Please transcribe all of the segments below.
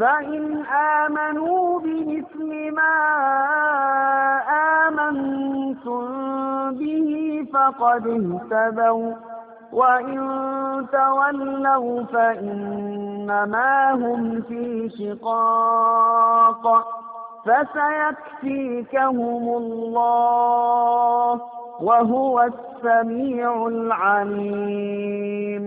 فإن آمنوا بمثل ما آمنتم به فقد اهتدوا وإن تولوا فإنما هم في شقاق فسيكفيكهم الله وهو السميع العليم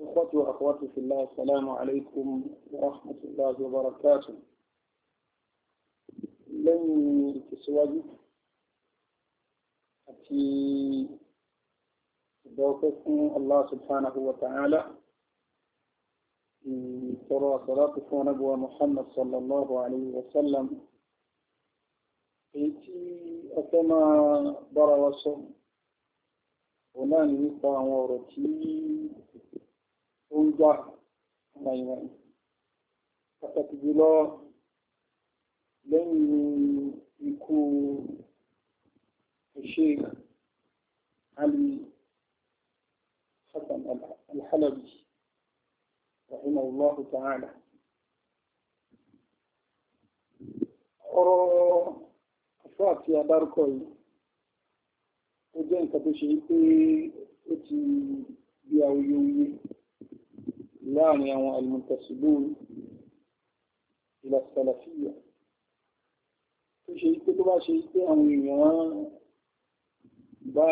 أخوتي وأخواتي في الله السلام عليكم ورحمة الله وبركاته لن تسواج أتي دوقكم الله سبحانه وتعالى في صلاة نبوة محمد صلى الله عليه وسلم أتي أتما برا وصم ونان نقطع ورتي oúnjẹ nàìjíríà pàtàkì jùlọ lẹ́yìn ikú الشيخ علي حسن الحلبي رحمه الله تعالى ọ̀rọ̀ ọ̀fọ́ àti adárúkọ yìí ó jẹ́ nǹkan tó ṣe pé ó ti bí awuyewuye láàrin àwọn almuntasibun ila salafiyya tó ṣe pé tó bá ṣe pé àwọn èèyàn wọn bá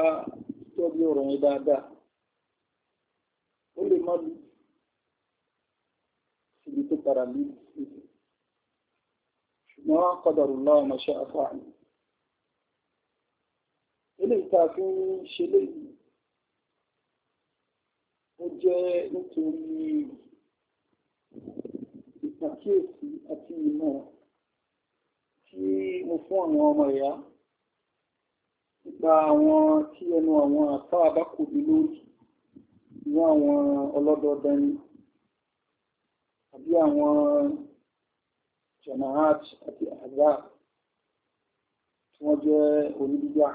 tọ́jú ọ̀rọ̀ yẹn dáadáa ó lè má lù síbi tó padà lù ṣùgbọ́n qadarullah ma sha'a fa'al eléyìí tá a fi ń ṣe léyìí ó jẹ́ nítorí ìpàkíyèsí àti ìmọ̀ tí mo fún àwọn ọmọ ìyá nípa àwọn tí ẹnu àwọn àtọ́ àbákòbí lórí ní àwọn ọlọ́dọọdẹ ni àbí àwọn jamaat àti àgbà tí wọ́n jẹ́ onídíjà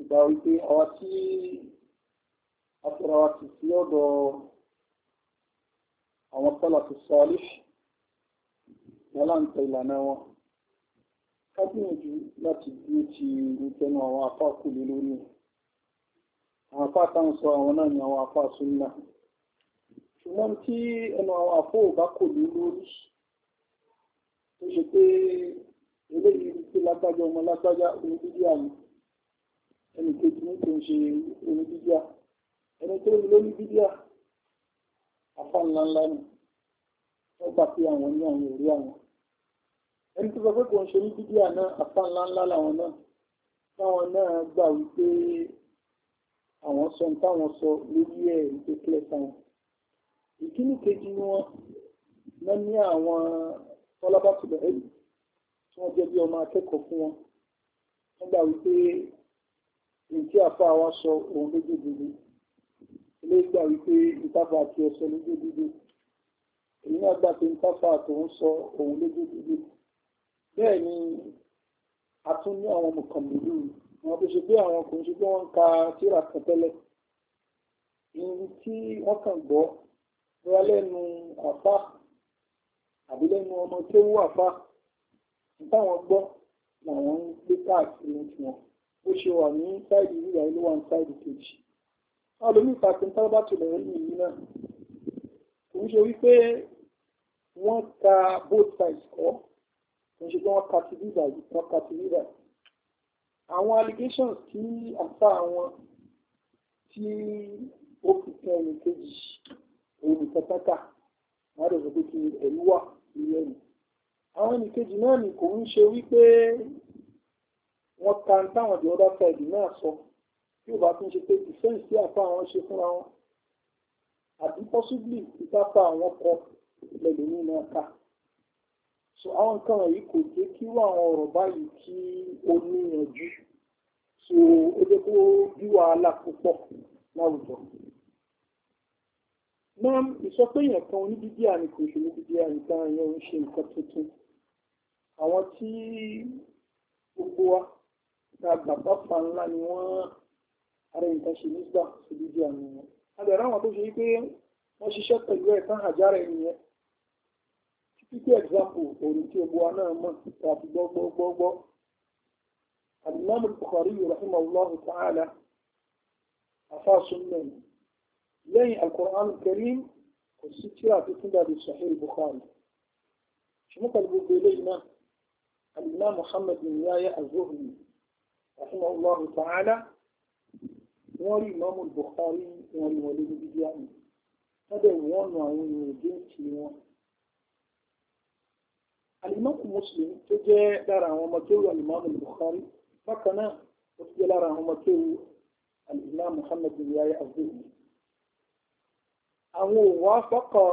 ìgbà wípé ọwọ́ tí àtọ̀rọ̀ wa ti sí ọ̀dọ̀ àwọn sálàfù sálíhì wọn láǹtẹ̀ ìlànà wọn kábíyànjú láti dúró ti ìtẹnu àwọn afá kù lé lórí ẹ̀ àwọn afá táwọn sọ àwọn náà ni àwọn afá súnmọ́ ṣùgbọ́n tí ẹnu àwọn afọ kò lé lórí ó ṣe pé eléyìí rí pé lágbájá ọmọ lágbájá onídíjà ni ẹnì kejì ní kò ń ṣe onídíjà ẹni tó rí lórí bídíà afá ńlá ńlá ni wọ́n gbà pé àwọn ní àwọn òrí àwọn ẹni tó sọ pé kò ń ṣe ní bídíà náà afá ńlá ńlá làwọn náà táwọn náà gbà wípé àwọn sọ ní táwọn sọ lórí ẹ̀ wípé kílẹ̀ táwọn ìkíní kejì wọn náà ní àwọn tọ́lábàtúbẹ̀ ẹ̀yìn tí wọ́n jẹ́ ọmọ akẹ́kọ̀ọ́ fún wọn nígbà wípé nǹkí àfa wa sọ òun lójú gbogbo eléyìí gbà wípé ìtafà àti ọ̀sẹ̀ lójú dídé èyí náà gbà pé ìtafà àtòun sọ òun lójú dídé bẹ́ẹ̀ ni a tún ní àwọn mọ̀kànlélú wọn tó ṣe pé àwọn kò ń ṣe pé wọ́n ń ka tíra kan tẹ́lẹ̀ ìrìn tí wọ́n kàn gbọ́ wọ́n lẹ́nu àfá àbí lẹ́nu ọmọ tó wú àfá táwọn gbọ́ làwọn ń gbé káàkiri tiwọn ó ṣe wà ní sáìdì yíyá ilé wa ní sáìdì kejì ọlọ́mí ìpàkùn tó bá tò lẹ́yìn yìí náà kò ń ṣe wípé wọ́n ka both sides kọ́ kò ń ṣe pé wọ́n ka ti bíbà yìí wọ́n ka ti bíbà àwọn allegations tí àfa àwọn tí ó fi kan ẹnì kejì òun nìkan tákà wọ́n á dẹ̀ sọ pé kí ẹ̀rú wà nílé ẹ̀mí àwọn ẹnì kejì náà ni kò ń ṣe wípé wọ́n ka táwọn the other side náà sọ. So tí ò bá tún ṣe pé ìfẹ́ǹsì àfa àwọn ṣe fúnra wọn àbí possibly ìtàpá àwọn kọ lẹ́lòmíì náà ká so àwọn nǹkan wọ̀nyí kò jẹ́ kí wọ́n àwọn ọ̀rọ̀ báyìí kí ó níyànjú so ó jẹ́ kó bí wàhálà púpọ̀ láwùjọ. náà ìsọpéyàn kan oníbíbíà ni kò ṣe oníbíbíà nǹkan yẹn ń ṣe nǹkan tuntun àwọn tí gbogbo wa ta gbàgbọ́ pa ńlá ni wọ́n ara nǹkan ṣe nígbà sí lójú àwọn èèyàn a lè ráwọn tó ṣe yí pé wọ́n ṣiṣẹ́ pẹ̀lú ẹ̀ tán àjára ènìyàn títí tí example òrùn tí bu wa náà mọ̀ gbọ́ gbọ́ tàbí gbọ́gbọ́gbọ́gbọ́ alimami Bukhari rahimahullahu ta'ala afaasun lẹ́yìn lẹ́yìn al-Qur'an karim kò sí tíra tó tún dàbí Sahih Bukhari ṣùgbọ́n pẹ̀lú gbogbo eléyìí náà alimami Muhammad bin Yahya az-Zuhri rahimahullahu ta'ala. wọ́n rí Imam Bukhari wọ́n rí wọn lórí bíbí àmì wọ́n dẹ̀ wọ́n nu àwọn èèyàn òde ìtì wọn. alimọ́kù Muslim tó jẹ́ lára àwọn ọmọ tó wù alimọ́mù Bukhari bákan náà ó ti jẹ́ lára àwọn ọmọ tó wù alimọ́ Muhammad bin Yahya abdul àwọn òwò afọ́kọ̀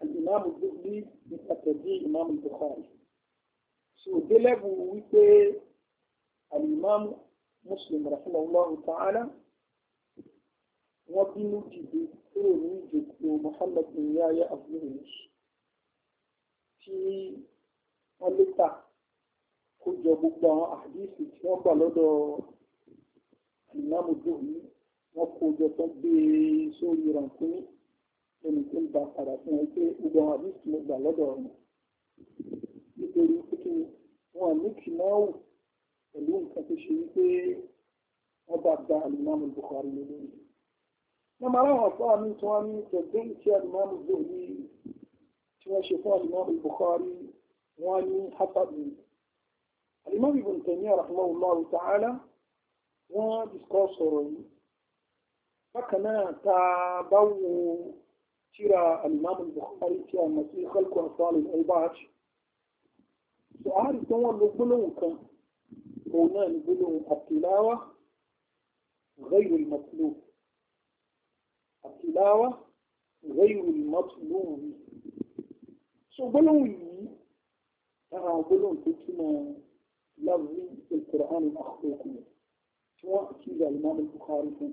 alimọ́ Zuhri ní pàtàkì Imam Bukhari. sòdélẹ́bù wípé alimọ́mù Muslim rahimahullahu ta'ala wọ́n bínú dìde kúrò ní ìjòkó Muhammad bin Yahya abdulhaj tí wọ́n lépa kó jọ gbogbo àwọn àdìsí tí wọ́n gbà lọ́dọ̀ ìmáàmù dòní wọ́n kó jọ tán gbé e sórí rànkúnmí ẹni tó ń ba padà fún ẹ pé gbogbo àwọn àdìsí tí wọ́n gbà lọ́dọ̀ ọ̀hún nítorí pé kí wọ́n ní kìnnìún pẹ̀lú nǹkan tó ṣe wípé wọ́n bá da alimami Bukhari lórí. wọ́n máa ráwọn fún àmì tí wọ́n ní tẹ̀gbẹ́rì tí alimami Bukhari tí wọ́n ṣe fún alimami Bukhari wọ́n ní hatabi. alimami Ibn Taymiyyah rahimahullahu ta'ala wọ́n discuss sọ̀rọ̀ yìí. bákan náà tá a bá wo tíra alimami Bukhari tí a mọ̀ sí khalqu af'alil ibad. sọ̀hárì tí wọ́n lo gbólóhùn kan. òun náà ni gbólóhùn àtìláwá ghayru al-matlub àtìláwá ghayru al-matlub so gbólóhùn yìí lára gbólóhùn tó túmọ̀ lafzi al-Qur'an al-makhluq tí wọ́n kí ìgbà Imam al-Bukhari fún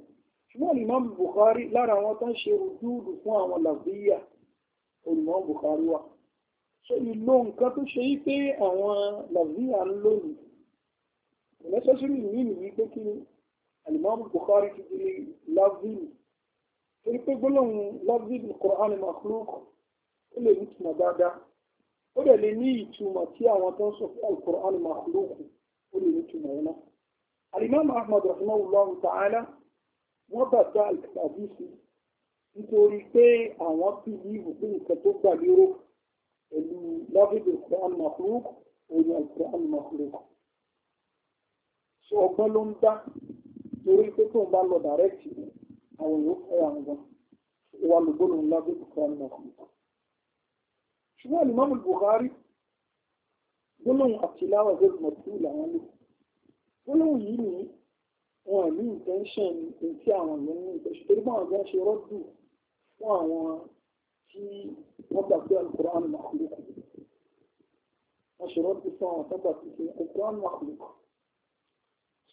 ṣùgbọ́n Imam al-Bukhari lára àwọn tó ń ṣe rúdúùdù fún àwọn lafziya olùmọ̀ Bukhari wa so ìlò nǹkan tó ṣe yí pé àwọn lafziya ń lónìí necessary yìí nìyí pé kí ni alimami Bukhari ti di lavin torí pé gbólóhùn lavin Qur'an makhluk ó lè ní ìtumọ̀ dáadáa ó dẹ̀ lè ní ìtumọ̀ tí àwọn tó ń sọ fún al-Qur'an makhluk ó lè ní ìtumọ̀ yẹn náà alimami Ahmad rahimahullah ta'ala wọ́n bàtà àdìsí nítorí pé àwọn tí yíwù pé nǹkan tó gbà lérò pẹ̀lú lavin Qur'an makhluk òun ni al-Qur'an makhluk so ọgbọ́n ló ń dá torí pé tóun bá lọ dàrẹ́kì àwọn èèyàn fẹ́ àwọn gan wa lùgbọ́n ńlá bí Bukhari náà kù ṣùgbọ́n alimami Bukhari gbólóhùn àtìláwà zed mọ̀tún làwọn lò gbólóhùn yìí ni wọn ní intention tí àwọn èèyàn ní intention torí báwọn gan ṣe rọ́dù fún àwọn tí wọ́n gbà pé alukur'an makhluq wọ́n ṣe rọ́dù fún àwọn tó gbà pé alukur'an makhluq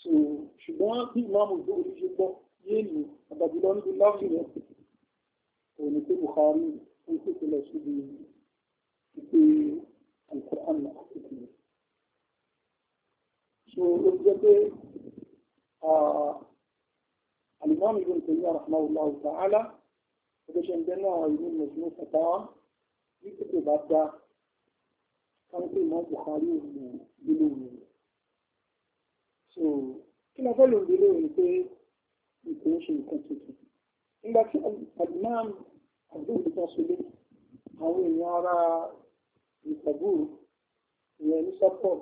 so ṣùgbọ́n bí ìmáàmù ìgbóhùn ṣe gbọ́ yéèlì àgbàjùlọ níbi láàbù rẹ̀ kò ní pé Bukhari ń pèsè lọ síbi ìpè alukur'an àkókò rẹ̀ so ó jẹ́ pé alimami ibn Taymiyyah rahimahullahu ta'ala ọjọ́ ṣe ń bẹ́ náà ìlú mùsùlùmí fatawa ní pípé bá dá káńpé mọ́ Bukhari òun lílo òun so kí la fẹ́ lò lórí rẹ̀ pé nǹkan ṣe nǹkan tuntun nígbà tí alimam abdul mutasule àwọn èèyàn ara ìtàbù ìyẹn ní sápọ̀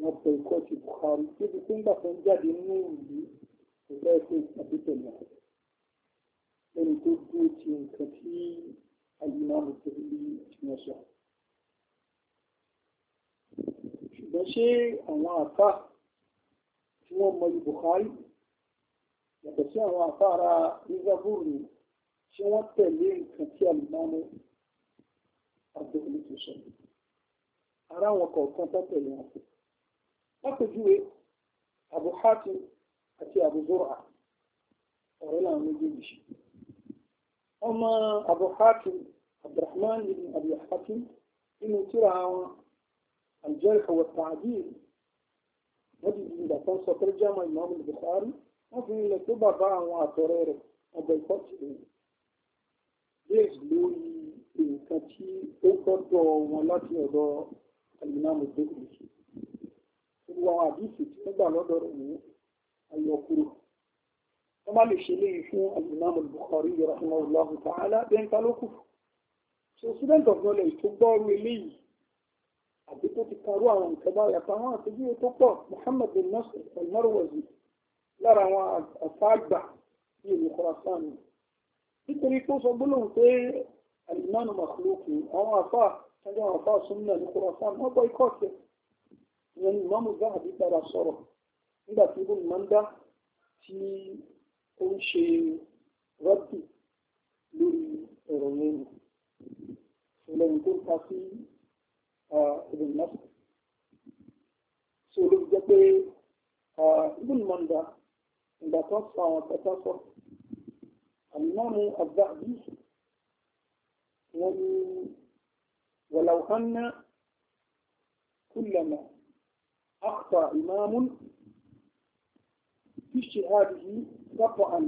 wọn pẹ̀ ikọ́ ti buhari débi pé nígbà tó ń jáde nínú ìlú kò fẹ́ pé àti tẹ̀lé lẹ́ni tó dúró ti nǹkan tí alimam tẹ̀lé tí wọ́n sọ. ṣùgbọ́n ṣé àwọn àfà tí wọ́n mọ Bukhari yàtọ̀ sí àwọn àfà ara rizaburu ni ṣé wọ́n tẹ̀lé nǹkan tí alimami abdul tó sọ ara àwọn kọ̀ọ̀kan tó tẹ̀lé wọn lápèjúwe Abu Hatim àti Abu Zur'a ọ̀rẹ́ làwọn méjèèjì ṣe ọmọ Abu Hatim ibn Abi nínú tíra wọn. الجرح والتعديل نجد إذا كان سترجم الإمام البخاري وفي لتبع بقى وعطرير وبالفتح ليش لوري nǹkan tí ó gbọ́dọ̀ wọn láti ọ̀dọ̀ alimamu dókòwò gbogbo àwọn àdìsí tí wọ́n gbà lọ́dọ̀ rẹ̀ ní ayọ̀kúrò wọ́n bá lè ṣe léyìí fún alimamu Bukhari rahimahullahu ta'ala bẹ́ẹ̀ ta ló kù so student of knowledge tó gbọ́rú eléyìí حديثه تكاروا عن كبايا فما تجي تقع محمد النصر المروزي لرى ما أصعب في الخراسان تجري توصل بلهم في الإيمان مخلوق أو أفا كان أفا سنة الخراسان ما بيقاك يعني ما مزاح ترى صار إذا تقول من ده في كل شيء غطي لوري رومين ولم يكن ibùn náà so ló fi jẹ́ pé ibùn mọ̀ndà ìgbà tó ń sọ àwọn kẹta ولو أن كلما أخطأ إمام في اجتهاده قطعا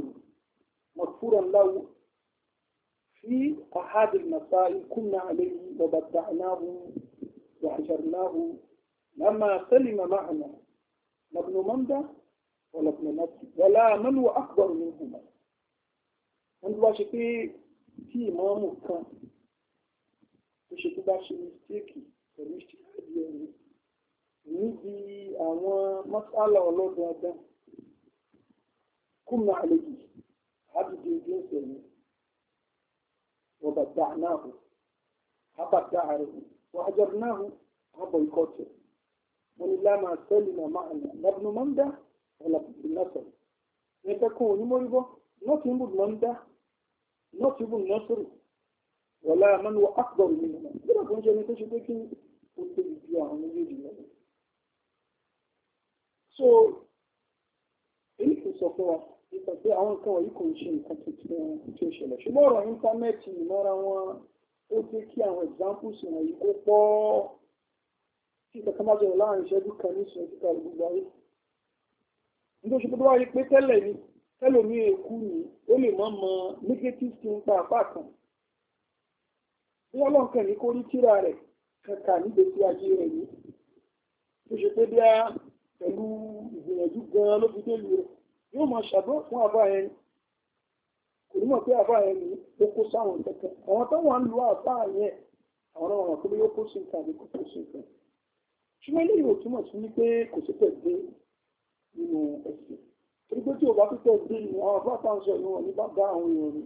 مغفورا له في أحد المسائل كنا عليه وبدعناه وحشرناه لما سلم معنا لابن ممدة ولابن نفسي ولا من هو أكبر منهما عند واشكي في مامو كان وشكي باشي مستيكي فرمشتي هذه نيدي أمو مسألة ولو دادا كنا عليك هذه دي دين سلمي وبدعناه هبدعناه وهجرناه لا ما سلم معنا لابن مندى ولا بالنصر نتكون مريبا نوت يبو ممدة نوت يبو النصر ولا من هو أكبر منه بلا كونجا نتشي بكي وتبقى عن يجي so èyí sọ fún wa nípa pé àwọn nǹkan wọ̀nyí kò ń ṣe nǹkan tuntun tí ó ṣẹlẹ̀ ṣùgbọ́n ọ̀rọ̀ íńtánẹ́ẹ̀tì ìmọ̀ra wọn ó jẹ́ kí àwọn examples wọ̀nyí kó pọ̀ kí kankan má jẹun láàrin ìṣẹ́jú kan ní ìṣẹ́jú kan gbogbo ayé nítorí ṣe gbogbo wáyé pé tẹ́lẹ̀ ni tẹ́lòmí èkú ni ó lè mọ́ mọ negative tí ń pa apá kan bí ọlọ́run kàn ní kó rí tíra rẹ̀ kankan nígbèsí ayé rẹ̀ ní tó ṣe pé bíá pẹ̀lú ìgbìyànjú gan-an ló fi dé lu rẹ̀ yóò máa ṣàdúrà fún àbá ẹni onímọ̀ pé àbá yẹn ni ó kó sáwọn kẹ̀kẹ́ àwọn tó wà ń lo àbá yẹn àwọn náà wọn pé yóò kó sí nǹkan àbí kò kó sí nǹkan ṣùgbọ́n eléyìí ò túmọ̀ sí wípé kò sí tẹ̀gbé nínú ẹ̀sìn torí pé tí o bá pípẹ́ dé ni àwọn afáfá ń sọ ìwọ̀n ní bá dá àwọn èèyàn ni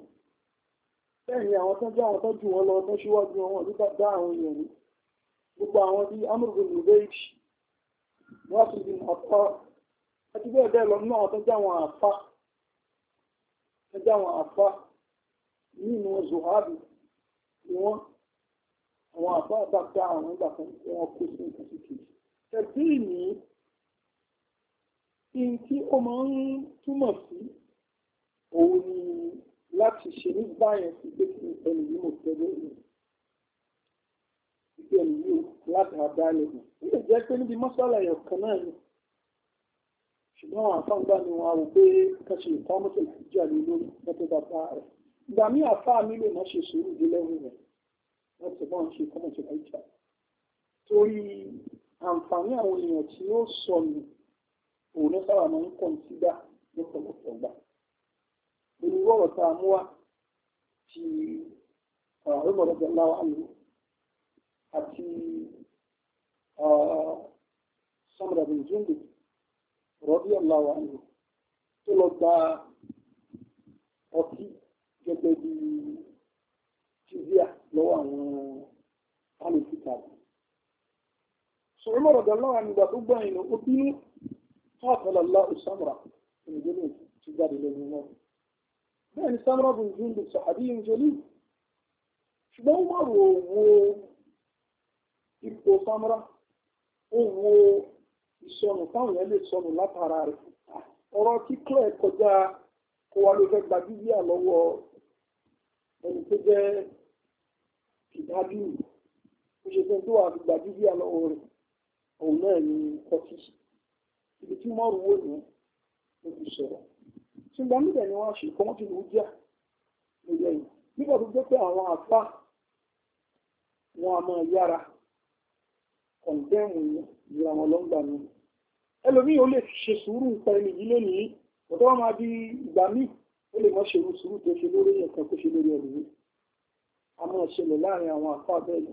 bẹ́ẹ̀ ni àwọn tán jẹ́ àwọn tán jù wọn lọ tán síwájú wọn ní bá dá àwọn èèyàn ni gbogbo àwọn bíi amúrùbùn nùbẹ́ẹ̀jì wọ́n sì bí àpá àti bẹ́ẹ̀ bẹ́ẹ̀ lọ nínú àwọn tán jẹ́ àwọn àpá ẹjẹ́ àwọn àfá nínú zohabi ni wọ́n àwọn àfá àbáta àwọn ìgbà kan tí wọ́n kó sí nǹkan sí kejì tẹ̀sí ní in tí ó máa ń túmọ̀ sí òun ni láti ṣe ní báyẹn sí pé kí ẹni yìí mò tẹ́lẹ̀ ní ìpè ẹni yìí láti lẹ́nu ó lè jẹ́ pé níbi mọ́sálà ẹ̀yọ̀ kan náà ni ṣùgbọ́n àwọn àfáǹgbà ni wọn rò pé kẹsì ìkọ́mọ́tò ìjà lè lórí lọ́tọ́ bàbá rẹ̀ ìgbà mí àfá mi lè má ṣe sùúrù dé lẹ́wọ̀n rẹ̀ wọ́n ti bọ́n ṣe ìkọ́mọ́tò ìjà torí àǹfààní àwọn èèyàn tí ó sọnù òun ló sábà máa ń kọ̀ǹsídà lọ́pọ̀lọpọ̀ gbà irú ọ̀rọ̀ tá a mú wá ti ọ̀rọ̀ jẹ́láwá lò àti sọmọdàbí júndùn rọ́bí ọ̀làwà ni tó lọ gba ọtí gẹ́gẹ́ bí jizia lọ́wọ́ àwọn alùpùpù sọ̀rọ̀ lọ́rọ̀ dọ̀lọ́wà nígbà tó gbọ́ ìlú ó bínú fáfọlọ́lá ìsámúra ìgbélé ti jáde lẹ́nu náà bẹ́ẹ̀ ni sámúra bùn júndù sàhàbí ìjọlí ṣùgbọ́n wọ́n rò wo ipò sámúra ó wo ìsọnù táwọn yẹn lè sọnù látara rẹ̀ ọ̀rọ̀ kíkọ́ ẹ̀ kọjá kó wa ló fẹ́ gba bíbíà lọ́wọ́ ẹni tó jẹ́ ìdájú ó ṣe fún tó wà gba bíbíà lọ́wọ́ rẹ̀ òun náà ni kọfí ibi tí mọ́rù wò ní ló fi sọ̀rọ̀ ṣùgbọ́n níbẹ̀ ni wọ́n ṣe kọ́ wọ́n ti lù ú jà lóye yìí nígbà tó jẹ́ pé àwọn àfa wọn a máa yára kọ̀ǹdẹ́ẹ̀mù yìí ìlànà lọ́ngbà mi ẹlòmíì ó lè ṣe sùúrù pa ẹni yìí lónìí ọ̀dọ́ wọn máa di ìgbà míì ó lè mọ́ ṣerú sùúrù tó ṣe lórí nǹkan tó ṣe lórí ẹlòmíì a máa ṣẹlẹ̀ láàrin àwọn àfa bẹ́ẹ̀ ni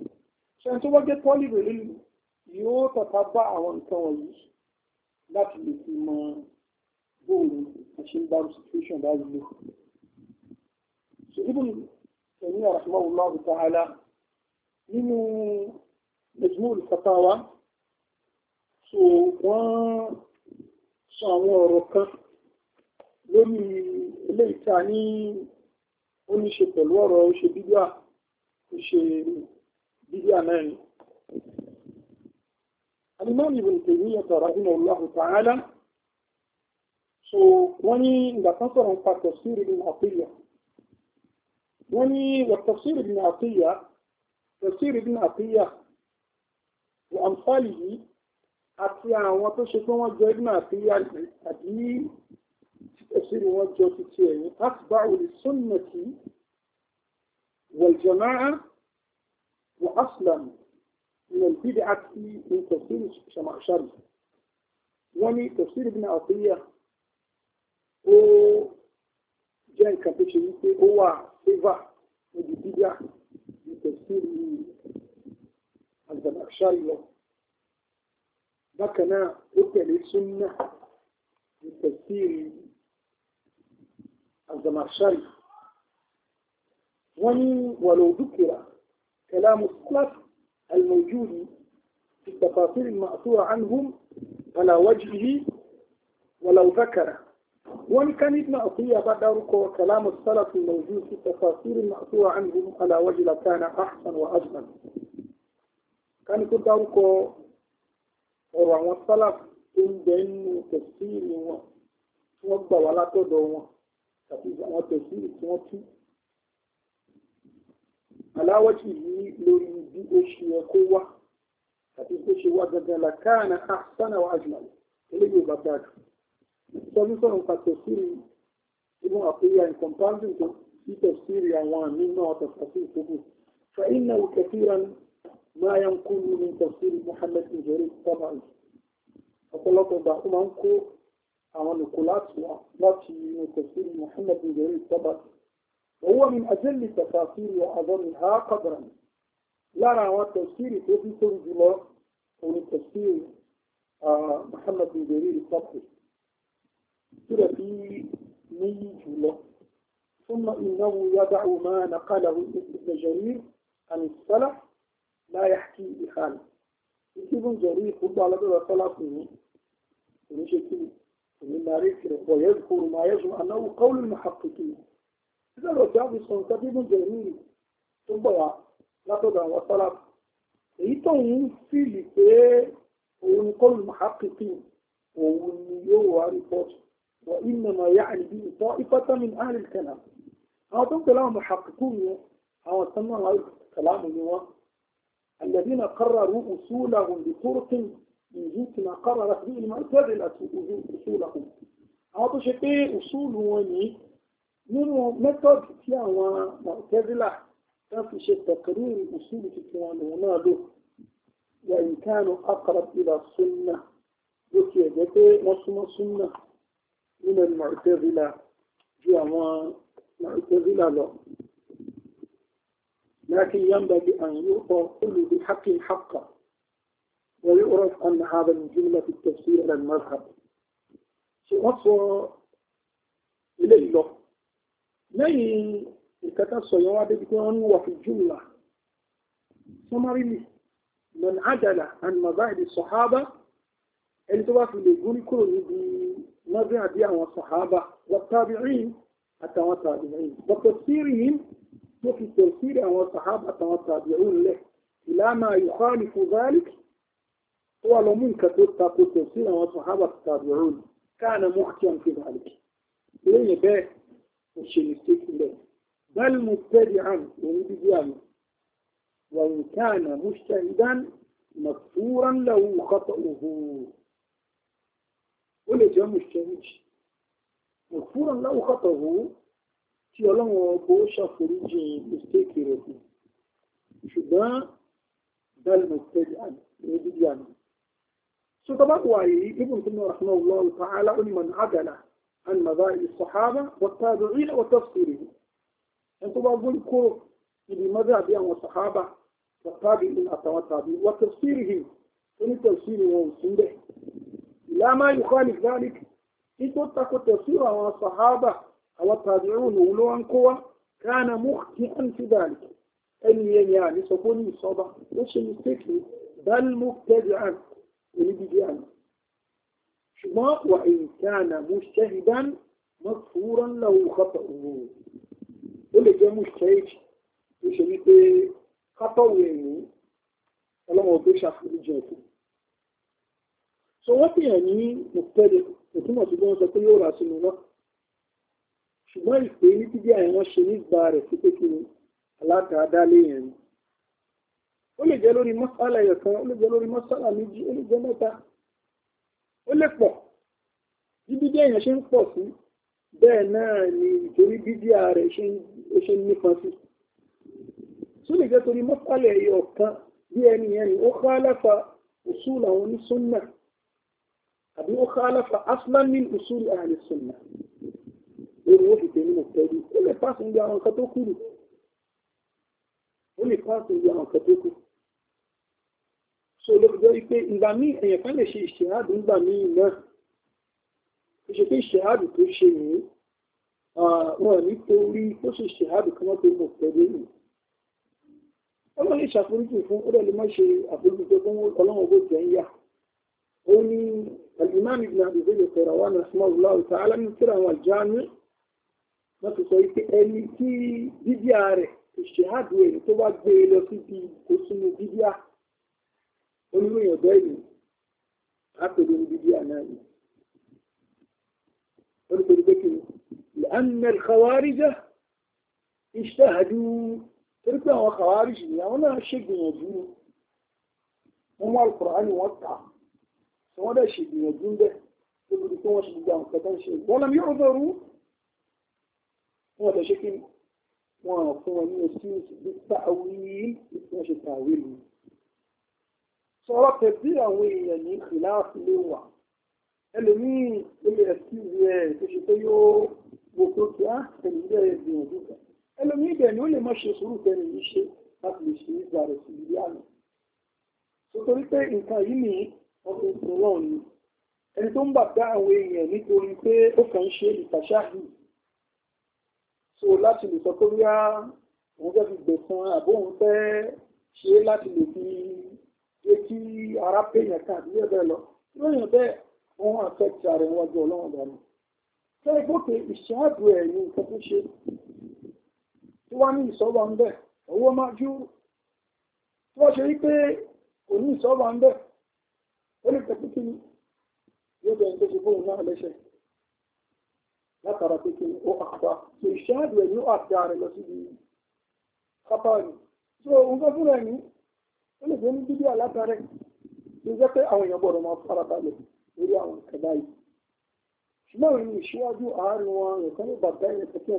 ṣẹ́ni tó wọ́n jẹ́ pọ́lì rèé lílu yóò tọ́ka bá àwọn nǹkan wọ̀nyí láti lè fi mọ bóòlù àṣẹ ń situation báyìí lò. ṣèlú ẹ̀yìn àràmọ́ ọ̀lá ọ̀tá ala nínú mẹ̀jìmọ́ olùfọ́tà wa. so wọ́n sọ àwọn ọ̀rọ̀ kan lórí eléyìí a ní ó ní ṣe pẹ̀lú ọ̀rọ̀ ṣe bíbíà ṣe bíbíà náà ni. alimami ta'ala so wọ́n ní ìgbà kan sọ̀rọ̀ nípa tafsir ibn Atiyya wọ́n ní wa yìí. àti àwọn tó ṣe pé wọ́n jọ ìgbìmọ̀ àti ẹ̀sìrì wọn jọ títí ẹ̀yìn asbáwò lè súnmọ̀ sí wọ̀ljọ̀máà wọ aslam ilẹ̀ bídí àti ìtọ̀sírì ṣàmàṣàrì wọ́n ní ìtọ̀sírì ibùnà àfíyà ó jẹ́ nǹkan tó ṣe wípé ó wà fẹ́và níbi bídí àti ìtọ̀sírì lọ. بكنا قتل السنة tẹ̀lé súnà ní ولو ذكر كلام السلف الموجود في التفاصيل المأثورة عنهم على وجهه ولو ذكر وإن كانت مأثورة بعد كلام السلف الموجود في التفاصيل المأثورة عنهم على وجه لكان أحسن وأجمل كان يقول دارك ọ̀rọ̀ àwọn sálàf tó ń bẹ nínú tẹ̀síìlì wọn tí wọ́n gbà wá látọ̀dọ̀ wọn àti àwọn tẹ̀síìlì tí wọ́n tú. aláwọ̀tì yìí lórí bí ó ṣe yẹ kó wá àti bó ṣe wá gangan la káàna àṣánà wa àjùmọ̀lẹ̀ eléyìí ò bá dáa jù. sọ́jú sọ̀rọ̀ nípa tẹ̀síìlì ibùn àpéyà ìkọ̀mpáǹdì tó sí tẹ̀síìlì àwọn àmì náà tẹ̀síìlì tó kù. fa inna kẹfìran ما ينقل من تفسير محمد بن جرير الطبري فطلعت بعضهم أنكو عن كلات وأطلاتي من تفسير محمد بن جرير الطبري وهو من أجل التفاصيل وأظنها قدرا لا روى التفسير في سورة من تفسير آه، محمد بن جرير الطبري سورة في مي ثم إنه يدع ما نقله ابن جرير عن السلف لا يحكي بخالد ابن جرير قد على ذلك خلق منه ونشكي ومن ذكره ويذكر ما يجمع أنه قول المحققين إذا لو تعب صنطة ابن جرير ثم تدعى وصلت إيتون في لكي قول المحققين يوار فوت وإنما يعني به طائفة من أهل الكلام هذا كلام محققون هذا كلام هو الذين قرروا أصولهم بطرق يجوك ما قررت به المعتزلة أصولهم àwọn tó ṣe pé òṣùlù wọn ní nínú mẹ́tọ́dì tí àwọn mọ̀tẹ́dílà tán fi ṣe tẹ̀kẹ̀rí òṣùlù tuntun wọn lòun náà lò yà ìkánu aqrab ila súnà ló ti ẹ̀jẹ̀ pé wọ́n súnmọ́ súnà nínú mọ̀tẹ́dílà ju àwọn mọ̀tẹ́dílà lọ. لكن ينبغي أن يؤطى كل بحق حقا ويؤرف أن هذا من جملة التفسير للمذهب سؤال إليه له ماي الكتاب سيواد بكون وفي الجملة سمري لي من عدل عن مذاهب الصحابة التواف لجول كل مذاهب الصحابة والتابعين حتى والتابعين وتفسيرهم وفي تفسير او الصحابة والتابعون له إلى ما يخالف ذلك هو لمن كتبت في تفسير او الصحابة والتابعون كان مخشيا في ذلك لأن به الشيخ له بل مبتدعا ومبتدعا وإن كان مجتهدا مغفورا له خطأه ولجا مجتهد مغفورا له خطأه tí ọlọ́run ọkọ̀ ó ṣàforíjì mistake rẹ̀ fún ṣùgbọ́n dalmo tẹ́lẹ̀ ní dídí àná so tó bá wà yìí ibùn tó mọ̀ rahman allah ta'ala ó ní mọ̀ àgàlà an mazá ìsọ̀hábà wọ́tá àdúrí ní wọ́tá sùúrì ẹn tó bá gbóni kúrò ibi mazá àbí àwọn sọ̀hábà wọ́tá àbí àtàwọn tàbí wọ́tá sùúrì yìí ó ní tẹ̀síìrì wọn ò sún bẹ́ẹ̀ ìlàmá yìí kọ́ àlìfáàlì ní takò tẹ̀síìrì àwọn sọ̀hábà àwọn tàbíhùn òun ló wá ń kó wá káàna mú kí á ń fi dàlí ẹni yẹn ni àní sọ pé ní ìsọba ó ṣe ní sèkì dálmú tẹ́jú àn onídìdí àná ṣùgbọ́n wà èyí káàna mú ṣẹ́hìdán mọ́fúrán lọ́wọ́ kápá òwò ó lè jẹ́ mú ṣẹ́hìdì ó ṣe ní pé kápá òwò ẹ̀yìn ọlọ́wọ́ tó ṣàforíjì ẹ̀kọ́ so wọ́n fi hàn ní mọ̀tẹ́lẹ̀ òtúmọ̀ sí sọ pé yóò rà sínú náà ṣùgbọ́n ìpè ní bíbí àìwọ́n ṣe nígbà rẹ̀ sí pé kí ni alátàádá léèyàn ni ó lè jẹ́ lórí mọ́sálà ẹ̀yọ̀ kan ó lè jẹ́ lórí mọ́sálà méjì ó lè jẹ́ mẹ́ta ó lè pọ̀ bí bíbí èèyàn ṣe ń pọ̀ sí bẹ́ẹ̀ náà ni ìtorí bíbí rẹ̀ ṣe ń nípa sí tó lè jẹ́ torí mọ́sálà ẹ̀yọ̀ kan bí ẹni yẹn ni ó khalafa usul àwọn onísúnnà àbí ó khalafa aslan min usul ahli sunnah ewu ó fi tẹ̀lé mọ̀ pẹ̀lú ó lè pàṣẹ ibi àwọn nǹkan tó kù nù ó lè pàṣẹ ibi àwọn nǹkan tó kù so ló fi jẹ́ wípé ìgbà míì èèyàn kan lè ṣe ìṣèhádù ńgbà míì náà ó ṣe pé ìṣèhádù tó ṣe yìí wọn nítorí ó ṣe ìṣèhádù kan wọ́n tó pẹ̀lú yìí ọlọ́run lè ṣàforíjì fún ó dẹ̀ má ṣe àforíjì tó fún ọlọ́run ó jẹ́ ń yà ó ní الإمام ابن أبي زيد القيروان رحمه الله تعالى من كرة والجامع wọ́n ti sọ pé ẹni tí bíbíà rẹ̀ ìṣèhádùn èyí tó bá gbé e lọ síbi òsùnmù bíbíà oníròyìn ọ̀dọ́ ìlú àpèrè ní bíbíà náà ni wọ́n ti sọ pé kí ni lẹ́nà ìkàwáríjà ìṣèhádùn torí pé àwọn kàwáríjì ni àwọn náà ṣègbìyànjú wọ́n mú alukùránì wọ́n ta wọ́n dẹ̀ ṣègbìyànjú ń bẹ̀ tó fi di pé wọ́n ṣe gbogbo àwọn kẹta ń ṣe wọ́n lọ mí ọ̀dọ́rú wọ́n tẹ̀ ṣe kí wọ́n fún wọn ní excuse bí ta'wil bí wọ́n ṣe ta'wil ni. sọ̀rọ̀ tẹ̀bí àwọn èèyàn ní ìlàáfin lè wà ẹlòmíì ó lè excuse ẹ̀ tó ṣe pé yóò wo pé kí á tẹ̀lé bẹ́ẹ̀ gbìyànjú kan ẹlòmíì bẹ̀ ni ó lè má ṣe sùúrù tẹ̀lé yìí ṣe láti lè ṣe ìgbà rẹ̀ sí ilé àná. nítorí pé nǹkan yìí ni ọkùnrin tó wọ́n ni ẹni tó ń bàbá àwọn èèyàn nítorí pé ó kàn ń ṣe ìtàṣáhìí so láti lè sọ pé bóyá òun fẹ́ fi gbẹ̀san àbóhun fẹ́ ṣe é láti lè fi ṣe kí ara péyàn kan àbí bẹ́ẹ̀ bẹ́ẹ̀ lọ lóyìn bẹ́ẹ̀ wọ́n affect ara ẹ̀ wájú ọlọ́run dànù fẹ́ gòkè ìṣáàdù ẹ̀ ní nǹkan tó ṣe tí wọ́n ní ìsọ́wọ́ ń bẹ̀ owó máa jú tí wọ́n ṣe rí pé kò ní ìsọ́wọ́ ń bẹ̀ ó lè tẹ̀kú kí ni yóò bẹ̀rẹ̀ tó ṣe fóun náà lẹ́sẹ̀ẹ́ látara pé kí ó àpá tó ìṣáàdù ẹ̀ ní ó àpá rẹ̀ lọ síbi kápá ni so òun fẹ́ fúnra ẹ̀yìn ó lè fẹ́ ní bíbí àlátàrẹ̀ tó jẹ́ pé àwọn èèyàn gbọ́dọ̀ máa fara balẹ̀ lórí àwọn nǹkan báyìí ṣùgbọ́n àwọn ènìyàn ìṣíwájú àárín wọn rẹ̀ kan ní bàbá ẹ̀yìn kẹ́kẹ́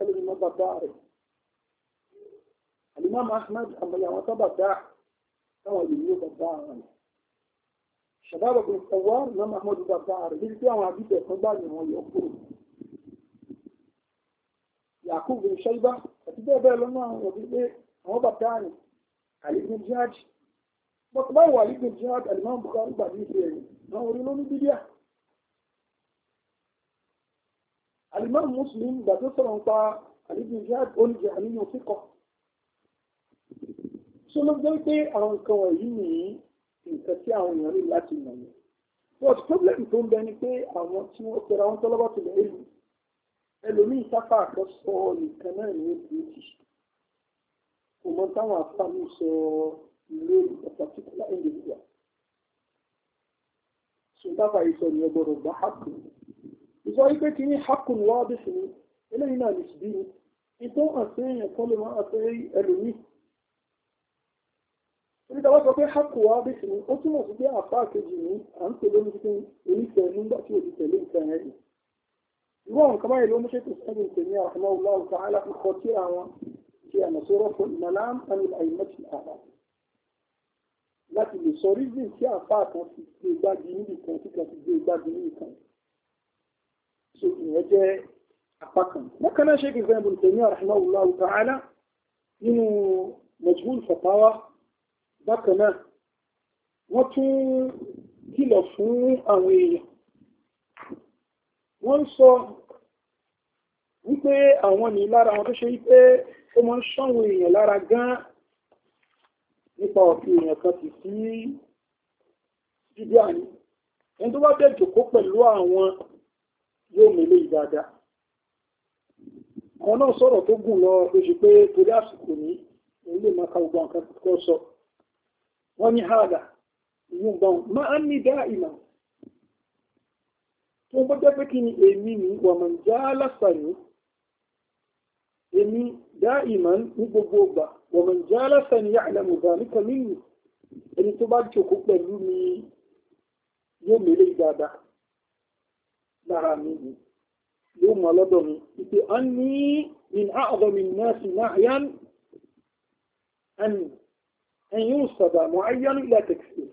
ẹlẹ́ni má bàbá rẹ̀ àlùmọ́ Ahmad àmọ̀yà àwọn sábà dá táwọn ìlú bàbá rẹ̀ ṣàbábà bin Sawwar náà Mahmoud bàbá rẹ̀ níbi tí yakub bin shaiba àti bẹ́ẹ̀ bẹ́ẹ̀ lọ́nà àwọn òbí pé àwọn bàbá rẹ̀ àlìbìn jihad bọ́tù báyìí wà àlìbìn jihad alimam bukari gbà ní ìfẹ́ rẹ̀ àwọn orin lónìí bídíà alimam muslim gbà tó sọ̀rọ̀ ń pa àlìbìn jihad oníjẹ àníyàn kíkọ tó ló jẹ́ pé àwọn nǹkan wọ̀nyí ní nǹkan tí àwọn èèyàn rí láti mọ̀ yẹn but problem tó ń bẹ ni pé àwọn tí wọ́n tẹra wọn tọ́lọ́bọ̀ tilẹ̀ èlùú ẹlòmíì ta àkọsọ nìkan náà ní èkìtì kò mọ táwọn afáàmì ndị ìlú a particular individual sùdáfà ìsọ ni ọgbọrọ gba hàkù ìsọ wípé kí ní hàkù ní bí sinmi eléyìí náà lè sì bí sọ pé wá bí ó túmọ̀ sí irú àwọn kan báyìí ló mú ṣètò sẹ́yìn tèmi àfọmọ́ ọláwù tààlà fi kọ tíra wọn ti àmọ̀ sọ́rọ́ fún malam anil àyìnmọ́tì àbá láti lè sọ rízìn tí àfáà kan fi gbé gbági níbi kan tí kan fi gbé gbági níbi kan so ìyẹn jẹ́ apá kan bákan náà ṣe kìí sẹ́yìn tèmi àfọmọ́ ọláwù tààlà nínú majmul fatawa bákan náà wọ́n tún kìlọ̀ fún àwọn èèyàn wọ́n sọ wípé àwọn ní lára àwọn tó ṣe wípé ó mọ́ ń ṣọ́wọ́ èèyàn lára gan nípa ọ̀fí èèyàn kan sì sí jíjá ní ẹni tó bá bẹ̀ jòkó pẹ̀lú àwọn yóò mẹ́lẹ̀ ìdáadáa àwọn náà sọ̀rọ̀ tó gùn lọ tó ṣe pé torí àsìkò ní èyí lè máa ka gbogbo nǹkan tó sọ wọ́n ní hàdà ìyún gbọ́n máa ń ní dá ìlànà ó bó jẹ́ pé kí ni èmi ní wàmọ̀ já lásàní èmi dá ìmọ̀ ní gbogbo ọgbà wàmọ̀ já lásàní yà àlẹ́ mùbá nípa nínú ẹni tó bá jòkó pẹ̀lú mi yóò mélé dáadáa lára mi ni yóò mọ̀ lọ́dọ̀ mi ìpè a ní min àọ̀dọ̀ mi náà sì náà yán ẹ̀yìn sọ̀dà mọ̀ ayánú ilẹ̀ tẹ̀kìsì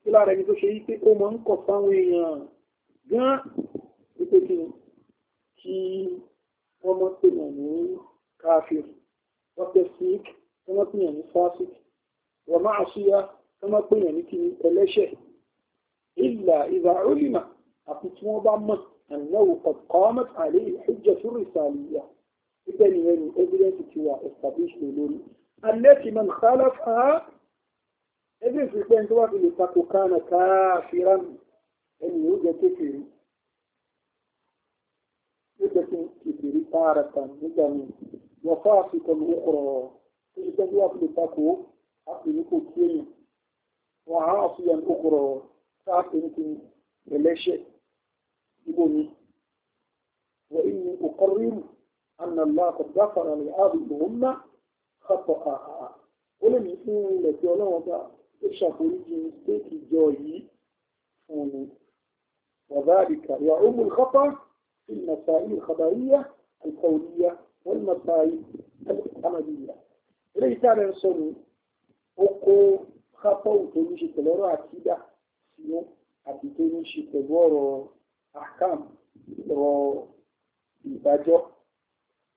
kí lára ẹni tó ṣe yí pé ó mọ̀ ń kọ̀ fáwọn èèyàn gan wípé kí kí wọ́n mọ́ pèèyàn ní káfíìrì wọ́n pẹ́ sík wọ́n mọ́ pèèyàn ní fásik wọ́n máa ṣíyá wọ́n mọ́ pèèyàn ní kí ẹlẹ́ṣẹ̀ ìlà ìlà olùmọ̀ àti tí wọ́n bá mọ̀ ànáwó ọ̀kọ́mọ̀t àlẹ́ ìjọ fúrú ìsàlìyà wípé nìyẹn ni evidence ti wà established lórí alẹ́ ti mọ̀ nǹkan lọ́fà evidence wípé ní tó lè takò kánà káfíìrì ẹni yóò jẹ kékeré yóò jẹ kékeré tààràtà nígbà míì wọ́n fà á fi kọlu ọkọ̀rọ̀ tó ṣe tẹ́lẹ̀ wà fúlẹ̀ tako á pè ní kò kí èèyàn wọ́n á fi yan ọkọ̀rọ̀ tá a pè ní kí mi wọ́n ìní ọkọ̀rìrù àná láàkọ̀ dáfàrà àbùkù ọ̀nà kàtọ̀ àhà ó lè ní fún ilẹ̀ tí ọlọ́wọ́n bá ó ṣàforíjì ní stéèkì jọ yìí fún mi. وذلك يعم الخطأ في المسائل الخبرية القولية والمسائل العملية ليس على رسول أكو خطأ تنشي تلورو أكيدا سينو أكي تنشي تلورو أحكام إباجو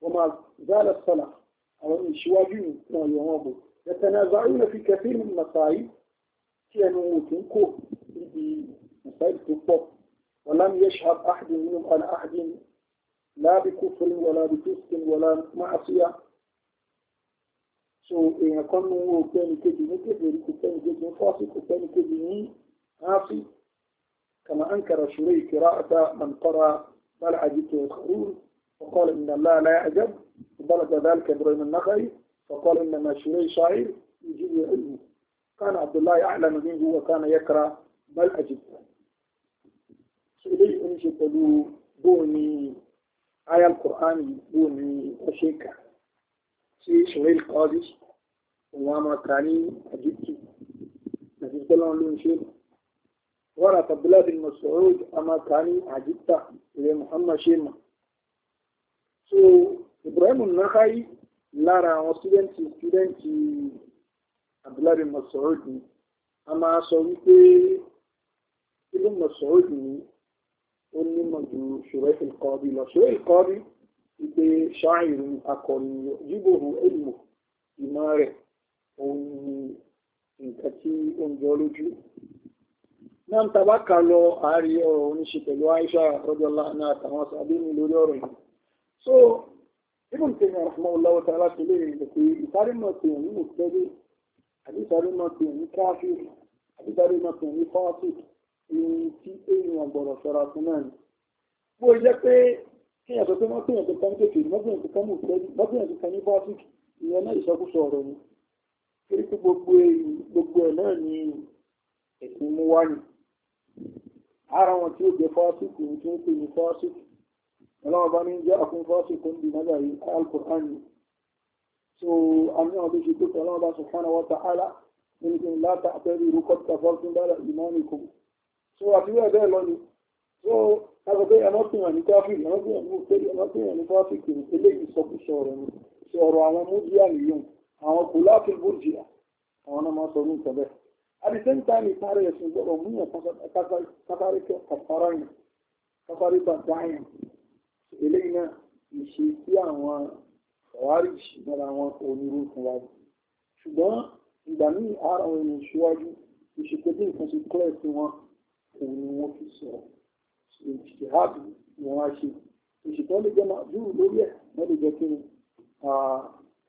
وما زال الصلاة أو شواجين ما يتنازعون في كثير من المسائل كأنه ممكن كو في مسائل تطبق ولم يشهد أحد منهم على أحد لا بكفر ولا بفسق ولا معصية so èèyàn kan ní owó pẹ́ni kejì ní kébèrè kò pẹ́ni kejì ní fọ́ọ̀sì kò pẹ́ni kejì ní áfì kàmá ankara ṣùrẹ́ ìkìrá وقال إن الله لا يعجب بلغ ذلك إبراهيم النخعي فقال إنما شري شاعر يجيب علمه كان عبد الله أعلم منه وكان يكره بل أجبته eléyìí ó ní ṣe pẹ̀lú bóun ni aya al-Qur'an bóun ni wọ́n ṣe kà sí ṣòro ìkọ́dí òun a máa kà ní àdìtì àti tọ́lọ́n ló ń ṣe wọ́n rà tàbílá bin Mas'ud a máa kà ní àdìtà ilẹ̀ Muhammad ṣe so Ibrahim Nakhai lára àwọn sídẹ́ǹtì sídẹ́ǹtì Abdullah bin Mas'ud ni a máa sọ wípé Ibn Mas'ud ni ó nímọ̀ ju ṣùrẹ́ ìkọ́bí lọ ṣùrẹ́ ìkọ́bí ìgbé ṣáàìrù akọ̀rin yíbòhù èlùmọ̀ ìmọ̀ rẹ̀ òun ni nǹkan tí ó ń jọ lójú náà tàbá kà lọ àárí ọ̀rọ̀ oníṣe pẹ̀lú Aisha rọ́jọ́lá ní àtàwọn sàbí ní lórí ọ̀rọ̀ yìí so ibùn tèmi àfọmọ́ ọlọ́wọ́ tàbá ti lè rìn pé ìtàrímọ̀ tèmi ní mùtẹ́lẹ̀ àbí ìtàrímọ̀ tèmi ní káfíìrì àbí ìtàrímọ̀ tèmi ní fáwọ́tìkì ohun tí èèyàn gbọ́dọ̀ sọ̀rọ̀ fún náà ni. bó o jẹ́ pé kéèyàn tó pé wọ́n pèèyàn tó kán kékeré wọ́n pèèyàn tó kán mú fẹ́ẹ́ wọ́n pèèyàn tó kán ní báfíìkì ìyẹn náà ìṣàkóso ọ̀rọ̀ ni torí pé gbogbo ẹ̀ náà ni ẹ̀sìn mú wá ni ara wọn tí ó jẹ fásitì tí ó pè ní fásitì ọlọ́wọ́ bá ní jẹ́ àkún fásitì ń bí mọ́lá yìí al ni so àmì àwọn olóṣèlú tó tẹ̀lé wọn bá subhanahu wa ta'ala nínú kí n láta àtẹ́rí rúkọ́tà fọ́ọ̀tún dára ìmánìkùn so àti bẹ́ẹ̀ bẹ́ẹ̀ lọ ni so láti pé ẹmọ pìyàn ní káfíìrì ẹmọ pìyàn ní òkèlè ẹmọ pìyàn ní káfíìrì eléyìí sọkúsọ ọ̀rọ̀ ni ṣe ọ̀rọ̀ àwọn mújíà nìyẹn àwọn kò láàfin bójìyà àwọn náà máa sọ ní nǹkan bẹ́ẹ̀ at the same time ìparí ẹ̀sìn gbọ́dọ̀ múyàn kákárí kàfárá yẹn kákárí bàtà yẹn eléyìí náà ìṣe sí àwọn ọ̀hárí ìṣìdára àwọn onírú fún wa ṣùgbọ́n ìgbà míì ara wọn ìṣíwájú ìṣèkébí nǹkan ti kọ́ ẹ̀sìn wọn òun ni wọ́n fi sọ̀rọ̀ ìṣèhábì ni wọ́n á ṣe òṣìṣẹ́ lè jẹ́ máa dúró lórí ẹ̀ wọ́n lè jẹ́ kí ni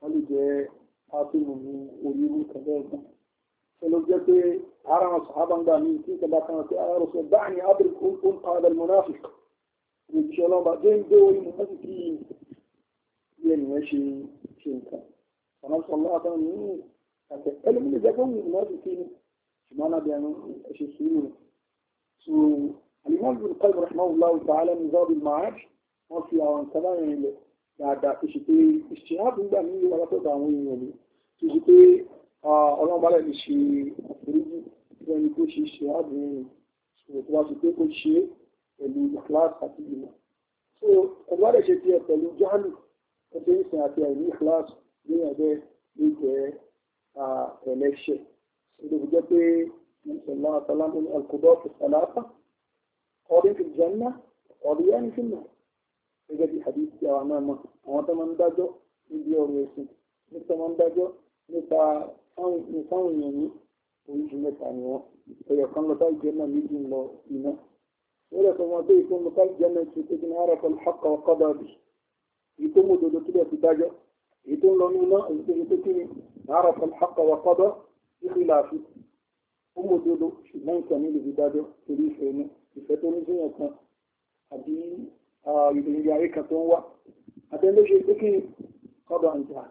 wọ́n lè jẹ́ ápẹ́mù ní orí irú kan bẹ́ẹ̀ gan. ṣe ló jẹ́ pé ara wọn sàhábà ń gbà mí kí nǹkan bá kan sí ara rẹ̀ sọ dáàni ábẹ́rẹ́ kó ń pa abẹ́rẹ́ mọ́náfíkì òṣìṣẹ́ ọlọ́mọba jẹ́ ń gbé orí mọ́náfíkì kí bí ẹnìyẹn ṣe ṣe nǹkan. ọ̀nà sọ̀lá àtàwọn ẹlẹ́mìnì So, Al-Imam Ibn Qayyim rahimahullah ta'ala ní Zabi Ma'aj, wọ́n fi àwọn nǹkan láàrin ilẹ̀ dáadáa tó ṣe pé ìṣìṣẹ́ àbúgbà ní ìwà látọ̀dọ̀ àwọn èèyàn ni tó ṣe pé ọlọ́run bálẹ̀ lè ṣe àforíjì fún ẹni tó ṣe ṣe àbúrin ṣòro tó wá sí pé ó ṣe pẹ̀lú ìkìláàsì àti ìmọ̀. So, ọ̀gbọ́n rẹ̀ ṣe tiẹ̀ pẹ̀lú Jálù, ẹgbẹ́ ìsìn àti àìní ìkìláàsì ní ẹgbẹ́ ló jẹ́ ẹlẹ́ṣẹ̀. Ìdòbí pé من صلى الله عليه وسلم إن القضاة الثلاثة قاضي في الجنة يعني في النار إذا في حديث يا عمام أنت من دجو ديور ويسن أنت من دجو نتا نساون يعني ويجمع تانيو فيكون لطاي جنة ميجين لو إنا ولا كما تيكون لطاي جنة تكون عرف الحق وقضى به يتم مدودو كده في دجو يتم لونينا إنا عرف الحق وقضى بخلافه owó òdodo ṣùgbọ́n nǹkan ní lè fi dájọ́ torí ìfẹ́ inú ìfẹ́ tó ní síyàn kan àbí ìròyìn ayé kan tó ń wá àtẹ́lẹ́ ṣe pé kí ọ̀dọ̀ àǹtà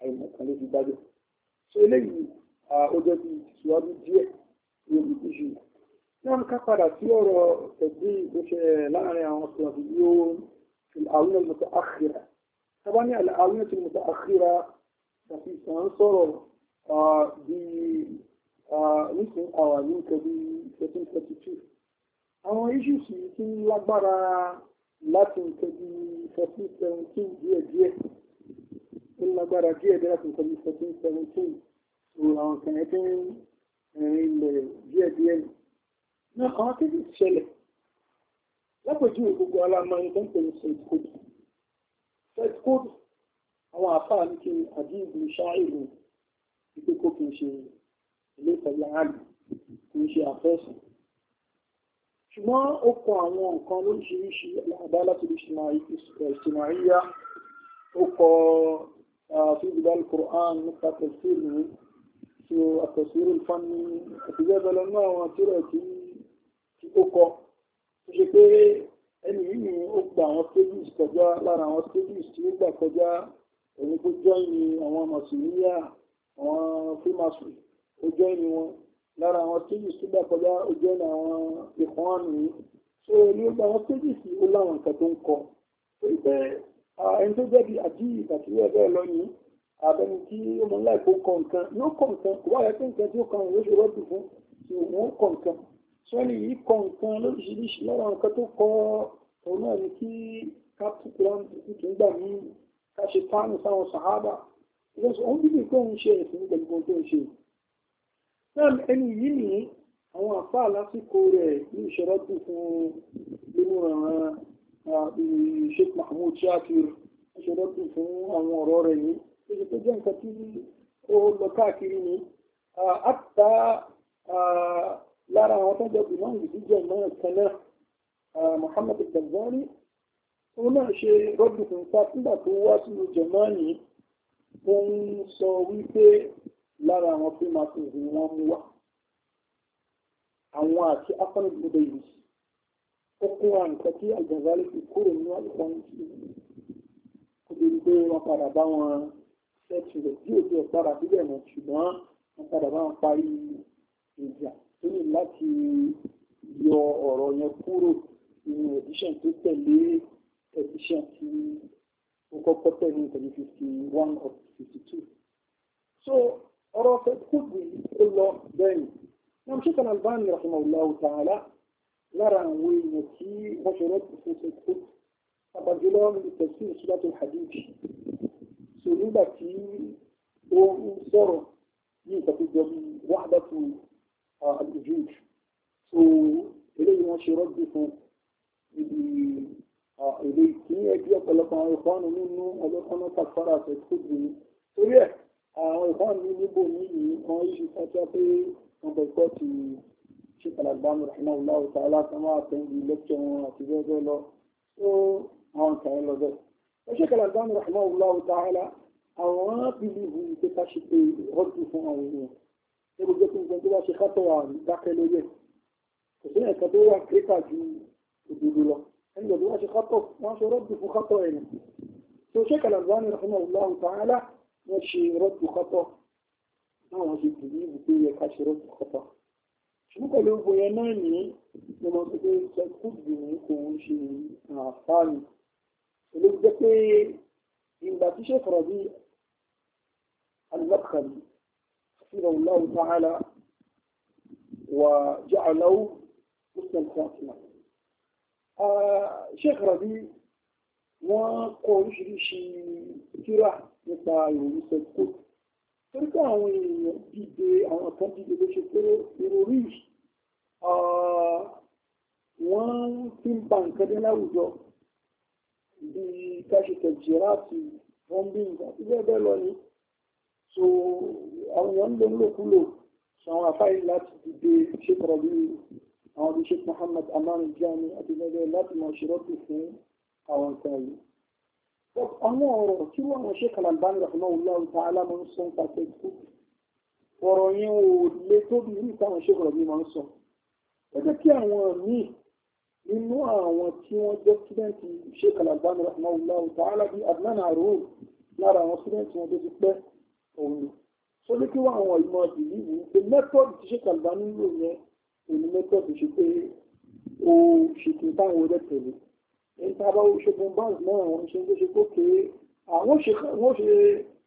àìmọ̀ kan lè fi dájọ́ ṣé eléyìí ó jẹ́ bí ìṣíwájú díẹ̀ ní olùkíṣù náà ká padà sí ọ̀rọ̀ ẹ̀gbí ìgbésẹ̀ láàrin àwọn ọ̀sán yóò àwọn ọmọdé àwọn ọmọdé àkìrà Ah, nísìn àwà ní nǹkan bí 1332 àwọn issues yìí ti ń lágbára láti nǹkan bí 1417 díẹ̀díẹ̀ ó lágbára díẹ̀díẹ̀ láti nǹkan bí 1417 so àwọn kan ẹ̀ tí ń ilẹ̀ díẹ̀díẹ̀ náà àwọn akéde ṣẹlẹ̀ lápèjúwe gbogbo alámọ̀ nǹkan pẹ̀lú state code state code àwọn àfáà ní kí adíìbù ṣáà ìlú ìpínkó kì í ṣe ilé ìtọ́jú àlù kì í ṣe àfẹ́sùn ṣùgbọ́n ó kọ àwọn nǹkan lóríṣiríṣi àdáàlá tó lè ṣìnà àríyá ó kọ fíjìdá alukur'an nípa tẹ̀síìrì ní tí ó àtẹ̀síìrì fani àti bẹ́ẹ̀ bẹ́ẹ̀ lọ́nà àwọn àtúrẹ̀ tí ó kọ tó ṣe pé ẹni yìí ni ó gba àwọn stages kọjá lára àwọn stages tí ó gbà kọjá ẹni tó jọ́ ní àwọn màsùlùmíà àwọn fímasùlù ojú ẹni wọn lára àwọn kéjì sígbà kọjá ojú ẹni àwọn ìkan àmì yìí so ní gbogbo àwọn kéjì sí ó láwọn nǹkan tó ń kọ torí pé ẹni tó jẹ́bi àjíyì àti ilé ẹgbẹ́ lọ yìí àbẹni tí ó mọ láì kó kọ nǹkan yóò kọ nǹkan kò wáyé pé nǹkan tí ó kàn yóò ṣe rọ́ọ̀tù fún tí òun ó kọ nǹkan sọ́ni yìí kọ nǹkan lóríṣiríṣi lára nǹkan tó kọ òun náà ni kí kápùkúrán tuntun gbà mí ká ṣe fáànù sáwọn sàhábà ìgbésẹ̀ òun bíbí pé òun ṣe ẹ̀sìn pẹ̀lú ohun tó ń ṣe yìí náà ẹni yìí ní àwọn àpá lásìkò rẹ̀ ní ìṣọ́rọ́ tó fún nínú àwọn Sheikh Mahmood Shakir ìṣọ́rọ́ tó fún àwọn ọ̀rọ̀ rẹ̀ yìí tó ṣe tó jẹ́ nǹkan tí ó lọ káàkiri ni àtà lára àwọn tó jẹ́ ìmọ̀n ìdíjẹ́ ìmọ̀n ìkẹlẹ̀ Muhammad al-Ghazali ó náà ṣe rọ́dùn pa nígbà tó wá sínú Jámánì ó ń sọ wípé lára àwọn primates ni wọ́n mú wá àwọn àti afọ́nìbùdó yìí ó kó wa nǹkan tí àjàzálẹ̀ fi kúrò nínú àlùkò ń fi kó lè gbé wọn padà bá wọn ṣẹ́ẹ̀tì rẹ̀ bí òbí ẹ̀ padà síbẹ̀ mọ̀ ṣùgbọ́n wọn padà bá wọn parí ìjà tó ní láti yọ ọ̀rọ̀ yẹn kúrò nínú edition tó tẹ̀lé edition tí ó kọ́kọ́ tẹ̀lé ní tẹ̀lé fifty one or fifty two. أراك تكذب الله دائما نمشي كان الباني رحمه الله تعالى نرى وين في وشرات خصوص الكذب فبجلون بتفسير سورة الحديث سلوبة في ومصر يمكن تجد وحدة آه، الوجود إلي ما شرده إليك هي كي أطلق عيقان منه أدخل نصف فراسة تخذني àwọn ìbọn mi níbò ní yìí kan yìí sọ́jọ́ pé wọ́n bẹ̀ gbọ́ ti Sheikh Al-Albani rahimahullahu ta'ala kan wá àtẹ̀yìn lẹ́kṣọ̀ wọn àti bẹ́ẹ̀ bẹ́ẹ̀ lọ tó àwọn kan lọ bẹ́ẹ̀. ó Sheikh Al-Albani rahimahullahu ta'ala àwọn bìlìbù pé ká ṣe pé rọ́ọ̀dù fún àwọn èèyàn ó gbogbo tó ń gbọ́n tó bá ṣe kátó wà dákẹ́ wọ́n ṣe rọ́pù kọ́tọ́ báwọn ṣe bù ní ibùgbé yẹ ká ṣe rọ́pù kọ́tọ́ ṣùgbọ́n pẹ̀lú ogun yẹn náà ní mo mọ̀ pé sẹ́kúùdù ní òun ṣe àǹfààní èló jẹ́ pé ìgbà tí ṣe fọ̀rọ̀ bí alákàlì sí ọ̀làwù tààlà wà jẹ́ àláwù muslim fatima ṣe fọ̀rọ̀ bí wọ́n kọ oríṣiríṣi kíra nípa ìròyìn sẹ́kó torí pé àwọn èèyàn dìde àwọn kan dìde ló ṣe pé ìròrí wọ́n ti ń ba nǹkan dé láwùjọ bí káṣíkẹ̀ jìráàtì bombing àti bẹ́ẹ̀ bẹ́ẹ̀ lọ ni so àwọn èèyàn ń lò ń lòkulò àwọn àfáì láti dìde ṣe pọ̀rọ̀ bí àwọn bí Sheikh Muhammad Amanu Jami àti bẹ́ẹ̀ bẹ́ẹ̀ láti mọ̀ ṣe rọ́pì fún àwọn nǹkan yìí àwọn ọ̀rọ̀ tí wọ́n ṣe kàlàbánì rahimahullahu ta'ala máa ń sọ nípa tẹ̀sí ọ̀rọ̀ yẹn ò lè tóbi ní táwọn ṣe kọ̀rọ̀ mi máa ń sọ gẹ́gẹ́ kí àwọn míì nínú àwọn tí wọ́n jẹ́ sídẹ́ǹtì ṣe kàlàbánì rahimahullahu ta'ala bíi adnan arun lára àwọn sídẹ́ǹtì wọn tó ti pẹ́ òun ni ó ní kí wọ́n àwọn ìmọ̀ ìlú pé mẹ́tọ́dù ti ṣe kàlàbánì lò yẹn òun mẹ́tọ́dù ṣe pé ó ṣètò táwọn ọdẹ níta bá ó ṣe bombaz náà wọ́n ṣe tó ṣe kó kéré àwọn ṣe wọ́n ṣe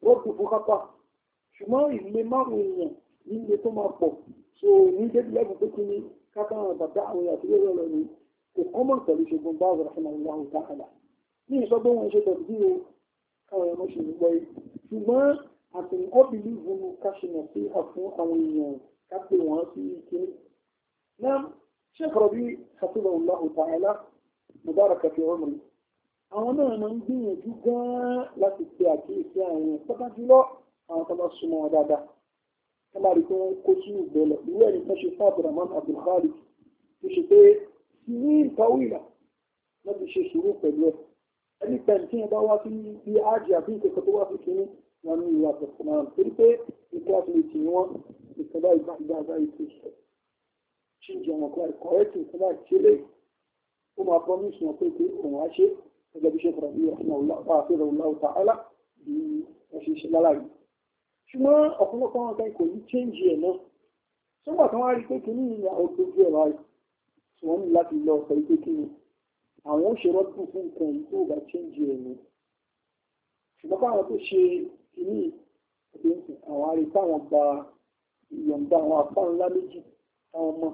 rọ́ọ̀dù fún kápá ṣùgbọ́n ìlé márùn èèyàn nílé tó máa pọ̀ so ní débi lẹ́bùn pé kí ni kápá àwọn bàbá àwọn èèyàn àti lórí ọ̀rọ̀ ni kò kọ́mọ̀ pẹ̀lú ṣe bombaz rahimahullahu ta'ala ní ìsọgbọ́n wọn ṣe tẹ̀sí o káwọn èèyàn ṣe gbọ́ yìí ṣùgbọ́n àtìkọ́ bìlíìfù káṣínà sí àfún àwọn èèyàn ká pè wọ́n sí kiri náà ṣèkọ̀rọ̀ bí ṣàtúbọ̀ ọ̀lá ọ̀tá ẹ̀lá mubaraka fi ọmọ yìí àwọn náà máa ń gbìyànjú gan-an láti pe àkíyèsí àwọn èèyàn pátá jùlọ àwọn tó bá súnmọ́ wọn dáadáa tó bá rí i pé wọ́n kó sínú ìgbẹ́lẹ̀ ìwé ẹ̀rí kan ṣe fún abdulrahman abdulkhali tó ṣe pé ní ìtawìlà wọ́n ti ṣe sùúrù pẹ̀lú ẹ̀ ẹni pẹ̀lú tí wọ́n bá wá sí bí ájì àbí ìkẹ́kọ̀ọ́ tó wá sí kínní wọn ní ìwà tẹ̀sán ó máa promise wọn pé pé òun á ṣe gẹ́gẹ́ bí sẹ́kọ̀rọ̀ bí àfihàn ọ̀làwọ̀ tààlà bí wọ́n ṣe ṣe láláyé ṣùgbọ́n ọ̀pọ̀lọpọ̀ wọn kan kò ní change ẹ̀ náà sọ́gbà kan wá rí pé kínní ni àwọn tó bí ẹ̀rọ ayé tí wọ́n ní láti lọ sọ pé kínní àwọn ó ṣe rọ́pù fún nǹkan yìí tó bá change ẹ̀ ni ṣùgbọ́n káwọn tó ṣe kínní àwọn arí táwọn gba ìyọ̀ǹda àwọn apá ńlá méjì táwọn mọ̀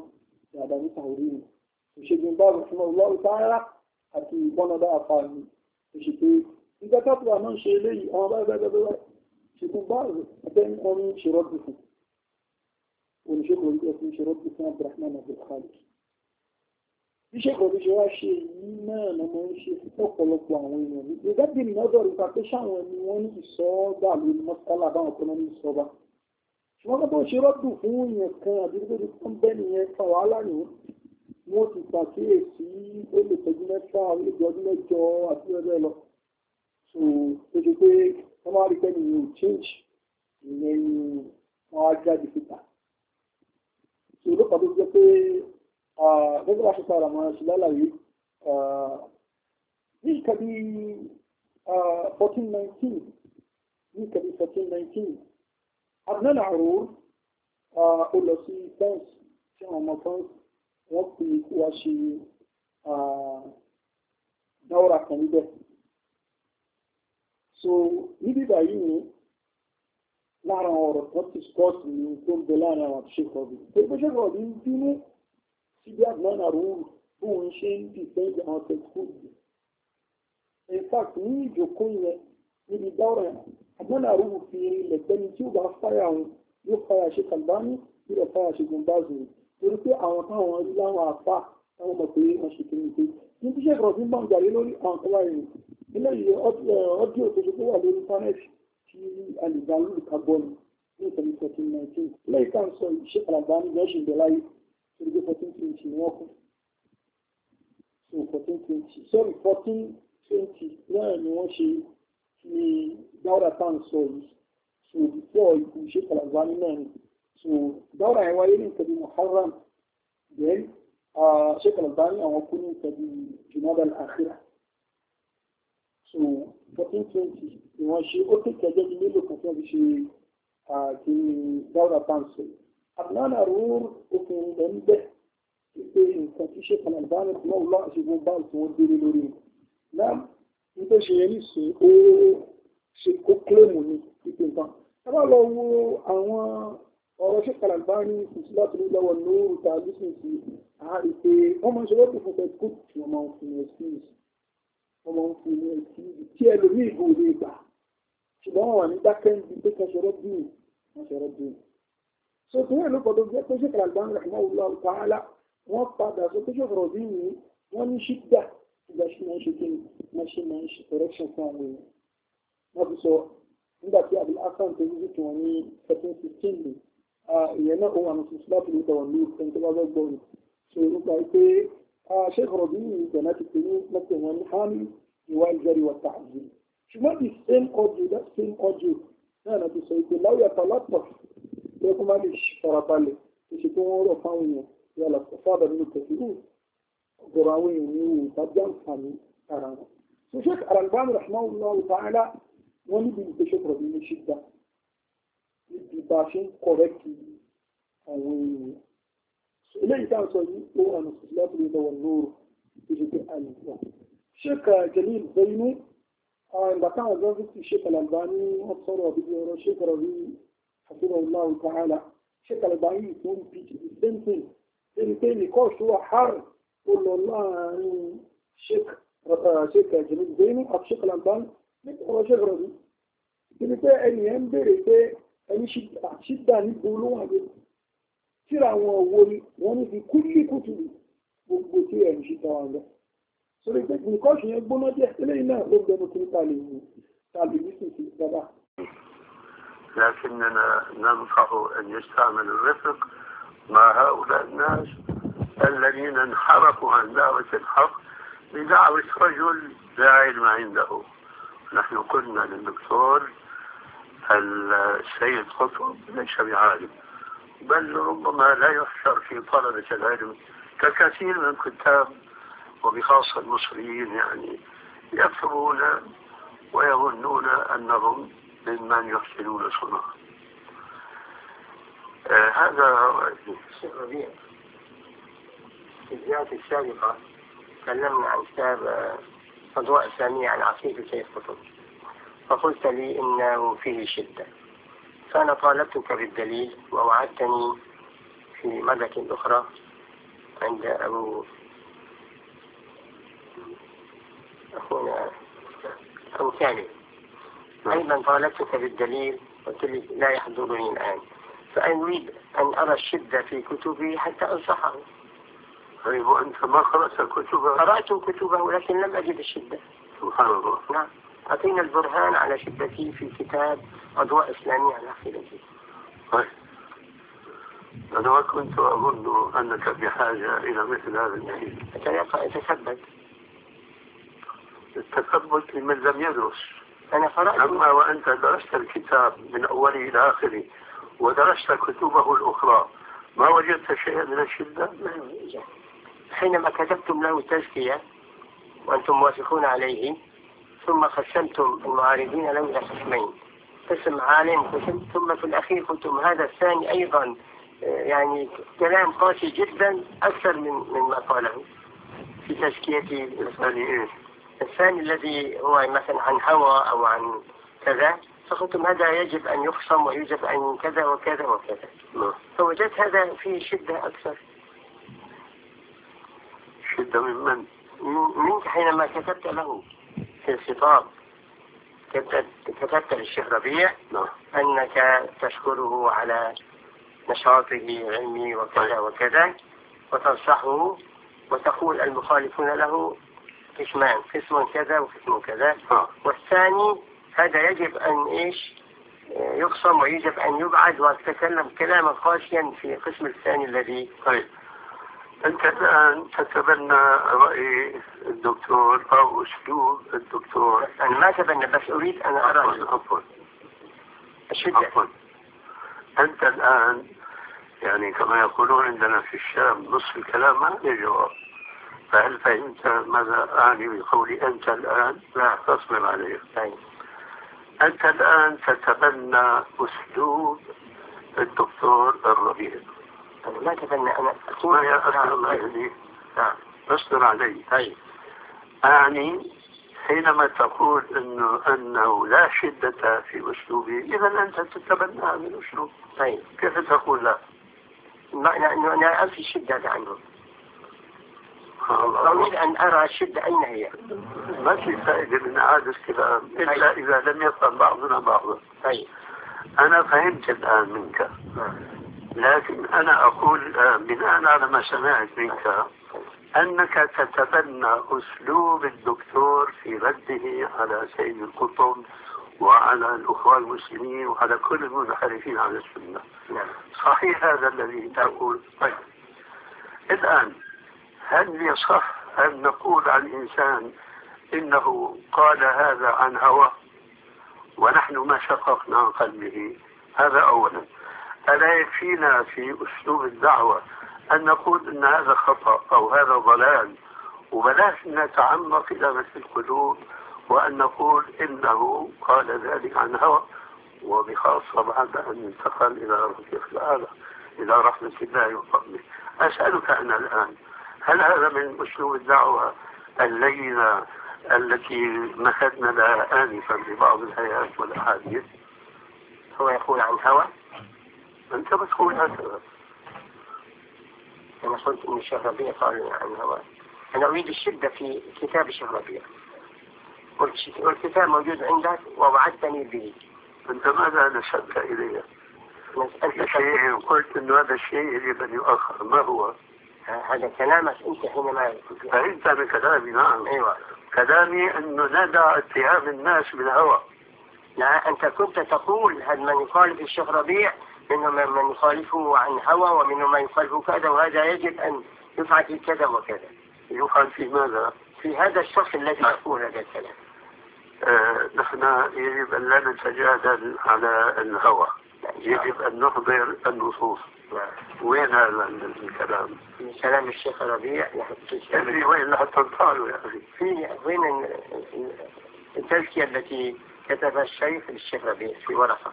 dáadáa nípa orí wọn ìṣègùn bá rùn fún ọlọ́run tààrà àti ìbọnadá àfààní òṣèpé nígbà kápùlà náà ṣe eléyìí àwọn báyìí ṣègùn bá rùn abẹ́ni ọrùn ṣèrọ́bì fún oníṣègùn orí ẹkùn ṣèrọ́bì fún Abdulrahman Abdulkhalik bíṣèkọ̀ bí ṣe wá ṣe yìí náà ló máa ń ṣe fún ọ̀pọ̀lọpọ̀ àwọn èèyàn ní ìgbà bí mi lọ́dọ̀ rí pàpé sáwọn ni wọ́n ní ṣùgbọ́n bó ṣe rọ́dùn fún èèyàn kan àbí tó ti tán nìyẹn fa wàhálà nìyẹn wọ́n ti pàkíyèsí ó lè tọ́jú mẹ́fà ó lè mẹ́jọ àti ọjọ́ lọ so ó ṣe pé wọ́n máa rí pé yóò change ìyẹn ni wọ́n á jáde síta so ló pàdé jẹ́ pé gẹ́gẹ́ bá ṣe sára máa ṣe lálàyé ní ìka fourteen nineteen ní ìka fourteen nineteen Adnan Aror ó lọ sí fẹ́ǹsì tí àwọn ọmọ fẹ́ǹsì wọ́n pè kó wá ṣe dáwọ́ra kan níbẹ̀. so níbí báyìí ni lára ọ̀rọ̀ tó ti skọ́ọ̀tì ni tó ń bẹ láàrin àwọn àṣekọ̀bí. pé bó ṣe kọ̀ ní bínú síbi àgbọ̀nà rúurú bóun ṣe ń dìfẹ́ǹdì àwọn tẹ̀síkúùdì. in fact ní ìjókòó yẹn níbi dáwọ́ra àgbọ̀nà rúurú fi ilẹ̀ gbẹ́ni tí ó bá fáyà òun yóò fáyà ṣe kàlbáni yóò fáyà ṣe gbọ̀ngbáàzù rẹ̀ torí pé àwọn táwọn rí láwọn àpá táwọn mọ̀ pé wọ́n ṣe kiri pé ní bí ṣe kọ̀ọ̀fin bá ń jàre lórí àwọn tó wáyé rẹ̀ nílẹ̀ yìí ọdíò tó ṣe tó wà lórí íńtánẹ́ẹ̀tì tí alìgbàlù ká gbọ́ ni ní ìtẹ̀lé fourteen nineteen lẹ́yìn tá à ń sọ ìṣe àlàgbà ní bẹ́ẹ̀ ṣì ń bẹ láyé torí pé fourteen ni wọ́n kú so fourteen sorry fourteen twenty ni wọ́n ṣe ní dáwọ́dà tá sọ yìí so before ikú ṣe àlàgbà ní náà so dáwọ́rà yẹn wáyé ní nǹkan bíi muharram then sheikh albani àwọn kú ní nǹkan bíi jumada al-akhira so fourteen twenty ni wọ́n ṣe ó tètè ẹjẹ́ bíi mélòó kan tí wọ́n fi ṣe kí ni dáwọ́rà pàǹsọ̀ abúlé àrùn òfin ilẹ̀ ń bẹ̀ pé nǹkan tí sheikh albani ti wọ́n lọ́ àṣegun báńkì tí wọ́n délé lórí rẹ̀ náà nítorí ṣe yẹn nísìnyí ó ṣe kó kílèmù ní pípé nǹkan. ẹ bá lọ wo àwọn ọ̀rọ̀ ṣe kàlàgbá ní ìsìláàtì ní lọ́wọ́ lóòrù ta lísìn sí àárí pé wọ́n máa ń ṣe lọ́pù fún pé kó tí wọ́n máa ń fún ẹ sí ìsì wọ́n máa ń fún ẹ sí ìsì tí ẹ lómi ìbò lè gbà ṣùgbọ́n wọn wà ní dákẹ́ níbi pé kan ṣọ̀rọ̀ dùn kan ṣọ̀rọ̀ dùn. so tí wọ́n ló kọ́dọ̀ jẹ́ pé ṣe kàlàgbá ní rahman allah ta'ala wọ́n padà sọ pé ṣọ̀rọ̀ dùn ní wọ́n ní ṣídà ìgbà ṣe máa ń ṣe kí wọ́n ṣe máa ń ṣe correction fún àwọn èèyàn wọ́n ti sọ nígbà tí abdulhasan tó ń dìtì wọn ní thirteen fifteen ìyẹn náà òun àmì tuntun láti lè tọ̀wọ̀ ní ìpínlẹ̀ tó bá fẹ́ gbọ́ rẹ̀ ṣe nípa pé Sheikh Rabi' ìgbàna ti pè ní mẹ́tẹ̀ wọn ní hàmì ìwà al-jari wa ṣùgbọ́n the same audio that same audio náà náà ti sọ pé láwùjọ àtàlápọ̀ lẹ́kùn má lè farabalẹ̀ ìṣe pé wọ́n rọ̀ fáwọn èèyàn yálà fáàdà nínú tẹ̀sí ọ̀gọ̀rọ̀ àwọn èèyàn ní òun tàbí àǹfààní ara wọn. Sheikh Al-Albani rahimahullah ta'ala wọ́n níbi ìpè Sheikh níbi bá a ṣe ń kọ̀rẹ́kì àwọn ènìyàn eléyìí tá à ń sọ yìí ó wà ní ìsìláàbùrù lọ́wọ́ lóru ìṣe pé a lè wà sheikh jalil zainu ìgbà táwọn zọ́ọ̀sì ti sheikh al-albani wọ́n sọ̀rọ̀ àbíbi ọ̀rọ̀ sheikh rabi hafizahullah ta'ala sheikh al-albani tó ń bi the same thing ẹni pé nìkan ṣùgbọ́n har ó lọ láàrin uh, sheikh jalil zainu àti sheikh al-albani nípa ọ̀rọ̀ sheikh rabi ẹni pé ẹni ń béèrè pé ẹni ṣídà ní olówó àgbẹ̀ tíra àwọn owó ni wọ́n ní fi kúlí kùtù gbogbo tí ẹ̀ ń ṣídà wọn lọ. sórí pé nǹkan ṣe yẹn gbóná díẹ̀ eléyìí náà ló gbẹnu kí ta lè wù ta lè ní sùn sí dáadáa. لكننا ننصح أن يستعمل الرفق مع هؤلاء الناس الذين انحرفوا عن دعوة الحق لدعوة رجل لا علم عنده نحن قلنا للدكتور السيد قطب ليس بعالم بل ربما لا يحشر في طلبة العلم ككثير من الكتاب وبخاصة المصريين يعني يكتبون ويظنون أنهم ممن يحسنون صنعا آه هذا ربيع في الزيارة السابقة تكلمنا عن كتاب أضواء آه، السامية عن عقيدة الشيخ قطب فقلت لي إنه فيه شدة فأنا طالبتك بالدليل ووعدتني في مرة أخرى عند أبو أخونا أبو ثاني نعم. أيضا طالبتك بالدليل قلت لي لا يحضرني الآن فأنا أريد أن أرى الشدة في كتبي حتى أنصحه طيب وأنت ما قرأت كتبه؟ قرأت كتبه ولكن لم أجد الشدة سبحان الله نعم أعطينا البرهان على شدته في كتاب أضواء إسلامية على آخره. طيب. أنا كنت أظن أنك بحاجة إلى مثل هذا الشيء. يتثبت. التثبت لمن لم يدرس. أنا قرأت أما وأنت درست الكتاب من أوله إلى آخره ودرست كتبه الأخرى ما وجدت شيئا من الشدة؟ حينما كتبتم له التزكية وأنتم موافقون عليه ثم قسمتم المعارضين له إلى قسمين قسم عالم قسم ثم في الأخير قلتم هذا الثاني أيضا آه، يعني كلام قاسي جدا أكثر من مما قاله في تزكيته الثاني الذي هو مثلا عن هوى أو عن كذا فقلتم هذا يجب أن يخصم ويجب أن كذا وكذا وكذا نعم. فوجدت هذا فيه شدة أكثر شدة من من؟ منك حينما كتبت له في الخطاب كتبت الشيخ ربيع نعم. أنك تشكره على نشاطه علمي وكذا طيب. وكذا وتنصحه وتقول المخالفون له قسمان قسم كذا وقسم كذا نعم. والثاني هذا يجب أن إيش يقسم ويجب أن يبعد وتتكلم كلاما قاسيا في القسم الثاني الذي طيب. أنت الآن تتبنى رأي الدكتور أو أسلوب الدكتور أنا ما أتبنى بس أريد أن أرى عفوا عفوا أنت الآن يعني كما يقولون عندنا في الشام نصف الكلام ما عليه جواب فهل فهمت ماذا أعني بقولي أنت الآن لا تصبر عليه طيب. أنت الآن تتبنى أسلوب الدكتور الربيع لا تبنى أنا أقول ما يا الله يهديك نعم اصبر علي أي طيب. أعني حينما تقول انه انه لا شدة في اسلوبه اذا انت تتبنى من اسلوب طيب كيف تقول لا؟ معنى انه يعني انا في الشدة عنه اريد ان ارى الشدة اين هي؟ ما في فائدة من اعادة الكلام الا طيب. اذا لم يفهم بعضنا بعضا طيب انا فهمت الان منك نعم. لكن أنا أقول بناء آه، على ما سمعت منك أنك تتبنى أسلوب الدكتور في رده على سيد القطب وعلى الأخوة المسلمين وعلى كل المنحرفين على السنة صحيح هذا الذي تقول طيب الآن هل يصح أن نقول عن إنسان إنه قال هذا عن هوى ونحن ما شققنا عن قلبه هذا أولا ألا يكفينا في أسلوب الدعوة أن نقول أن هذا خطأ أو هذا ضلال وبلاش نتعمق إلى مثل القلوب وأن نقول إنه قال ذلك عن هوى وبخاصة بعد أن انتقل إلى رفيق الأعلى إلى رحمة الله وفضله أسألك أنا الآن هل هذا من أسلوب الدعوة اللينة التي مهدنا لها آنفا ببعض الآيات والأحاديث هو يقول عن هوى فالتبسوا منها هكذا انا قلت ان ربيع قال عن هواه انا اريد الشدة في كتاب ربيع والكتاب موجود عندك ووعدتني به انت ماذا نسبت الي؟ شيء قلت انه هذا الشيء يجب ان يؤخر ما هو؟ هذا كلامك انت حينما فهمت بكلامي نعم ايوه كلامي انه ندى اتهام الناس بالهوى لا انت كنت تقول هل من يخالف الشيخ ربيع منهم من يخالفه عن هوى ومنهم من يخالفه كذا وهذا يجب أن يفعل في كذا وكذا يفعل في ماذا؟ في هذا الشخص الذي يقول هذا الكلام آه، نحن يجب أن لا نتجادل على الهوى يجب أن نحضر النصوص وين هذا الكلام؟ من كلام الشيخ ربيع في نعم. وين حتى نطالوا يا أخي في وين التزكية التي كتبها الشيخ للشيخ ربيع في ورقة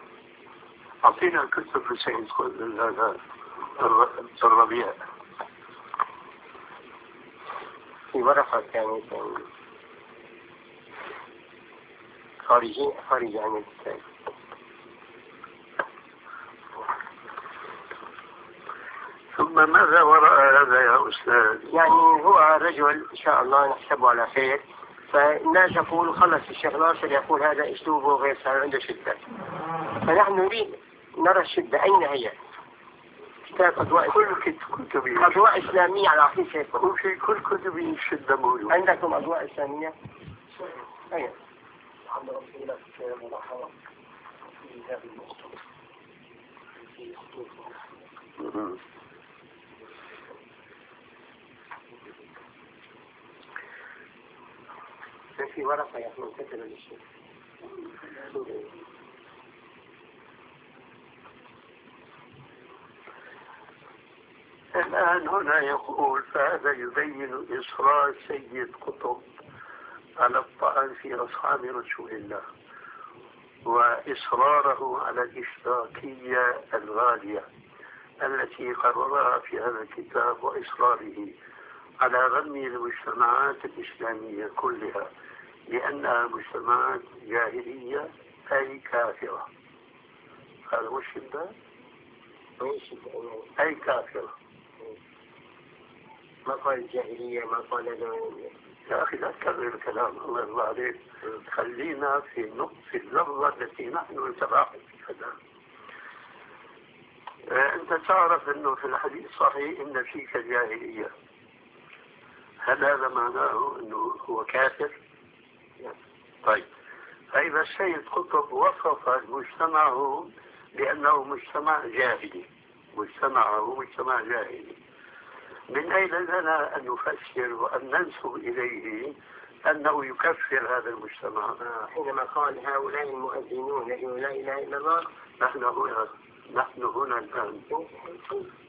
أعطينا كتب لسيد الربيع في ورقة كانت خارجين خارج عن الكتاب ثم ماذا وراء هذا يا أستاذ؟ يعني هو رجل إن شاء الله نحسبه على خير فالناس يقول خلص الشيخ ناصر يقول هذا أسلوبه غير صار عنده شدة فنحن نريد نرى الشدة أين هي كتاب أضواء كل كتبي أضواء إسلامية على عقيدة وفي كل كتب الشدة موجودة عندكم أضواء إسلامية؟ أيوة محمد رسول الله في ملاحظة في هذه النقطة في ورقة يا كتب الشيخ الآن هنا يقول فهذا يبين إصرار سيد قطب على الطعن في أصحاب رسول الله وإصراره على الإشراكية الغالية التي قررها في هذا الكتاب وإصراره على غم المجتمعات الإسلامية كلها لأنها مجتمعات جاهلية أي كافرة هذا مش أي كافرة ما قال الجاهلية ما قال يا أخي لا تكرر الكلام الله يرضى عليك خلينا في نقطة اللحظة التي نحن نتباحث فيها نعم. آه، أنت تعرف أنه في الحديث صحيح إن فيك الجاهلية هل هذا معناه أنه هو كافر؟ نعم. طيب فإذا السيد قطب وصف مجتمعه بأنه مجتمع جاهلي مجتمعه مجتمع جاهلي من أين لنا أن نفسر وأن ننسب إليه أنه يكفر هذا المجتمع حينما قال هؤلاء المؤذنون لا إله إلا الله نحن هنا نحن هنا الآن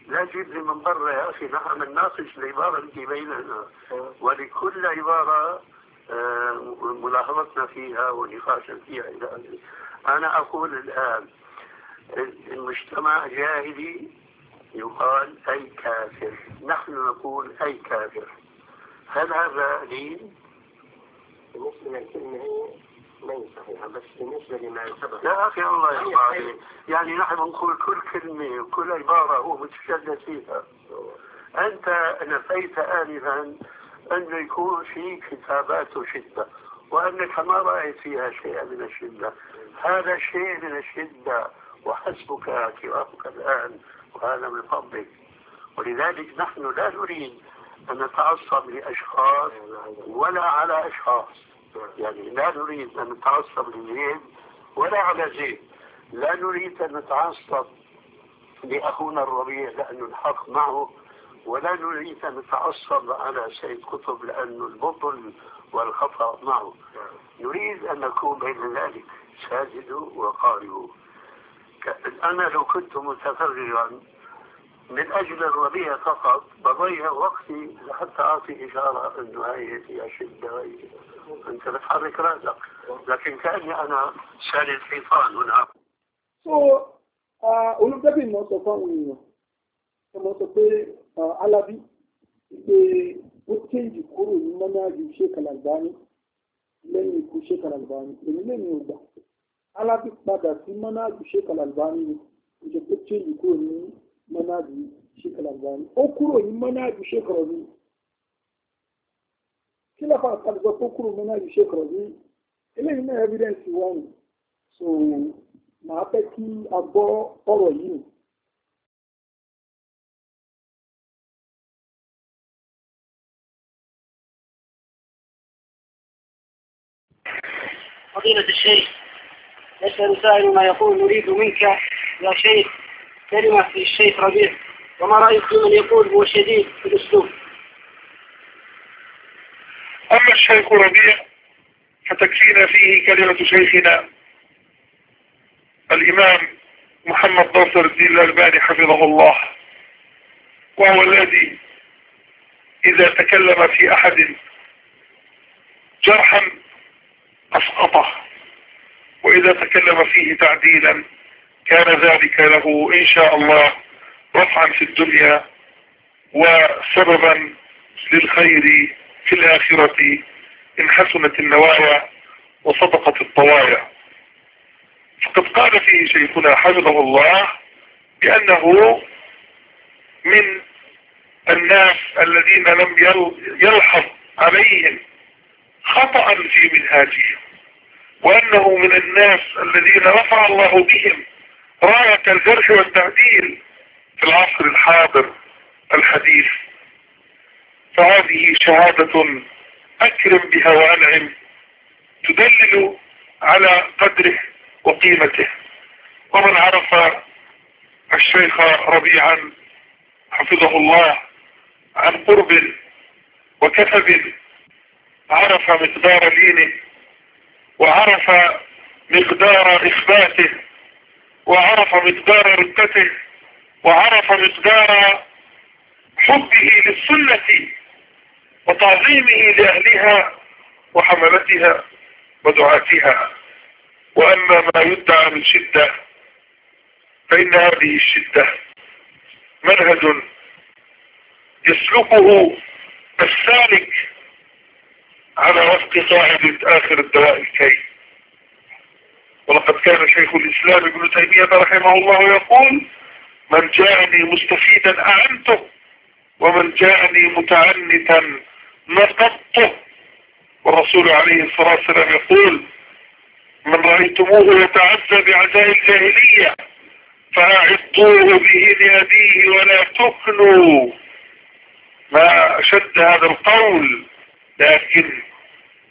لا تجيب لي من برا يا أخي نحن نناقش العبارة التي بيننا ولكل عبارة آه، ملاحظتنا فيها ونقاشا فيها إلى آخره أنا أقول الآن المجتمع جاهلي يقال أي كافر نحن نقول أي كافر هل هذا دين؟ بالنسبة للكلمة ليس صحيحة بس بالنسبة لما سبق يا أخي الله يرضى يعني نحن نقول كل كلمة وكل عبارة هو متشدد فيها أنت نفيت آنفا أن يكون في كتابات شدة وأنك ما رأيت فيها شيئا من الشدة هذا شيء من الشدة وحسبك كرامك الآن وهذا من فضلك ولذلك نحن لا نريد أن نتعصب لأشخاص ولا على أشخاص يعني لا نريد أن نتعصب لزيد ولا على زيد لا نريد أن نتعصب لأخونا الربيع لأنه الحق معه ولا نريد أن نتعصب على سيد قطب لأنه البطل والخطأ معه نريد أن نكون بين ذلك ساجد وقارئ أنا لو كنت متفرغا من أجل الربيع فقط بضيع وقتي لحتى أعطي إشارة أنه هاي فيها شدة أنت بتحرك رأسك لكن كأني أنا سالد حيطان هناك So, olùdẹ́bì náà sọ fún àwọn èèyàn ọmọ sọ pé alábí pé ó kéjì kúrò ní mọ́nájú ṣé kàlàgbá ní lẹ́yìn ikú ṣé kàlàgbá ní èmi lè ní ọgbà aláfi padà sí mọ́náàdì Sheikh Al-Albani ìjọ tó tí èyí kúrò ní albani ó kúrò ní mọ́náàdì Sheikh Rabi kí lọ́fà àtàlùsọ tó kúrò mọ́náàdì Sheikh Rabi eléyìí náà evidence so màá fẹ́ kí a gbọ́ ọ̀rọ̀ yìí يسأل سائل ما يقول نريد منك يا شيخ كلمة في الشيخ ربيع وما رأيك في من يقول هو شديد في الأسلوب أما الشيخ ربيع فتكفينا فيه كلمة شيخنا الإمام محمد ناصر الدين الألباني حفظه الله وهو الذي إذا تكلم في أحد جرحا أسقطه وإذا تكلم فيه تعديلا كان ذلك له إن شاء الله رفعا في الدنيا وسببا للخير في الآخرة إن حسنت النوايا وصدقت الطوايا فقد قال فيه شيخنا حفظه الله بأنه من الناس الذين لم يلحظ عليهم خطأ في منهاجهم وأنه من الناس الذين رفع الله بهم راية الجرح والتعديل في العصر الحاضر الحديث فهذه شهادة أكرم بها وأنعم تدلل على قدره وقيمته ومن عرف الشيخ ربيعا حفظه الله عن قرب وكثب عرف مقدار لينه وعرف مقدار إثباته وعرف مقدار ردته وعرف مقدار حبه للسنة وتعظيمه لأهلها وحملتها ودعاتها وأما ما يدعى من شدة فإن هذه الشدة منهج يسلكه السالك على وفق قاعدة آخر الدواء الكي ولقد كان شيخ الإسلام ابن تيمية رحمه الله يقول من جاءني مستفيدا أعنته ومن جاءني متعنتا نقضته والرسول عليه الصلاة والسلام يقول من رأيتموه يتعزى بعزاء الجاهلية فأعطوه به لأبيه ولا تكنوا ما أشد هذا القول لكن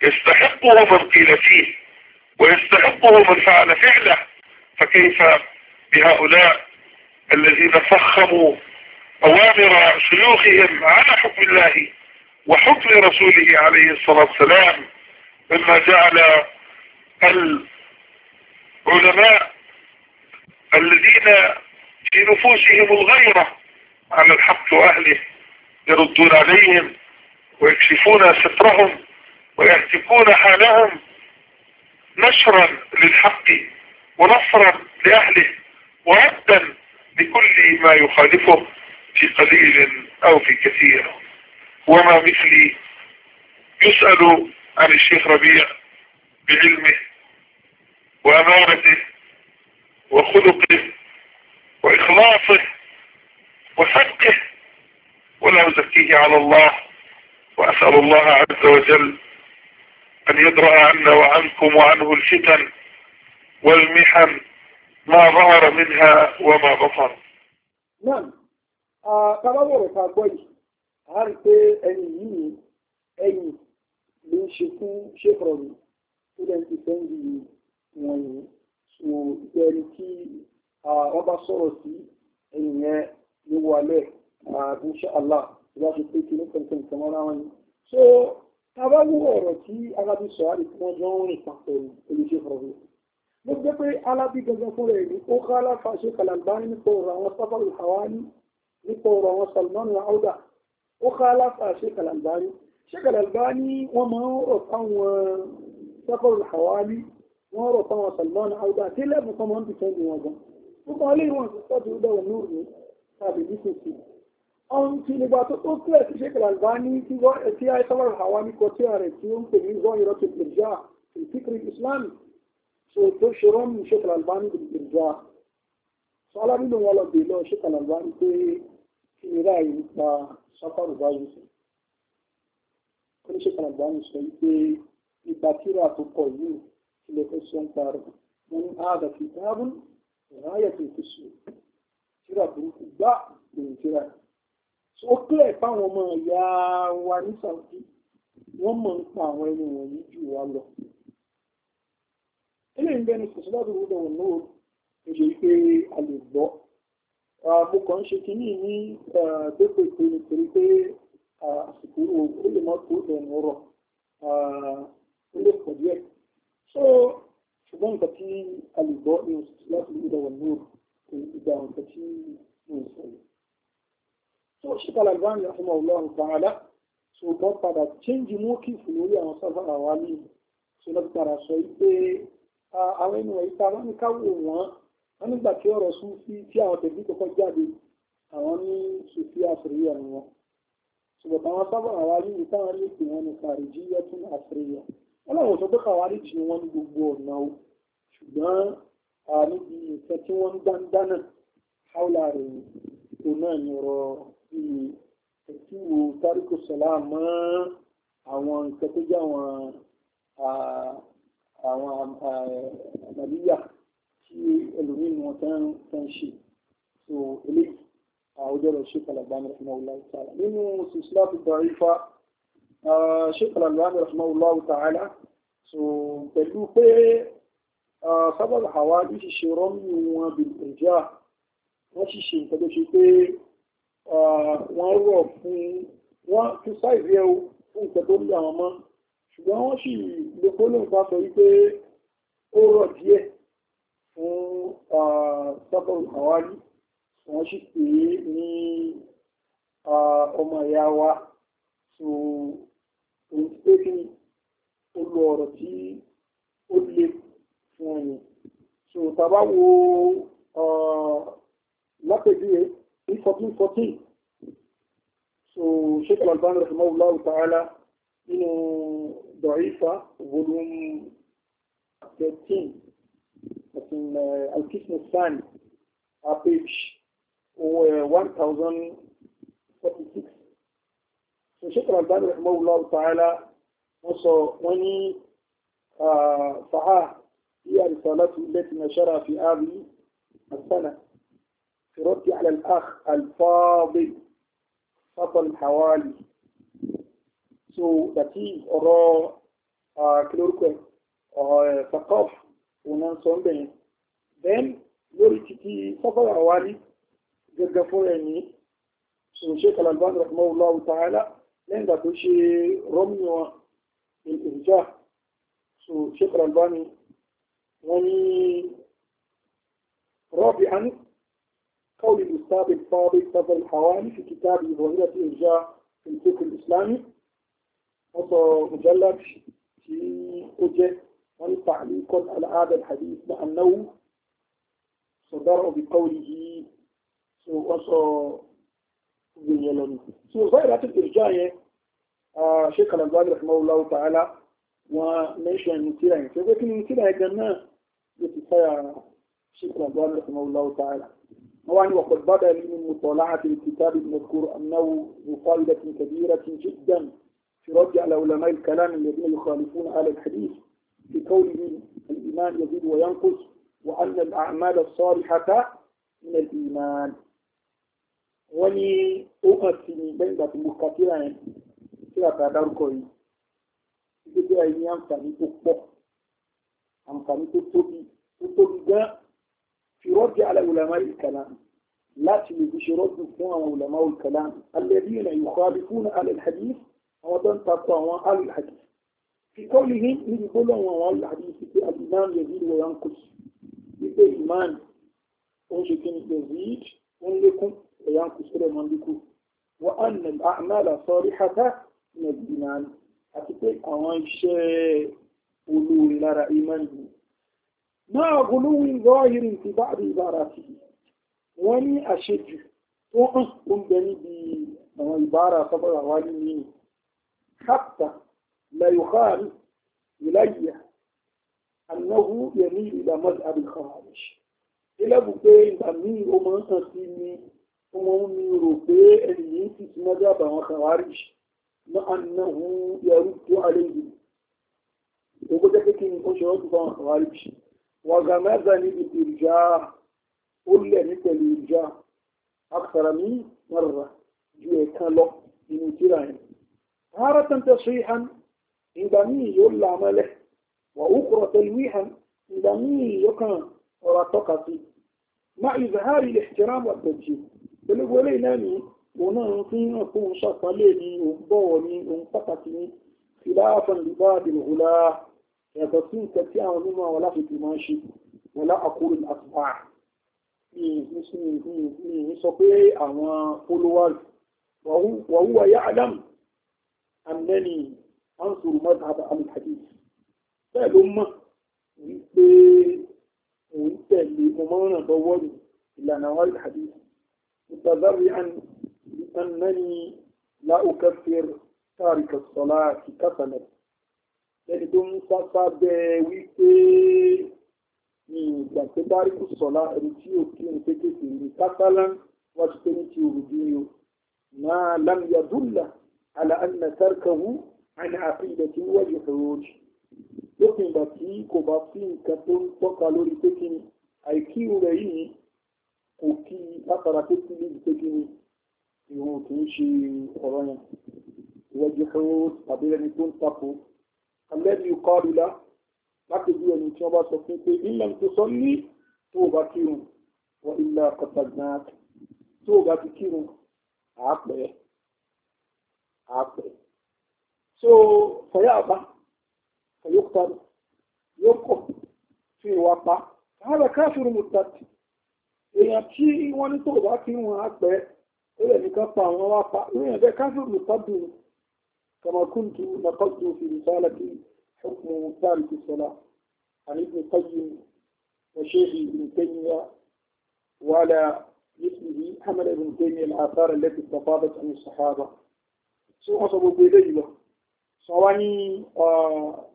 يستحقه من قيل فيه ويستحقه من فعل فعله فكيف بهؤلاء الذين فخموا أوامر شيوخهم على حكم الله وحكم رسوله عليه الصلاة والسلام مما جعل العلماء الذين في نفوسهم الغيرة على الحق وأهله يردون عليهم ويكشفون سترهم ويمسكون حالهم نشرا للحق ونصرا لأهله وردا لكل ما يخالفه في قليل أو في كثير وما مثلي يسأل عن الشيخ ربيع بعلمه وأمانته وخلقه وإخلاصه وصدقه ولا أزكيه على الله وأسأل الله عز وجل أن يدرأ عنا وعنكم وعنه الفتن والمحن ما ظهر منها وما بطن نعم تبابور فاقوي هل أن أني أي من شكو شكرا إذن تسنجي وين سو يريكي ọba sọ̀rọ̀ sí ẹ̀yìn yẹn ló wà lẹ́ẹ̀ inṣàlá ìlàjò pé kí ní kẹ̀kẹ́ nǹkan mọ́ra wọn ni. so bá wúwo ọ̀rọ̀ tí alábí sọ̀hárì tí wọ́n jọ ń rìn papọ̀ olùṣe fọ̀rọ̀ ló jẹ́ pé alábí gangan fúnra ẹ̀ ní ó ká aláfa ṣe kàlàǹbáni nípa ọ̀rọ̀ àwọn sábàlù hawani nípa ọ̀rọ̀ àwọn salmanu auda ó ká aláfa ṣe kàlàǹbáni ṣe kàlàǹbáni wọ́n máa ń rọ̀ fáwọn sábàlù hawani wọ́n rọ̀ fáwọn salmanu auda tí lẹ́bùn kan máa ń dùn tẹ́ndì wọn gan gbogbo alẹ́ ìwọ̀n ti sọ́dọ̀ ó dẹ̀ ní òní tàbí nísinsìnyí ohun tí nígbà tó tó sílẹ̀ sí ṣékèlè Albani tí tí àìsàwọ̀rọ̀ àwa ní kọtíà rẹ̀ tí ó ń pè ní zọ́yìnrọ̀ tó gbèrjà ìfíkiri Islam so tó ṣe rọ́ọ̀mù ṣékèlè Albani tó gbèrjà so alábìlú wọn lọ bèèrè lọ ṣékèlè Albani pé kí ni ráàyè nípa sáfàrù báyìí sí ó ní ṣékèlè Albani sọ wípé ìgbà kíra tó kọ yìí kí lè fẹ́ sọ ń parọ́ wọn ní ààbà kìtàbùn ráyà tó fi sùn kíra burúkú gbá lòun kíra ó kílẹ̀ páwọn ọmọ ìyá wa ní Saudi wọ́n mọ̀ ń pa àwọn ẹni wọ̀nyí jù wá lọ. ilé ń bẹnu kò síláàbù gbọdọ̀ wọ̀n náà èdè pé a lè gbọ́. mo kàn ń ṣe kínní ní pépè pé nítorí pé àsìkò ó lè má tó ẹnu rọ̀ ó lè pọ̀ díẹ̀. so ṣùgbọ́n nǹkan tí a lè gbọ́ ní kò síláàbù gbọdọ̀ wọ̀n náà ìgbà nǹkan tí mo sọ yìí tó ṣíkàlà ìbáni ọmọ ọlọ́run tààlà ṣùgbọ́n padà chẹ́ǹjì mú kí ìfòlórí àwọn sáfàrà wa ní ṣọlọ́pù padà sọ pé àwọn ẹni wọ̀nyí tá a bá ní káwọ́ wọn wọn nígbà tí ọ̀rọ̀ sún sí tí àwọn tẹ̀lé kọ́kọ́ jáde àwọn ní sùfí àṣíríyà ni wọn ṣùgbọ́n táwọn sáfàrà wa ní ìtàwọn lè pè wọn ní kàrìjì yẹtún àṣíríyà wọn làwọn sọ pé kàwárí jì wọn ní gbogbo ọ̀nà o ṣùgbọ́n níbi ìfẹ́ tí wọ́n ń dáná náà háùlà rẹ̀ òun náà ní ọ̀rọ̀ fi ìtúwò tárìkù sọlá mọ́ àwọn nǹkan tó jẹ́ àwọn àwọn àmàlíyà tí ẹlòmíín wọn tán ṣe so eléyìí àwùjọ rẹ̀ ṣe kàlàgbáni rahmanullahi ta'ala nínú sísílá tó bá rí fa ṣe kàlàgbáni rahmanullahi ta'ala so pẹ̀lú pé sábàbà hawa bí ṣiṣẹ́ rọ́mù wọn bìbìjà wọ́n ṣiṣẹ́ nǹkan tó ṣe pé wọ́n rọ̀ fún wọ́n fi sáìsì ẹ̀ fún nǹkan tó ń lé àwọn mọ́ ṣùgbọ́n wọ́n sì lè gbólóhùn bá sọ wípé ó rọ̀ díẹ̀ fún sábàrù àwárí wọ́n sì pè é ní ọmọ ìyá wa tó ń pé kí ó lo ọ̀rọ̀ tí ó le fún ẹ̀yìn so tàbá wo lápèjúwe. Uh, في 1414 so Sheikh Al-Albani rahimahullah ta'ala nínú Da'ifa volume 13 that's in uh, Al-Qism Al-Thani uh, page uh, 1046 so Sheikh Al-Albani rahimahullah ta'ala وصو وني صحاح هي رسالته التي نشرها في هذه السنة ترد على الأخ الفاضل فضل حوالي so that is or uh, clerk or uh, فقف ونان صندل then يوري تي فضل حوالي جرد فوريني so شيخ الألبان رحمه الله تعالى لين ذا تشي رمي الإرجاء so شيخ الألباني وني يعني رابعا قول الأستاذ الفاضل فضل الحواني في كتاب ظاهرة الإرجاع في الفقه الإسلامي وصو مجلد في أجه والتعليق على هذا الحديث بأنه صدر بقوله وصو بن يلون سو ظاهرة الإرجاع آه، شيخ الألباني رحمه الله تعالى ونشأ المثيرة لكن المثيرة قلنا يتفايا شيخ الألباني رحمه الله تعالى مواني وقد بدا لي من مطالعة الكتاب المذكور أنه ذو فائدة كبيرة جدا في رد على علماء الكلام الذين يخالفون على الحديث في قوله الإيمان يزيد وينقص وأن الأعمال الصالحة من الإيمان وني أقسم بين ذات مكاتبين في داركوي ìgbésí ayé ní àǹfààní tó pọ̀ àǹfààní tó tóbi tó fi rọ́dì ala ulama al-kalam láti lè fi ṣe rọ́dù fún àwọn ulama al-kalam alladhina yukhalifuna al-hadith àwọn tó ń takò àwọn al-hadith fi qawlihim níbi gbólóhùn àwọn al-hadith pé al-iman yazid wa yanqus wípé iman ó ń ṣe kí ni yazid ó ń lékún wa yanqus rẹ̀ máa ń lékún wa anna al-a'mala salihata min al-iman àti pé àwọn iṣẹ́ olóore lára iman yìí máa gúlúwì rọ́ọ̀hìrì ti bá rí ìbára sí wọ́n ní àṣejù tó hàn oúnjẹ níbi àwọn ìbára sọ́bọ̀rọ̀ wá ní nínú hatta layukhari ilayya annahu yẹni ìlà mazhabi khawarij ilẹ̀bù pé ìgbà míì ó máa ń hàn sí ni ó ń mi rò pé ẹni ti ti mọ́jà àbàwọn khawarij ma annahu yaruddu alayhi ògbójẹ́ kékeré ó ṣe ọ́ tó fáwọn khawarij وغمزني بالإرجاع قل لي الإرجاع أكثر من مرة جوه كالو من تراهن تارة تصريحا عندني يولى عمله وأخرى تلويحا عند عندني يكن ورطقتي مع إظهار الاحترام والتبجيل pẹ̀lú wọlé lẹ́nu òun náà ń fi hàn fún ṣàpálẹ̀ ní يتصير كثيرا مما ولا في تماشي ولا أقول الأتباع يستطيع أن فولوال وهو, وهو يعلم أنني أنصر مذهب أهل الحديث فالأمة ويتلي أمانا بول إلى نوال الحديث متذرعا بأنني لا أكفر تارك الصلاة كفلا lẹ́ni tó ń sáfá bẹ wípé ìgbà tó bá rí kù sọ̀lá ẹni tí ò kí ní kékeré ní kásálá wọ́n ti pé ní ti òrùdú ni o máa lámìyàdúlà àlàáńnà tárkàwù àni àfihàn tí wọ́n yẹ fẹ̀rọ̀jì lópin ìgbà tí kò bá sí nǹkan tó ń tọ́ka lórí pé kí ni yìí kò kí látara pé níbi pé ìwọ̀n kì í ṣe ọ̀rọ̀ yẹn ìwọ́jú fẹ́rọ̀ tàbí ẹni tó ń tako alẹ́bí ikọ́ àdúrà láti bí ẹni tí wọ́n bá sọ fún pé ilẹ̀ tó sọ ní tó bá kírun wọ́n ilẹ̀ ọ̀tà gan tó bá ti kírun àápẹ́ àápẹ́ so fọyà àbá fọyọ́kùtà yóò kọ̀ fi ìwà pa káàbà káfíìrì mùtàtì èèyàn tí wọ́n ní tó bá kírun àápẹ́ ó lẹ̀ ní ká pa àwọn wá pa ìròyìn ẹ̀bẹ̀ káfíìrì mùtàtì nù. كما كنت نقلت في رسالة حكم ثالث الصلاة عن ابن القيم وشيخ ابن تيمية وعلى مثله حمل ابن تيمية الآثار التي استفادت عن الصحابة سوء صبوا بيديبة صواني آه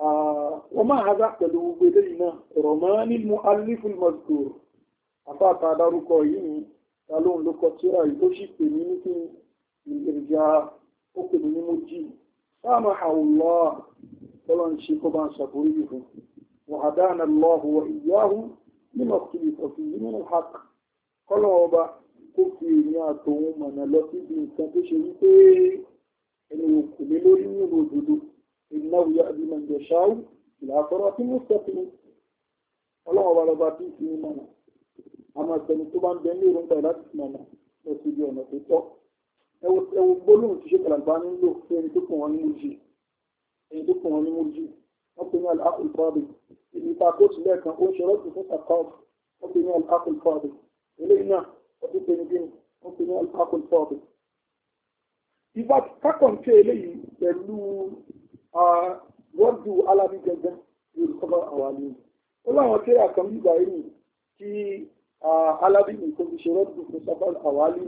آه وما هذا قلوا بيدينا رمان المؤلف المذكور أفاق قادر ركوهين قالوا لكو ترى يوشي في الإرجاء ó pè mí ní mo jí sáàmà àwùlọ́ bọ́lá ń ṣe kó bá ń ṣàkórí yìí fún wàhádánà lọ́hùn wọ ìyáhùn nígbà tó lè kọ̀ọ̀tù yìí nínú hak kọ́lọ̀ ọba kó fi èmi àtòun mọ̀nà lọ síbi nǹkan tó ṣe wípé ẹni òkú lé lórí nínú òdodo ìnáwó yá bí mà ń jẹ ṣáú ìlàkọ́rọ́ tí mo sọ fún ọlọ́run ọba lọba tí ìsinmi mọ̀nà àmọ́ ìsẹ̀ni tó bá ń bẹ ní èròǹgbà láti mọ̀nà lọ síbi ọ̀nà tó tọ́ ẹwọ gbólóhùn tí ṣètò àgbà ń lò fún ẹni tó kàn wọn ní múlùjì ẹni tó kàn wọn ní múlùjì wọn pe ní alákùn kọ́ọ̀bì ìlú ta kóòtù lẹ́ẹ̀kan ó ń ṣe rọ́ọ̀tù fún sakọ́ọ̀bì wọn pe ní alákùn kọ́ọ̀bì eléyìí náà wọn tún pe ní gíní wọn pe ní alákùn kọ́ọ̀bì. ìgbà kákọ̀ǹtì eléyìí pẹ̀lú rọ́ọ̀dù alábí gẹ́gẹ́ yorùbá àwọn àlè ó láwọn tẹ́lẹ̀ àkànbí ìgbà yìí tí alábí nìkan fi ṣe rọ́ọ̀dù fún sakọ́ọ̀bì àwọn àlè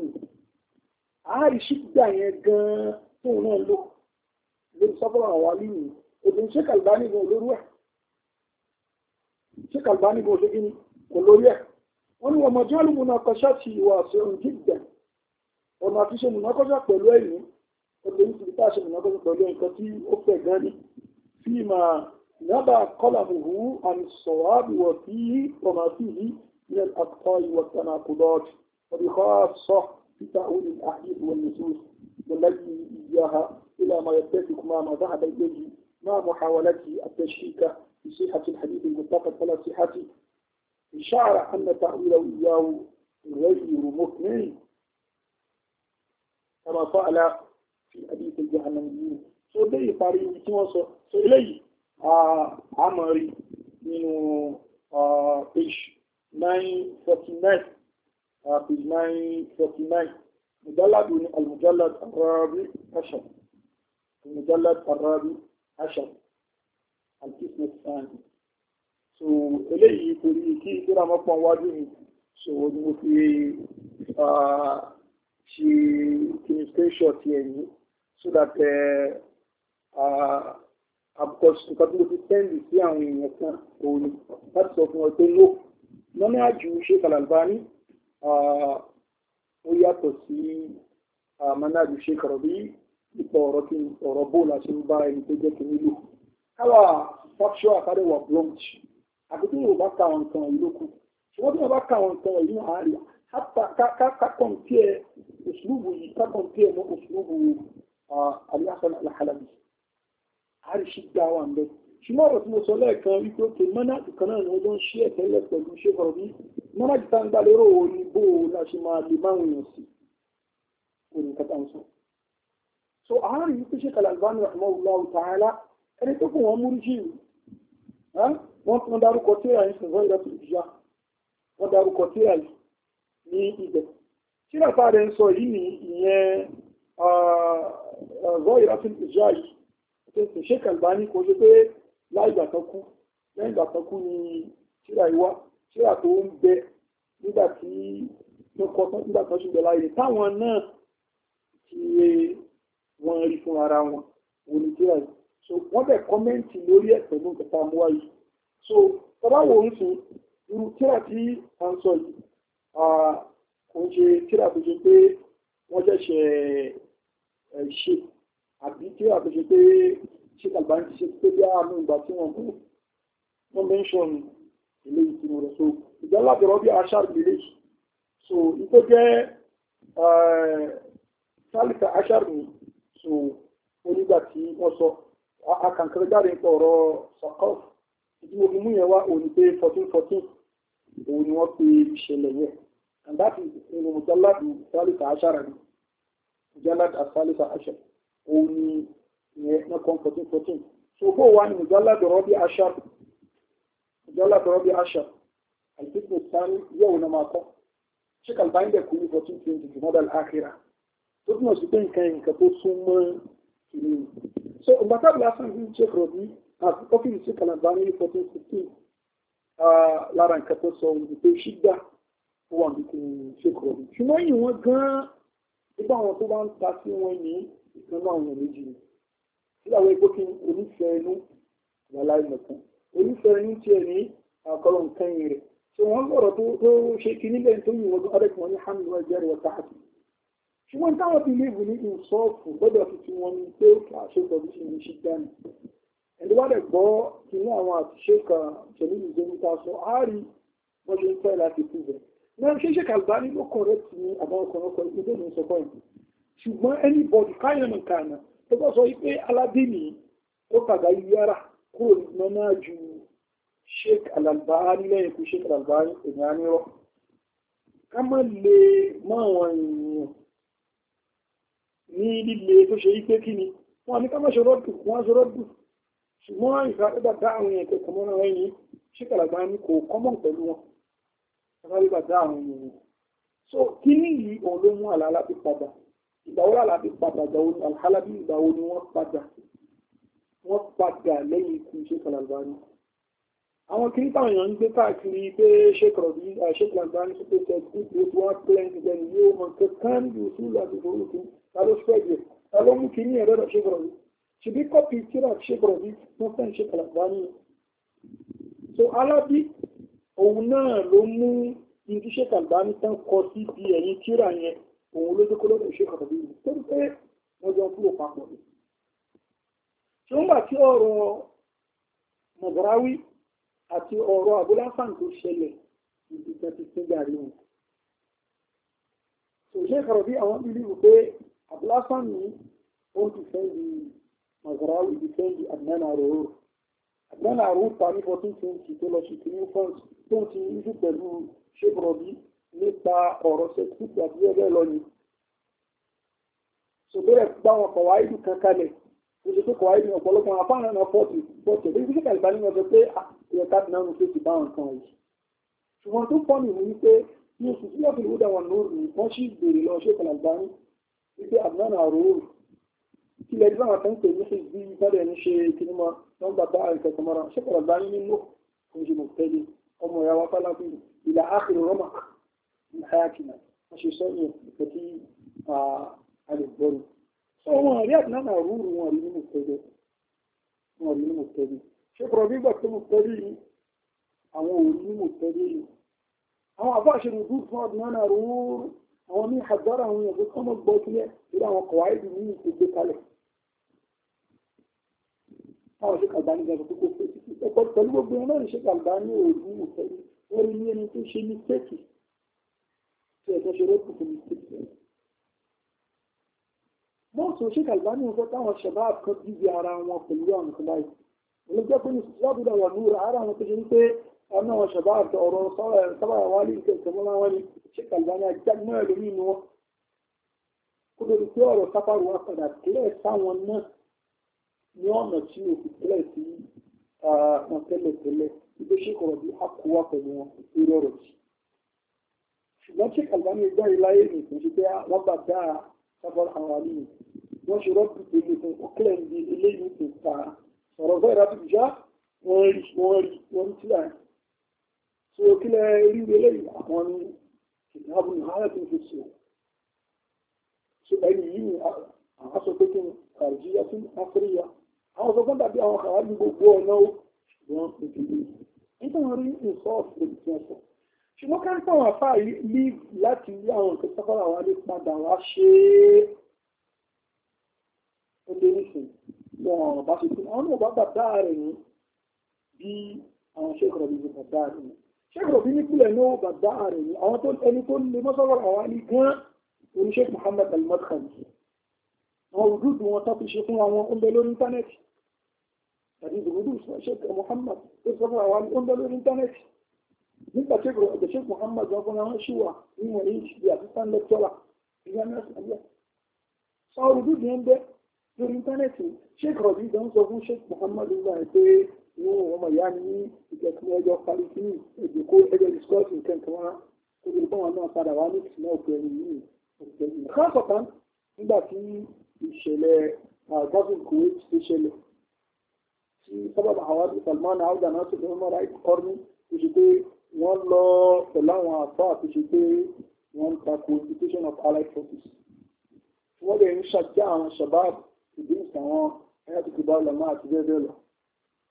àárí ṣígbà yẹn gan-an tóun náà lò lórí sọ́fọ́rọ̀ àwọn alímù òdùn ṣéka ìbánigun olórú ẹ̀ ṣéka ìbánigun ológun olórí ẹ̀ wọ́n ní ọmọdé alùmùnà kọṣá ti ìwà àṣẹrùn jíjẹ ọ̀nà àti ṣe mùnàkọ́ṣà pẹ̀lú ẹ̀yìn obìnrin ti bá ṣe mùnàkọ́ṣà pẹ̀lú nǹkan tí ó fẹ̀ gan ni fi máa nábà kọ́là hùhù àmì sọ̀rọ̀ àbíwọ̀ sí في تأويل الأحاديث والنصوص والتي إياها إلى ما يتفق مع ما ذهب إليه مع محاولة التشكيك في صحة الحديث المتفق على صحته شعر أن تأويله إياه غير مقنع كما فعل في حديث الجهنميين so dé ìparí ibi tí عمري من آه إيش 949 في 939 مجلد من المجلد الرابع عشر المجلد الرابع عشر القسم الثاني so eléyìí torí kí ìtura mọ́ pọ́n wájú mi so ni mo fi uh, ṣe kìnnì screenshot yẹn yìí so that because uh, uh, nǹkan tí mo fi send sí àwọn èèyàn kan òun láti sọ fún ọ pé no nọ́nà àjù ṣe kàlàlùbá ní ó yàtọ̀ sí manhaj Sheikh Rabi nípa ọ̀rọ̀ kí ọ̀rọ̀ bóòlù àti ń bára ẹni tó jẹ́ kí nílò káwà factual àkádẹ́wà blunt àti tí yóò bá ka àwọn nǹkan yìí lókù ṣùgbọ́n tí yóò bá ka àwọn nǹkan yìí náà àárẹ̀ kakọ̀mpẹ́ òṣùlùbù yìí kakọ̀mpẹ́ mọ́ òṣùlùbù aláṣán aláhàlábì àríṣì gbà wà ń bẹ ṣùgbọ́n ọ̀rọ̀ tí mo sọ lẹ́ẹ̀kan wípé ó ti mọ́nà àti náà ni wọ́n jọ ń ṣí ẹ̀tẹ́lẹ̀ pẹ̀lú ṣé ọ̀rọ̀ mọ́nájì tá ń gbà lérò ní bó o la ṣe máa lè máa wọ̀nyàn sí kò ní kátà ń sọ. so àárín yìí tó ṣe kàlàbánu rahmanullah ta'ala ẹni tó kù wọn múrí jì wọn tún dárúkọ tíra yìí sùn lọ́yìn láti ìjìyà wọn dárúkọ tíra yìí ní ibẹ̀ tíra tá a rẹ̀ ń sọ yìí ní ìyẹn lọ́yìn láti ìjìyà yìí tó ṣe kàlàbánu kò ṣe pé láì gbà kan kú lẹ́yìn gbà kan kú ni tíra yìí tíra tó ń bẹ nígbà tí wọ́n kọ́ tán nígbà tán ṣùgbọ́n láàyè táwọn náà ti wọ́n rí fún ara wọn wò ní tíra yìí so wọ́n bẹ̀ kọ́mẹ́ǹtì lórí ẹ̀ pẹ̀lú nǹkan tá a mú wá yìí so tọ́lá wo ń sìn irú tíra tí a ń sọ yìí kò ń ṣe tíra tó ṣe pé wọ́n ṣẹ̀ṣẹ̀ ṣe àbí tíra tó ṣe pé ṣe tàbí ṣe pé bí a mú ìgbà tí wọ́n kú wọ́n mẹ́ńṣọ̀nù eléyìí tí mo rẹ̀ so ìgbàlábọ̀rọ̀ bí ashar eléyìí so ìtọ́ jẹ́ eh, sálìkà ashar ni so onígbà tí wọ́n sọ akànkẹ́rẹ́ jáde nípa ọ̀rọ̀ sakọ́f ìdí mú yẹn wá òní pé fourteen fourteen òun ni wọ́n pe ìṣẹ̀lẹ̀ yẹn and that is ìrìn mùjálàdù sálìkà ashar ni mùjálàdù sálìkà ashar òun ni yẹn náà fourteen fourteen so bó wa ni mùjálàdù rọ́bì ashar ni. Abdullah Rabi Ashar, Alfikun Sani yau na makon. Sheikh Albani da kuni 1420 Jumada Al-Akhira. Tó túnmọ̀ sí pé nǹkan nǹkan tó súnmọ́ ìlú. So, ìgbà tábìlì Asan bí Sheikh Rabi àti ọ́fíìsì Sheikh Albani ní 1416 lára nǹkan tó sọ òun pé ṣígbà wà ní kí Sheikh Rabi. Ṣùgbọ́n yìí wọ́n gan-an nígbà wọn tó bá ń ta sí wọn ní ìkan náà wọn méjì ni. Sílẹ̀ àwọn egbò kí inú wà láì mọ̀kàn onífẹ̀ẹ́ ní tiẹ̀ ní àkọlọ̀ nǹkan yìí rẹ̀ tí wọ́n lọ́rọ̀ tó ṣe kí nílẹ̀ tó yìí wọ́n adẹ́kùn wọn ní hàmì wọn jẹ́rìí wọ́n táàkì ṣùgbọ́n táwọn ti léèbù ní ìsọ́ọ̀fù gbọ́dọ̀ fi ti wọn ní pé àṣepọ̀ bí ṣe ní ṣe dání ẹni wá lẹ̀ gbọ́ inú àwọn àṣìṣe kan tẹ̀lé ìjẹun ta sọ àárí wọ́n ṣe ń fẹ́ láti fi bẹ̀ náà ṣe ṣe kàlùbá ní ló kọ̀ rẹ̀ tì ní àwọn ọkọ̀ ọkọ̀ ìgbésẹ̀ ní sọ fọ́ọ̀mù ṣùgbọ́n ẹni bọ̀dù káyọ̀ nìkan tó bọ́ sọ wípé aládé nìyí ó kàgbá yí yára kúrò lọ́nà ju sheik alalbaari lẹ́yìn kú sheik alalbaari èmi á nírọ́ ká má lè mọ́ àwọn èèyàn ní líle tó ṣe yí pé kí ni wọ́n ní ká má ṣe rọ́dù wọ́n ṣe rọ́dù ṣùgbọ́n ìfàdébà dá àwọn èèyàn kẹ̀kọ́ mọ́ra wọn yìí sheik alalbaari kò kọ́mọ̀ pẹ̀lú wọn ìfàdébà dá àwọn èèyàn so kí ni yìí òun ló mú àlàálá ti padà ìgbà wo làlá ti padà ìgbà wo ni alhalabi ìgbà wo padà wọ́n padà lẹ́yìn ikú Sheikh Al-Albani àwọn kiri táwọn èèyàn ń gbé káàkiri pé Sheikh Al-Albani tó eh, pé tẹ̀sí pé tí wọ́n pẹ́ẹ́n ti dẹni yóò mọ̀ pé káńdì òṣùlù àti ìfowó tó ta ló fẹ́ jẹ ta ló mú kiri ẹ̀rọ rẹ̀ Sheikh Al-Albani ṣùgbọ́n kọ́pì tíra Sheikh Al-Albani wọ́n fẹ́ Sheikh Al-Albani so alábí òun náà ló mú indi Sheikh Al-Albani tán kọ sí ibi ẹ̀yìn tíra yẹn òun ló dé kólódò Sheikh Al-Albani tó pé wọ́n jọ ń papọ̀ ni ṣùgbà tí ọ̀rọ̀ mọ̀bọ̀ráwí àti ọ̀rọ̀ abúláfàn tó ṣẹlẹ̀ ìdíjẹ́ ti tún gàrí wọn kò ṣe kọ̀rọ̀ bí àwọn bílí wípé abúláfàn ní ó ti fẹ́ di mọ̀bọ̀ráwí ti fẹ́ di àdínánà ròrò àdínánà ròrò pa ní 1420 tó lọ sí ti ní france tó ti ń jù pẹ̀lú ṣébùrọ̀bí nípa ọ̀rọ̀ sẹ́kítì àti ẹgbẹ́ lọ ni ṣùgbọ́n ẹ̀ bá oṣù tó kọ̀ ayé ní ọ̀pọ̀lọpọ̀ apáhàn náà fọ́ọ̀tì fọ́ọ̀tì ẹ̀dẹ́ ibi kíkà ìgbà nínú ọjọ́ pé ẹ̀yẹ ah, káàdì náà ń ṣe ti bá nǹkan yìí ṣùgbọ́n tó pọ̀ nìyí wípé ní oṣù tí wọ́n fi lè wúdà wọn lórí wọ́n sì béèrè lọ ṣé kàlà ìgbà yìí wípé àdúrà náà rò ó kí lẹ́ẹ̀dí báwọn kan ń ní ṣe bí ìbálẹ̀ ní ṣe kíní mọ́ wọ́n gbà bá àìkẹ́ kọmọ́ra ṣé kàlà ìgbà yìí nínú kò ṣe mọ̀ tẹ́lẹ̀ ọmọ ìyá wa fálábì ìlà áàkìrì rọ́mà ní hayakina wọ́n ṣe sọ́yìn ìpẹ́tí àlè ah, gbọ́rù so wọn rí àdínánà rúurú wọn rí ní mùtẹ́dé wọn rí ní mùtẹ́dé ṣé kúrò nígbà tó mùtẹ́dé yìí àwọn ò ní mùtẹ́dé yìí àwọn àbáṣe ní dúró fún àdínánà rúurú àwọn ní àdára àwọn èèyàn tó kọ́ mọ́ gbọ́ sílẹ̀ lórí àwọn kọ̀wá ìdí ní ìgbé kalẹ̀ àwọn ṣe kàlbání gan tó kó ẹ̀kọ́ pẹ̀lú gbogbo ẹ̀ náà ṣe kàlbání òògùn mùtẹ́dé wọ́n rí ní ẹni tó ṣe ní tẹ́kì tí ẹ̀kọ́ bóòtù ṣíkà ìbáni ń gbọ́ta àwọn shabab kan bíbi ara wọn pẹ̀lú àwọn ìpínlẹ̀ yìí ló jẹ́ pé ní sọ́dọ̀ wà ní ara wọn tó ṣe ń pé ọ̀nà àwọn shabab tó ọ̀rọ̀ sábàá wà ní ìkẹ́ ìkẹ́mọ́lá wọn ni ṣíkà ìbáni ajágbọ́n ẹ̀ lórí inú wọn kó lórí pé ọ̀rọ̀ sábàá wà padà kílẹ̀ sáwọn náà ní ọ̀nà tí o fi kílẹ̀ sí wọn tẹ́lẹ̀ tẹ́lẹ̀ ibi ṣe kọ̀rọ̀ bí akọwà pẹ̀lú wọn lórí ọ̀rọ̀ yìí ṣùgbọ́n ṣíkà ìbáni gbọ́ ìláyé nìkan ṣe sábọ́n àwọn àlùyìn wọ́n ṣe rọ́pù pẹ̀lú fún ọkẹ́lẹ̀ ń di eléyìí kò ta sọ̀rọ̀ fẹ́ rápù já wọ́n rí wọ́n rí wọ́n ti là so kílẹ̀ rí eléyìí àwọn ní ìdáàbò ní ààrẹ tó ń fi sọ so ẹni yìí ni àwọn sọ pé kí ni kàrìjíyá tún áfíríyà àwọn sọ fún tàbí àwọn kàrà ní gbogbo ọ̀nà ó ṣùgbọ́n ìdílé nítorí ìsọ́ọ̀fù lè ti ẹ̀sọ̀ ṣùgbọ́n ká ń pọ̀ wọ́n fà lí láti rí àwọn nǹkan sọ́kọ́rọ̀ àwọn alẹ́ padà wá ṣe é ó dé nìsín lọ ọ̀rọ̀ bá ṣe tún àwọn náà bá bàbá rẹ̀ ní bí àwọn ṣẹ́kọ̀rọ̀ bí ní bàbá rẹ̀ ní ṣẹ́kọ̀rọ̀ bí nípìnlẹ̀ náà bàbá rẹ̀ ní àwọn tó ẹni tó lè mọ́ sọ́kọ̀rọ̀ àwọn alẹ́ gan oníṣẹ́ Muhammad al-Madkhali wọn rúdúdú wọn tó fi ṣe fún àwọn oúnjẹ lórí íńtánẹ́ẹ̀tì tàbí rúdúdú ṣẹ́kọ̀rọ̀ Muhammad tó sọ́kọ̀rọ̀ àwọn oúnjẹ lórí íńtánẹ́ẹ̀tì nígbà tí ìgbà tí muhammad ọgbọ́n àwọn ṣì wà níwọ̀n ní ìṣìdí assistant lecturer ìyá mẹ́sàn-án yẹ sọ́ọ̀rù dúdú ń bẹ́ lórí íńtánẹ́ẹ̀tì sheikh rọ̀bì gan sọ fún sheikh muhammad ọgbà ẹ̀ pé wọ́n wọ́n mọ̀ ìyá mi ní ìjẹ̀kùn ẹjọ́ palestine èdè kó ẹjọ́ discourse nǹkan kan wá kó lè bọ́n wọn náà padà wá ní ìtìmọ̀ òkú ẹni yìí òkú ẹni yìí. káàkó kan nígbà tí ìṣẹ̀lẹ̀ gọ́fìn kuwait tó ṣẹlẹ̀ tí sábàbà àwọn salman awda náà tó fi mọ́ra ìkọ́ni tó ṣe pé wọ́n lọ pẹ̀lú àwọn àpá àtúnṣe pé wọ́n ń tako institution of allied forces wọ́n lè ń ṣàjá àwọn shabab ìdíǹsì àwọn ayatollah bá ọlọ́mọ àti bẹ́ẹ̀ bẹ́ẹ̀ lọ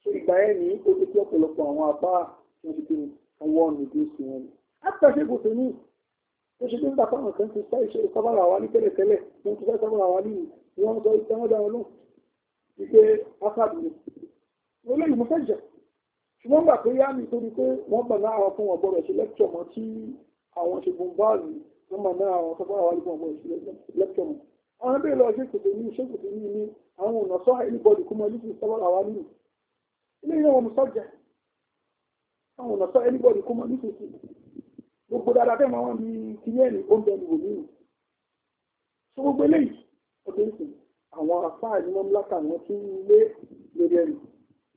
so ìgbà yẹn ní ó ti kí ọ̀pọ̀lọpọ̀ àwọn àpá wọ́n ti kéwì ọwọ́ ọ̀nà ìdíǹsì wọn ni. àtàṣe kò tó ní ó ṣe pé nígbà táwọn kan ti sá ìṣe ìkábàrà wa ní tẹ́lẹ̀tẹ́lẹ̀ wọ́n ti fẹ́ sábàrà wa ní ìwọ̀n sọ ìtẹ́wọ́dà wọn náà wípé ṣùgbọ́n gbà pé yá mi tó di pé wọ́n gbà náà àwọn fún wọn gbọ́dọ̀ ṣe lẹ́kítọ̀ mọ́ tí àwọn ṣe gun báàlù wọ́n gbà náà àwọn tọ́gbà wà lùgbọ́n gbọ́dọ̀ ṣe lẹ́kítọ̀ mọ́. àwọn ẹbí lọ ṣe kòtò ní ṣe kòtò ní ní àwọn ọ̀nà sọ ẹnibọ́dì kó mọ ilé ìsọ́wọ́ àwa nínú ilé ìyẹn wọn sọ jẹ àwọn ọ̀nà sọ ẹnibọ́dì kó mọ ilé ìsọ́wọ́ gbogbo dáadáa tẹ́ máa wọn bí kíní ẹ̀rí oúnjẹ ìwò nínú so gbogbo eléyìí ọdún ìsìn àwọn afáà ní wọn lákà wọn tún lé lórí ẹ̀rí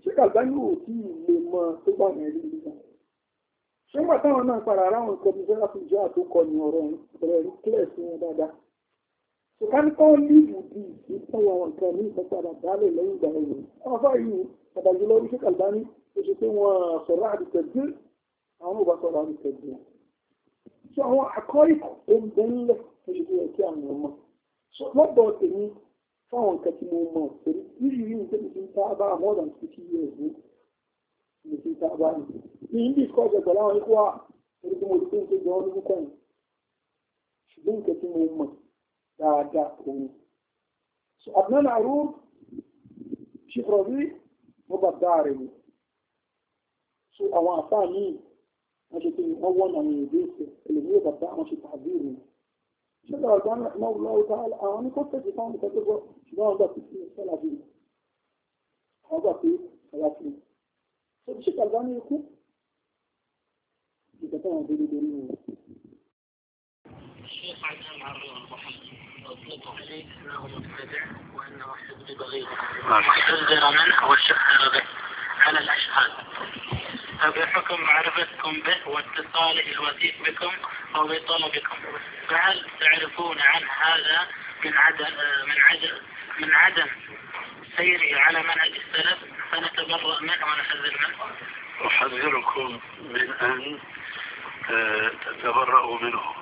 ṣé kàgbá yóò tí lè mọ tó bá mẹ́ rí nígbà ṣùgbọ́n táwọn náà padà ráwọn nǹkan bí sẹ́lá fún ìjọ àtúkọ ní ọ̀rọ̀ ọ̀rọ̀ ìkílẹ̀ sí wọn dáadáa ṣùkánikọ́ líìlù bí ìtàn àwọn nǹkan ní ìtàn padà dálẹ̀ lẹ́yìn ìgbà ẹ̀rọ àwọn afá yìí pàtàkì lọ ṣé kàgbá ní ó ṣe pé wọn sọ̀rọ̀ àdìtẹ̀dé àwọn ò bá sọ̀rọ̀ àdìtẹ̀dé ṣé àwọn akọ́ ìkọ̀ tó ń bẹ́ńlẹ̀ ṣe pé ẹ̀ kí àwọn ọmọ lọ́dọ̀ tèmi fáwọn nǹkan tí mo mọ̀ pẹ̀lú yíyí yìí pé mo ti ń ta bá more than fifty years ní mo ti ń ta bá ní. ní english kọ́ ọ̀jọ̀ pẹ̀lú àwọn ikú wa torí pé mo ti ń tẹ́jọ́ ọdún púpọ̀ yìí ṣùgbọ́n nǹkan tí mo mọ̀ dáadáa òun. so Adnan Arur Sheikh Rabi mo bá dáre ni so àwọn àfáà míì wọ́n ṣe pé wọ́n wọ́n àwọn èdè ìfẹ́ ẹlòmíràn bàbá àwọn ṣe tàbí ìrìn شدارdan Mevla-u Teala anı kopyası tanrı katı bu şudarda tuttuğu selafiydi. Hazreti selafiydi. Sonra şıkardan yıkıp bir defa haberi dönüyor. الشيخ عدنان عريض المحيط مطلوب عليه انه مبتدع وانه حزب بغيض. استنذر منه وشهر به. على الأشخاص فبحكم معرفتكم به واتصاله الوثيق بكم أو بطلبكم فهل تعرفون عن هذا من عدم من عدم من عدم سيره على منهج السلف فنتبرأ منه ونحذر منه أحذركم من أن آه، تتبرأوا منه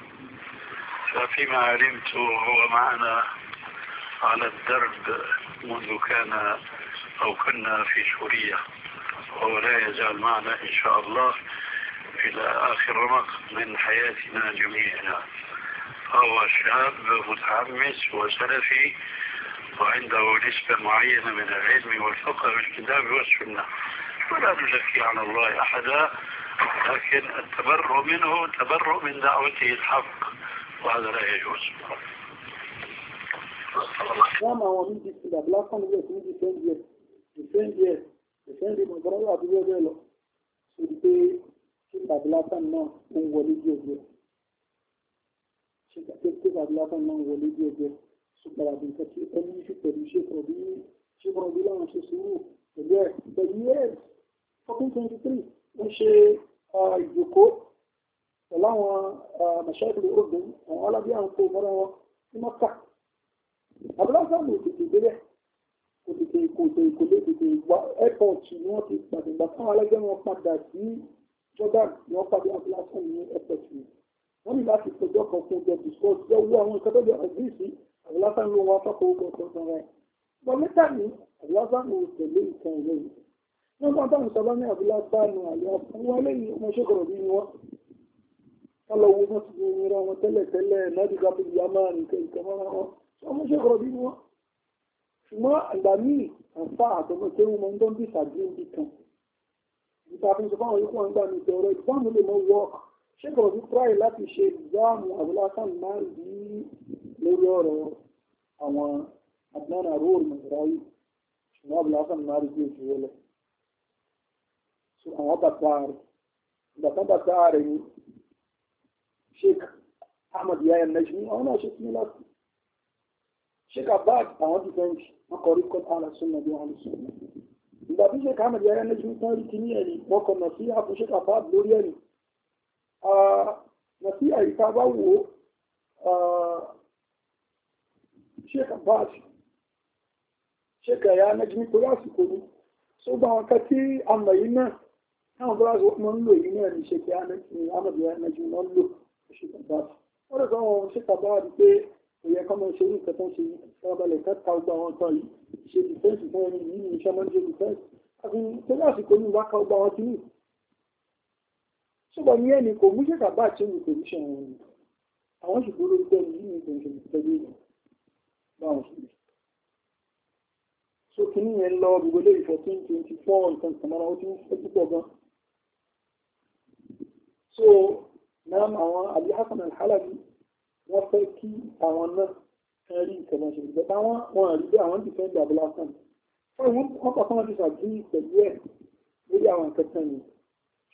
ففيما علمت هو معنا على الدرب منذ كان أو كنا في سوريا وهو لا يزال معنا إن شاء الله إلى آخر رمق من حياتنا جميعنا فهو شاب متحمس وسلفي وعنده نسبة معينة من العلم والفقه والكتاب والسنة ولا نزكي على الله أحدا لكن التبرؤ منه تبرؤ من دعوته الحق وهذا لا يجوز Lama, on one cela. Là, quand vous êtes, vous dites 20 years. 20 years. ìfẹ́ǹdì mọ̀gbọ́nrọ́ àti bẹ́ẹ̀ bẹ́ẹ̀ lọ ṣèlú pé ṣé tàbí lásán náà ń wọlé díẹ̀díẹ̀ ṣé tàbí lásán náà ń wọlé díẹ̀díẹ̀ ṣùgbọ́n àbí nǹkan tí ẹni ṣe pẹ̀lú ṣe pẹ̀lú ṣe pẹ̀lú láwọn ṣe sùúrù pẹ̀lú ẹ̀ pẹ̀lú ẹ̀ fourteen twenty three ń ṣe ìjòkó pẹ̀lú àwọn mọ̀ṣáìkìlì ọdún àwọn alábíà ń kó mọ́ra wọn ní mọ́ta àbúlá sáà lè tètè débẹ̀ kò tètè kò tètè kò lè tètè wá airport ni wọ́n ti pàdé ìgbà táwọn ẹlẹ́gbẹ́ wọn padà sí Jordan ni wọ́n pàdé abúlásán ní airport ni wọ́n ní láti pẹjọ́ kan fún ọjọ́ discourse jẹ́ owó àwọn nǹkan tó jẹ́ àgbéyìí abúlásán ló wọ́n afọ́kọ̀ owó kan tuntun rẹ̀ wọ́n mẹ́ta ní abúlásán ló tẹ̀lé nǹkan ìwé yìí wọ́n bá táwọn sábà ní abúlásán ní àyà fún wọn lẹ́yìn ọmọ ṣẹ́kọ̀rọ̀ bí wọn kálọ wo náà ti di ìnira wọn tẹ́lẹ̀ tẹ́lẹ̀ náà dìgbà pé ìyá máa nìkan ìkàmọ́ra wọn ọmọ ṣẹ́kọ̀rọ̀ ṣùgbọ́n àgbà míì àǹfà àtọ́gbọ́n tó ń mọ ń bí ìsàgbé ń bí kan nípa fún ìṣọ́fà àwọn ikú wọn gbà mí tọrọ ìgbàmù lè mọ wọ́ọ̀k ṣé kọ̀rọ̀ fi tíráì láti ṣe ìgbàmù àbúlásán máa ń bí lórí ọ̀rọ̀ àwọn àdánà róòlù mọ̀ráyì ṣùgbọ́n àbúlásán máa rí bí ojú rẹ̀ àwọn bàtà rẹ̀ bàtà bàtà rẹ̀ ni sheik ahmed yahya najmi àwọn ṣe kí ní láti sheikh abbas àwọn ti fẹ́ǹkì wọ́n kọ́ ríkọ́ tààlà súnmọ́ bí wọ́n lè sùn ìgbà tí sheikh ahmed yẹrẹ ní ju tán rí ti ní ẹ̀rí wọ́n kọ́ nàfi àfún sheikh abbas lórí ẹ̀rí nàfi ẹ̀rí tá a bá wò ó sheikh abbas sheikh ẹ̀yà anajimi torí àsìkò ni tó bá wọn kẹ́ tí yìí náà táwọn bọ́láṣì wọ́n mọ̀ ń lò yìí náà ní sheikh ahmed yẹrẹ anajimi náà lò sheikh abbas wọ́n lè sọ kò yẹ kọ́mọ ṣe irú nǹkan tó ń ṣe yìí wọ́n balẹ̀ ká ta ọgbà àwọn kan yìí ṣe dìfẹ́ǹsì fún ẹni yìí ní iṣẹ́ mọ́ndé dìfẹ́ǹsì àfi tẹ́lẹ̀ àsìkò ní wá ká ọgbà àwọn kìíní. ṣùgbọ́n ní ẹni kò mú ṣèkà bá àti ẹni pòlíṣàn wọn ni àwọn sì dúró pé ẹni yìí ní kò ń ṣe tẹ́lẹ̀ báwọn sì lè. so kìíní yẹn lọ gbogbo lórí fourteen twenty four nǹkan kan ó ti ń fẹ́ púpọ̀ gan. so náà àwọn Abi Hasan al-Halabi wọ́n fẹ́ kí àwọn náà kan rí nǹkan náà ṣe ìgbẹ́ táwọn wọn àrí bí àwọn ti fẹ́ dàbí lásán wọ́n kọ̀ fún wọn ti ṣàdúrí pẹ̀lú ẹ̀ lórí àwọn nǹkan kan ni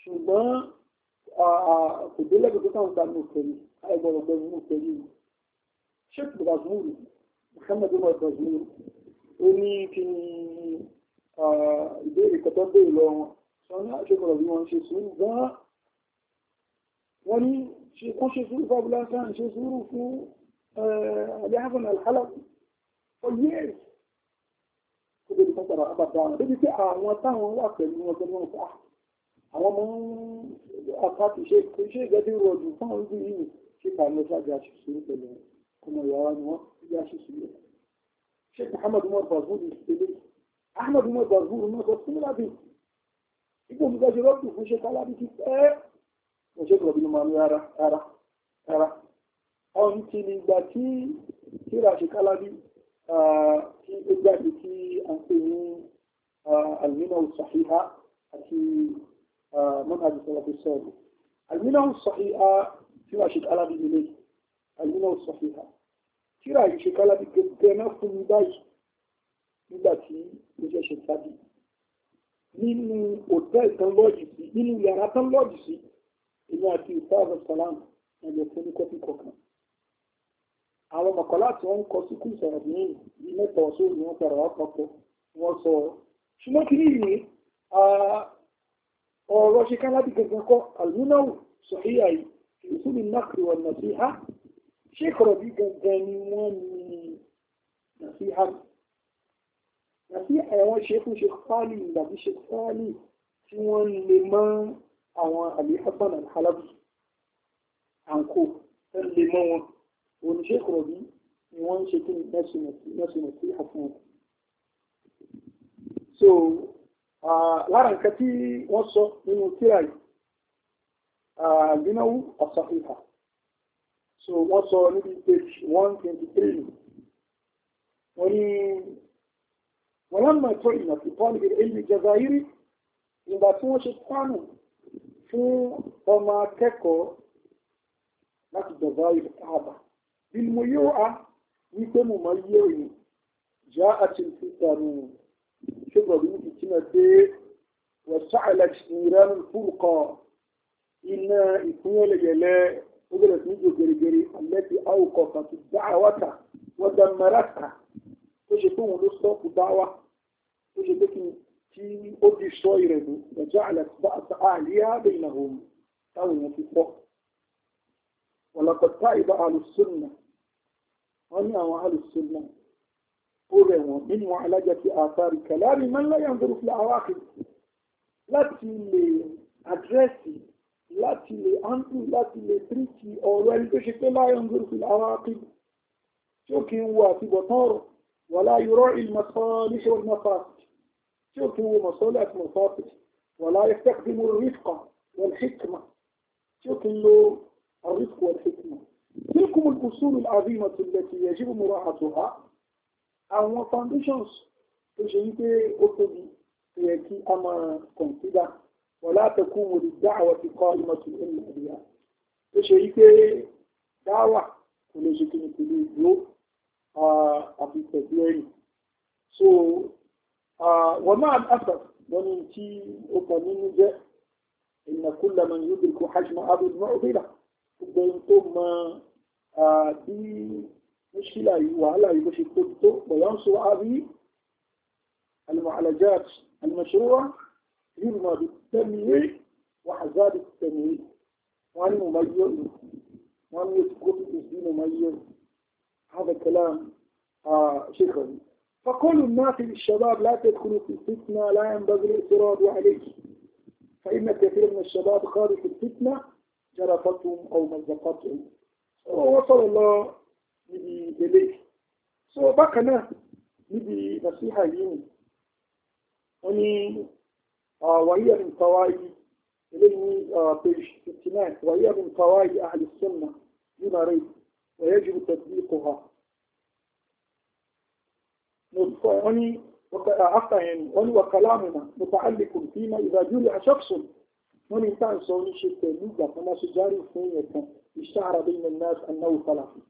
ṣùgbọ́n kò dé lẹ́gbẹ̀ẹ́ tó táwọn gbà ní òkèlè àìgbọ̀rọ̀ pẹ̀lú òkèlè ni sheikh brazil muhammed umar brazil ó ní kí ni ìbéèrè kan tó béèrè lọ wọn sọ ní àṣekọ̀rọ̀ bí wọ́n ṣe sùn gan-an wọ́n ní شيخو كان فابلاسان شيخو آه، روكو لحفن الحلق قل يس كبير فترة أبداً بدي تقع موطان وواقل موطان وواقل أما من أقاط شيخ شيخ قدير وجو فان وزيه شيخ عمسا جاشي سورو كلهم كما يوان وجاشي سورو شيخ محمد مور بازور يستدر أحمد مور بازور ما قصدنا بي يقول مجاجي ربطو فشيخ على بي تتقع ìṣèkùn ọ̀bí ló máa ní ara ara ara ọ̀n ti ní ìgbà tí kíra ṣe kálábí tí ó jáde tí a ń pè ní àlùmínà ṣàhíhá àti mọ́nà àjùsọ̀rọ̀ fi sọ̀rọ̀ àlùmínà ṣàhíhá kíra ṣe kálábí ilé àlùmínà ṣàhíhá kíra ṣe kálábí gẹ́gẹ́ náà fún mi báyìí nígbà tí ó jẹ́ ṣe sábì nínú òtẹ́ẹ̀lì tán sí nínú yàrá tán lọ́ọ̀jì sí èmi àti ìfáàbọ̀ sàlám ẹ̀jẹ̀ fún ní kọ́pì kọ̀ọ̀kan àwọn mọ̀kànlá tí wọ́n ń kọ sí kùsà ní mẹ́ta ọ̀ṣọ́ ni wọ́n fara wá papọ̀ wọ́n sọ ọ́ ṣùgbọ́n kí ní ìní ọ̀rọ̀ ṣe ká láti gẹ̀gẹ̀ kọ́ àlùmínáwù sọ̀híyà yìí ìsúni nákìrì wà nàṣíhá ṣé kọ̀rọ̀ bí gẹ̀gẹ̀ ni wọ́n ní nàṣíhá nàṣíhá ẹ̀wọ̀n ṣe fún ṣe fáàlì ìgbàgbé ṣe fáàlì tí wọ́n lè máa àwọn àbí Hasan al-Halabi àǹkó tó lè mọ́ wọn oníṣẹ́ kọ̀ọ̀bí ni wọ́n ń ṣe kí nẹ́sùnà sí àfihàn. so lára nǹkan tí wọ́n sọ nínú tíra yìí àgbénáwó àṣàfihàn so wọ́n sọ níbi page one twenty three wọ́n ní wọ́n lọ́nà tó ìnà sí pọ́ńdì ẹ̀yìn jazayiri ìgbà tí wọ́n ṣe pánù fún ọmọ akẹ́kọ̀ọ́ láti dọ̀bá ìkáàbà bí mo yóò á wípé mo máa yé òyìn já àti ìfúta nù ṣùgbọ́n bí mo ti tí náà dé wàṣà àlàkìsì ìrẹ́nu fúrukọ iná ìpínyẹlẹyẹlẹ ó bẹ̀rẹ̀ sí ní jò gèrègèrè àlẹ́tì àwòkọ̀ kan ti dá àwátà wọ́n dá mẹ́rẹ́ta ó ṣe pé òun ló sọ́ọ̀kù dá wa ó ṣe pé kí n tí ó ti sọ ìrẹ̀lú ẹ̀jọ́ àlìyá bẹ̀yìn àwọn táwọn èèyàn ti pọ̀. ọ̀làkọ̀tà ìbá alùsùnà wọ́n ní àwọn alùsùnà ó rẹ̀ wọ́n nínú alájà ti àtàrí kàlárí mẹ́láyà ń dúró fúlẹ̀ àwọn àkìlì láti lè àdírẹ́sì láti lè áńtù láti lè tíríkì ọ̀rọ̀ ẹni tó ṣe pé láyà ń dúró fúlẹ̀ àwọn àkìlì tí ó kì í wo àtibọ̀tán ọ̀rọ̀ wọ́n láyọ̀rọ̀ ìmọ̀sán níṣẹ́ ìmọ̀sán tí ò kí ń wo mọ̀sọ́lẹ̀ àti mọ̀sọ́ọ̀tì wà láyé fẹ́ẹ̀kì mú rífkà wọn hikma tí ò kí lo àrífkà wọn hikma. تلكم الأصول العظيمة التي يجب مراعاتها àwọn foundations tó ṣe wípé ó tóbi tó yẹ kí a máa consider ولا تكون للدعوة قائمة إلا بها tó ṣe wípé dáwà kò lè ṣe kí ni kò lè dúró àfi pẹ̀lú آه، ومع الأسف وننتي أقنين جاء إن كل من يدرك حجم أبو المعضلة ثم دي مشكلة وعلى يمشي كنت وينصر أبي المعالجات المشروعة يرمى بالتنويع وحزاب التنويع وأن مميز وأن يسقط الدين مميز هذا كلام آه فكل الناس للشباب لا تدخلوا في الفتنة لا ينبغي الاعتراض عليه فإن كثير من الشباب خارج الفتنة جرفتهم أو مزقتهم وصل الله إليه إليك سوبكنا نبي نصيحة يوم أني آه، وهي من فوائد في بيش آه، وهي من فوائد أهل السنة بما ريب ويجب تطبيقها وني أخطأهم وني وكلامنا متعلق فيما إذا جرح شخص وني كان سوني شيء لغة فما سجاري فين اشتهر بين الناس أنه سلفي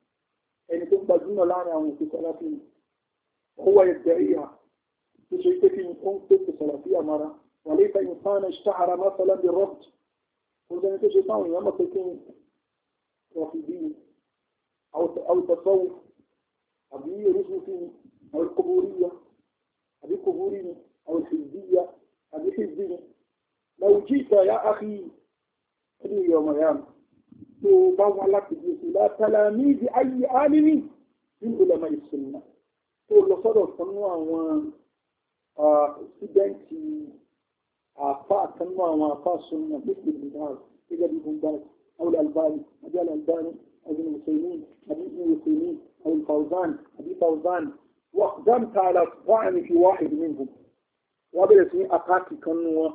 يعني تبقى جنة لعنة عن سلفي هو يدعيها في إن كنت سلفية مرة وليس إنسان اشتعر مثلا بالرفض وإذا أنت شيطان يا تكون رافضين أو أو تصوف أبي فيه àwọn kòbóríyà àbí kòbórí ni àwọn ìṣèlúbíyà àbí ṣèlú ni làwùjí ìta ya áfí ẹni ìyá ọmọ ìyá mi tó bá wọn láti di èsì látàlá ní ibi ayé alimi nínú ìlànà ìṣúná tó lọ sọ́dọ̀ kan nú àwọn sídẹ́ǹtì àfa kan nú àwọn àfa sunna bí ìlú náà gẹ́gẹ́ bí gbogbo àwọn albani àbí albani àbí mùsùlùmí àbí mùsùlùmí àwọn fawzan àbí fawzan واقدمت على أصبعنا في واحد منهم وبلسني أقاكي كنوا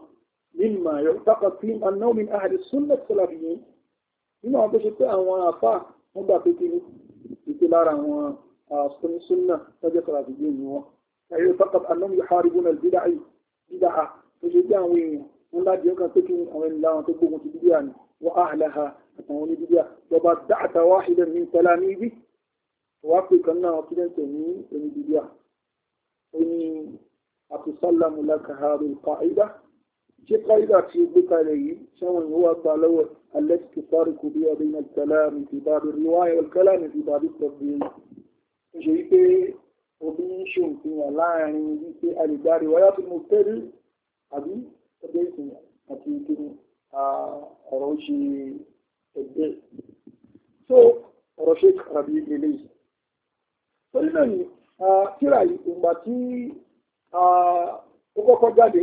مما يعتقد فيهم أنه من أهل السنة السلفيين مما بشكل أنواع أفا هم بأبتني بكلار أنواع سنة سنة تجقر أبيين يعتقد أنهم يحاربون البدع بدعة بشكل أنواع wọn láti ọkà pé kí àwọn ènìyàn láwọn tó gbógun ti bíbíà ni wọ́n وافقنا وكذا تني إن بديا إن أتسلم لك هذه القاعدة شيء قاعدة في بيت علي شو هو طالو التي تفارق بها بين الكلام في باب الرواية والكلام في باب التفضيل جيبه وبيشون فيها لا يعني جيبه الإداري ويات المبتل أبي تبيتني أتي كن أروشي الدل سو أروشيك ربي إليه torí náà ni kíra yìí ìgbà tí ó kọ́kọ́ jáde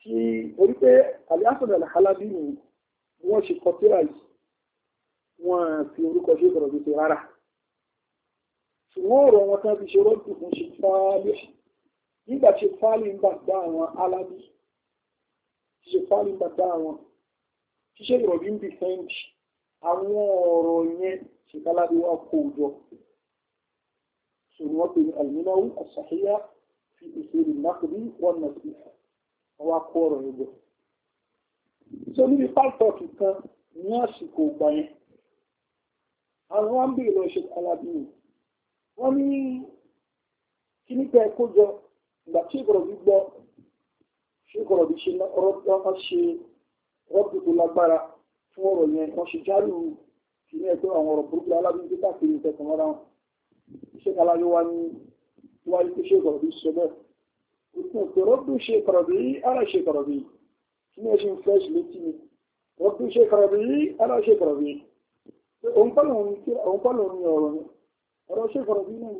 tí orí pé alihasan alhalabi ni wọ́n ṣe kọ kíra yìí wọ́n fi orúkọ ṣe ìbọ̀rọ̀ gbèsè rárá ṣùgbọ́n ọ̀rọ̀ wọn kan fi ṣe rọ́ọ̀tù fún ṣe fáálẹ̀ nígbà tí fáálẹ̀ ń gbàgbá àwọn alábí ṣe fáálẹ̀ ń gbàgbá àwọn ṣíṣe ìrọ̀bí ń bí fẹ́ǹdì àwọn ọ̀rọ̀ yẹn ṣèkálábí wa kó jọ sùn wọ́n pè ní aliminawu asahiya fi ìṣèlú nàkùdí wọn nà sí ìfà wọn kó ọ̀rọ̀ yẹn bọ̀. so níbi pálítọ̀kì kan ní àsìkò ìgbà yẹn àwọn wọn ń bèèrè lọ ṣe alábìyàn wọn ní kí nípa ẹ̀kọ́ jọ ìgbà tí ìgbọ̀rọ̀ gbígbọ́ ṣé ìgbọ̀rọ̀ bí ṣe rọ́pọ̀ ṣe rọ́pù tó lágbára fún ọ̀rọ̀ yẹn wọ́n ṣe járù kí ní ẹgbẹ́ àwọn ọ̀rọ̀ burúkú alábìyàn tó káàkiri ìtẹ̀kùn mọ́ra wọn iṣẹ́ kala ló wá ní wáyé pé ṣé kọ̀rọ̀bí sọ bẹ́ẹ̀ ìpín pé rọ́bù ṣe kọ̀rọ̀bí ara ṣe kọ̀rọ̀bí kí ni ẹ ṣe ń fẹ́ ṣe létí mi rọ́bù ṣe kọ̀rọ̀bí ara ṣe kọ̀rọ̀bí òun pálọ̀ ní ọ̀rọ̀ ni ọ̀rọ̀ ṣe kọ̀rọ̀bí náà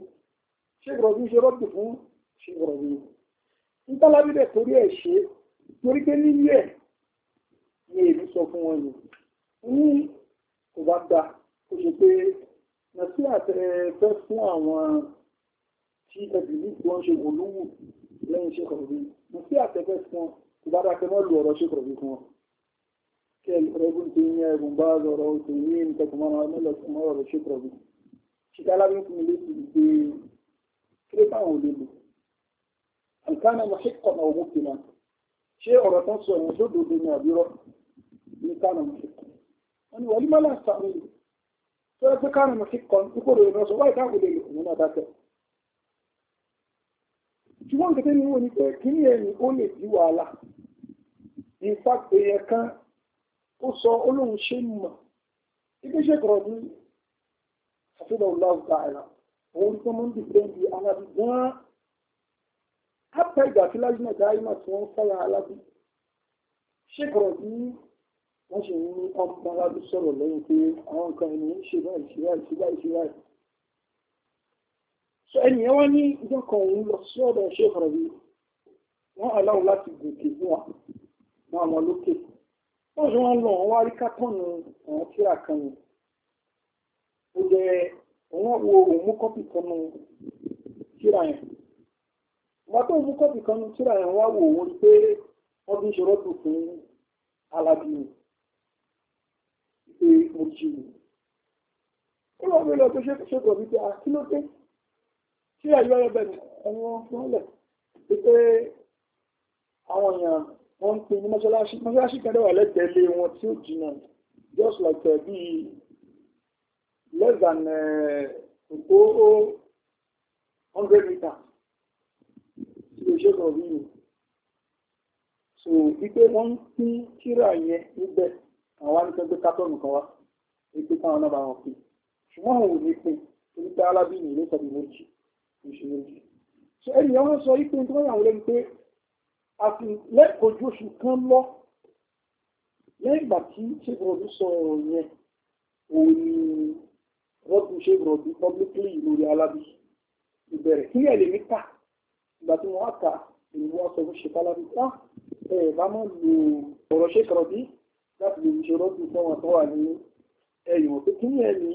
ṣe kọ̀rọ̀bí ṣe rọ́bù fún ṣe kọ̀rọ̀bí ń bẹ̀ torí ẹ̀ ṣe torí pé nílé ẹ̀ ni èmi sọ fún wọn yìí ní kò bá da kó ṣe pé nàtí àtẹ́ẹ̀fẹ́ fún àwọn tí ẹbí ní wọ́n ṣe olówó lẹ́yìn ṣe kọ̀rọ̀bí nàtí àtẹ́fẹ́ fún kò bá dákẹ́ mọ́ lu ọ̀rọ̀ ṣe kọ̀rọ̀bí fún wọn kí ẹgbùn tí ní ẹgbùn bá zọrọ̀ oṣù ní ìtẹkùnmọ́ra mẹ́lẹ̀ fún ọ̀rọ̀ ṣe kọ̀rọ̀bí ṣìkà lábẹ́ fún mi létí gbé kílé fáwọn olè lò àǹkánà mọ̀ ṣíkọ̀ náà òmù kìnnà ṣé ọ̀rọ̀ tán sọ ẹ̀yìn lódòdó ní àbírọ̀ ní kánà mọ̀ ṣíkọ̀ wọn ni wọ́n ní mọ́lá tó ẹgbẹ́ kánà mọ̀ sí kan tí kò rò lọ sọ wáyé káàkiri lè òun náà dákẹ́. ṣùgbọ́n nǹkan tẹ́lẹ̀ wò ní pé kí ni ẹni ó lè di wàhálà in fact èèyàn kan ó sọ olóhùn ṣe ń mọ̀ ibi iṣẹ́ kọ̀rọ̀ ní àfihàn ọlọ́run káàrà òun tó mọ́ ń di pé di alábi gan-an ápẹ́ ìgbà tí lájú náà dáhìí náà tí wọ́n ń fọ́ra alábi ṣé kọ̀rọ̀ ní wọ́n sì ń ní ọmọlábí sọ̀rọ̀ lẹ́yìn pé àwọn nǹkan ẹni ṣe báyìí ṣe báyìí ṣe báyìí ṣe báyìí. sọ ẹnìyẹn wá ní ìjọ kan òun lọ sí ọ̀dọ̀ ṣé fọ̀rọ̀ wọ́n aláwọ̀ láti gòkè fún wa wọn àwọn lókè wọ́n sì wọ́n lọ wọ́n wá rí kátọ́ọ̀nù àwọn tíra kan ni. ó jẹ òun wo òun mú kọ́pì kan nu tíra yẹn. ìgbà tó mú kọ́pì kan nu tíra yẹn wá wò ó rí pé wọ́n fi ń ṣe rọ́pù fún alábìyàn pé mo jí ni ó lọ bí lọ tó ṣe ṣe pọ̀ wípé kí ló dé tí àyọ ọ̀rọ̀ bẹ̀rẹ̀ ẹ̀wọ̀n mọ́lẹ̀ wípé àwọn èèyàn wọ́n ń pè ní mọ́ṣáláṣí mọ́ṣáláṣí kan dẹ̀wà lẹ́gbẹ̀ẹ́ lé wọn tí ó jìnnà just like uh, bí less than nǹkó eh, hundred meters tí ó ṣe pọ̀ wípé so wípé wọ́n ń pín kíra yẹn níbẹ̀ àwọn wá ní sẹ́gbẹ́ kátọ́ọ̀nù kan wá wípé káwọn náà bá wọn pè ṣùgbọ́n òun ò ní pè torí pé alábìnrin ìlú sọ di méjì oṣù méjì ṣe ènìyàn wọn sọ wípé tí wọ́n yà wọlé pé a lẹ́kọ̀ọ́ ojú oṣù kan lọ lẹ́yìn ìgbà tí ṣègùn ọdún sọ ọ̀rọ̀ yẹn òun ni rọ́bù ṣègùn ọdún publicly lórí alábì ìbẹ̀rẹ̀ kí ẹ̀ lè mí kà ìgbà tí wọ́n á kà èyí wọ́n sọ fún ṣèkálábì tá ẹ̀ bá mọ̀ lò ọ̀rọ̀ ṣèkọ̀rọ̀ bíi láti lè ṣe rọ́pù fọ́wọ́n tó wà ní ẹ̀yìn òfin kí ní ẹni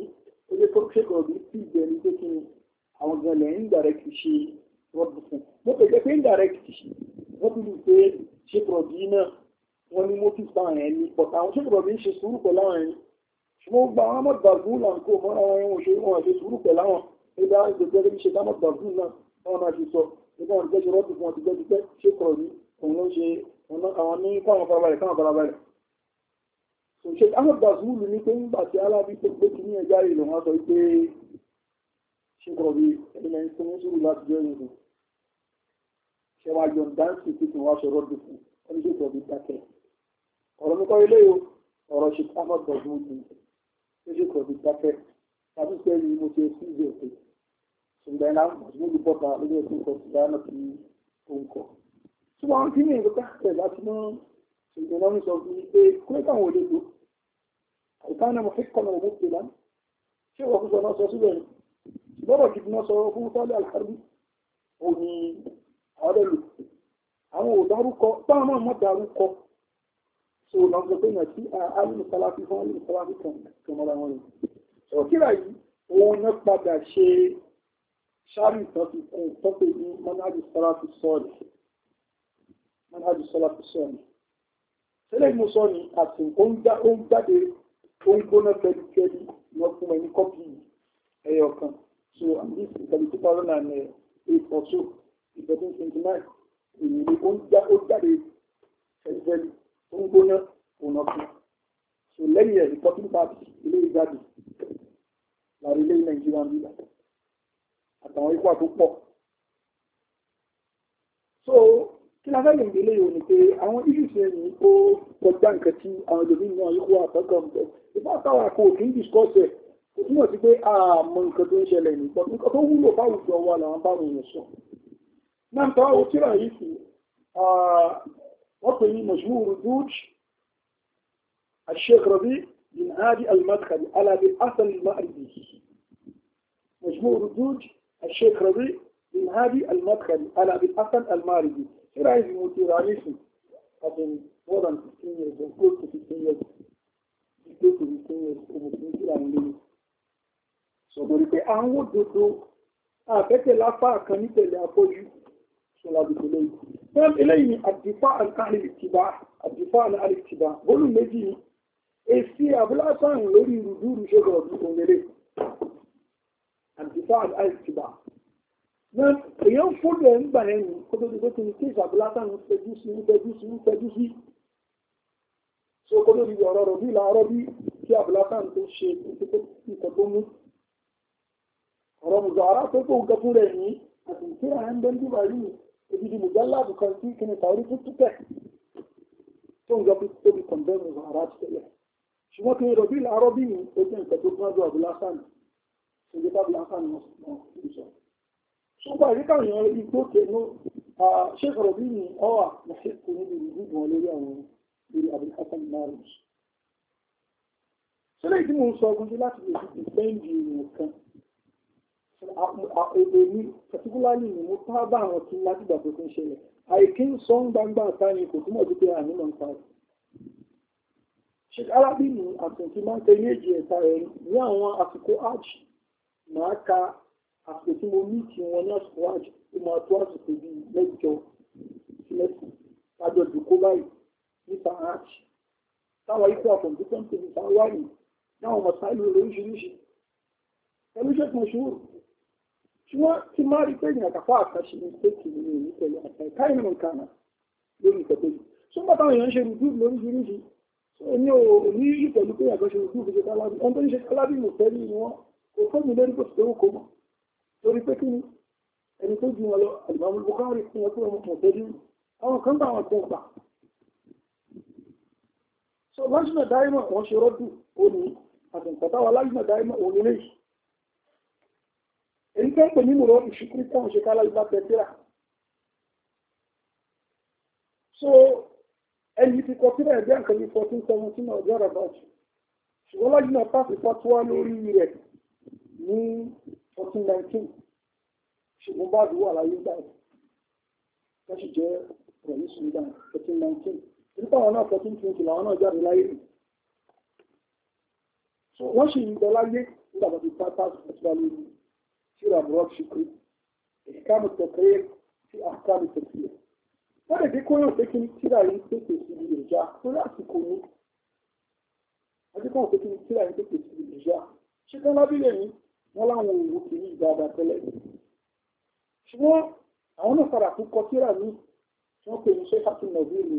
ó lè tó ṣèkọ̀ọ́ bí sí ìgbẹ́ ní pé kí ni àwọn gan lẹ̀ ń direct ṣe rọ́pù fún mo pè jẹ́ pé ń direct wọ́n ti lù pé ṣèkọ̀ọ́ bí náà wọ́n ní mo ti fa àwọn ẹni pọ̀t àwọn ṣèkọ̀ọ́ bí ń ṣe sùúrù pẹ̀lú àwọn ẹni ṣùgbọ́n gba àwọn mọ̀gbàgbù làǹkó mọ́ra wọn wọn àwọn ẹgbẹ́ àwọn Sheikh Ahmed Gazmul ní pé nígbà tí Alábí tó gbé kí ní ẹja ìlú wọn sọ pé Sheikh Rabi ẹ̀mẹ́ tó ń sùúrù láti jẹ́ ìlú. Ṣẹ̀wá John Dancy ti tún wá sọ̀rọ̀ dùkú, ó ní Sheikh Rabi dákẹ́. Ọ̀rọ̀ mi kọ́ ilé o, ọ̀rọ̀ Sheikh Ahmed Gazmul ni ó Sheikh Rabi dákẹ́. Tàbí pé ẹni mo ti ẹsí ìzẹ̀ òkè. Ṣùgbọ́n ẹ̀nà Gazmul bọ́ta lórí ẹ̀sìn kan ti dáná ti tó ń kọ̀. Ṣùgbọ́n kí ni ìgbẹ́ká هل كان محقا ومبطلا شيء وخصوصا ناس يصيبه ṣùgbọ́n kìí náà sọ̀rọ̀ fún sọ́lẹ̀ alhari ò ní ọ̀rẹ́lù àwọn òdárúkọ táwọn náà mọ́ dárúkọ so lọ sọ pé yàn sí alìmùsálàfí fún alìmùsálàfí kan tó mọ́ra wọn rẹ̀ so kíra yìí òun náà padà ṣe ṣáàrì ìtọ́sí kún tọ́pẹ̀ ní mọ́nájì sọ́láfí sọ́ọ̀lì mọ́nájì sọ́láfí sọ́ọ̀lì tẹ́lẹ̀ mo sọ ni àti ó ń jáde ó ń gbóná fẹ́lifẹ́li wọ́n fún ẹ ní kọ́pì ẹyọ kan so and this is the two thousand and eight or so eleven twenty nine èyí ó ń já ó jáde fẹ́lifẹ́li ó ń gbóná ònà kan so lẹ́yìn ẹ̀ reporting party ilé ìjáde láàrin ilé nàìjíríà ń bíbá àtàwọn ikú àtúpọ̀ so kí la fẹ́ lè gbélé yòó ni pé àwọn issues yẹn ní ó kọjá nǹkan tí àwọn ẹlòmíín náà yóò wá àtọ́kọ̀ nǹkan ìfọ́ àtàwọn àkó kì í discuss ẹ̀ kò túmọ̀ sí pé a mọ nǹkan tó ń ṣẹlẹ̀ nìkan nǹkan tó wúlò fáwùjọ wa làwọn bá wọn sọ náà tọ́ àwọn tíra yìí sí wọ́n pè ní mashhur duj الشيخ ربيع بن هادي المدخلي على بالأصل المأربي مجموع ردود الشيخ ربيع بن هادي المدخلي على بالأصل المأربي Here I removed the violation. I've been more than 15 years, or close to 15 years, close to 15 years, almost 20 and living. Sọ̀dọ̀ rí pé àwọn òdodo àbẹ́tẹ̀ lápá kan nítẹ̀lé afọ́jú sọ̀làdùkú lẹ́yìn. Fẹ́m eléyìí ni àdìfá àkárí ìtìbá, àdìfá àkárí ìtìbá, bólú méjì ni. Èsì àbúlásàn lórí ìrùdúrù ṣe gbọ̀dọ̀ òmìnir àdìfá àkárí tiba èyàn fúlù ẹ̀ ń gbà ẹnu kó tó di pé kí ni kí ìṣàbùlátàn ń pẹ̀jú sí ń pẹ̀jú sí ń pẹ̀jú sí so kó tó di ọ̀rọ̀ rọ̀ bí làárọ̀ bí kí àbùlátàn tó ṣe nǹkan tó mú ọ̀rọ̀ mùsọ̀ ara tó kó nǹkan fún rẹ̀ ní àti ìkíra ẹ̀ ń bẹ́ ń dúró yìí ebi di mùsọ̀ láàbù kan sí kí ni tàórí tó tú tẹ̀ tó nǹkan fi tóbi kàn bẹ́ mùsọ̀ ara ti tẹ̀lẹ̀ ṣùgbọ́n kí ni rọ̀ bí làárọ̀ bí ni ó jẹ́ nǹkan tó gbọ́dọ̀ àbùlátàn ṣe ṣùgbọ́n àríkà èèyàn igbote gbókè mú ṣé sọ̀rọ̀ bí ní ọwà lọ́sẹ̀kù níbi ìgbìmọ̀ lórí àwọn lórí abdulhassan marus sílẹ̀ ìdí mò ń sọ ọgbọ́n láti lè fi dìpẹ́ǹdì èèyàn kan èdè mi particularly ni mo bá àwọn tí láti àìkí ń sọ ń gbangba ni kò túmọ̀ àní máa ń pa rẹ̀ ṣe arábìnrin ka àsìkò tí mo ní kí wọn ní àsìkò àjò ó máa tó àsìkò bíi mẹ́jọ sí mẹ́sàn-án lájọ ìdókó báyìí nípa àjì táwọn ikú àfọ̀ǹdúkọ́ ń pè nípa wáyé láwọn mọ̀sáìlú oríṣiríṣi ẹlú ṣẹ́kùn ṣúrù ṣùgbọ́n tí máa rí pé ìyàn àkàfọ́ àkàṣe ní pẹ́kì ní èyí pẹ̀lú àtàkà ìrìn nǹkan lórí ìtẹ̀pẹ́ yìí ṣó bá táwọn èèyàn ṣe rúdú lóríṣiríṣi ní òní yìí pẹ̀lú pé ìyàn kan ṣe rúdú fi ṣe kálábì ẹni tó ń ṣe kálábì mọ̀ pẹ́lú wọn kò fẹ́ mọ̀ torí pé kí ni ẹni tó jù wọn lọ àlùmọ́mù Bukhari fún wọn tó wọn mọ̀ tẹ́lú àwọn kan bá wọn tẹ́ gbà so lásìnà dáímọ̀ wọn ṣe rọ́dù ó ní àtẹ̀kọ̀táwà lásìnà dáímọ̀ òun lè yìí èyí tó ń pè ní mọ̀rọ̀ ìṣúkúrú táwọn ṣe kálá ìgbà tẹ̀síra so ẹni ti kọ sílẹ̀ ẹgbẹ́ nǹkan ní fourteen seventeen ọjọ́ rẹ̀ bá jù ṣùgbọ́n lásìnà pàṣípàtúwá lórí rẹ̀ ní fourteen nineteen ṣùgbọ́n bá dùn wà láyé gbà yìí wọ́n sì jẹ́ rẹ̀ ní Sudan fourteen nineteen nípa àwọn náà fourteen twenty làwọn náà jáde láyé rí wọ́n sì ń bẹ láyé nígbà tó ti pátá ìfẹ́sílá lórí síra brock shukri ìkàmù tẹ̀kẹ́rẹ́ sí àkàmù tẹ̀kẹ́rẹ́ wọ́n lè dé kó yàn pé kí ní tíra yìí pèsè sí ibi ìjà tó lásìkò ní adékọ̀ọ́ pé kí ní tíra yìí pèsè sí ibi ìjà ṣé kán lábílẹ̀ yìí wọ́n láwọn òwò kì í dáadáa tẹ́lẹ̀ ṣùgbọ́n àwọn náà padà tún kọ síra mi tí wọ́n pè ní ṣé fásitì nàìjíríà mi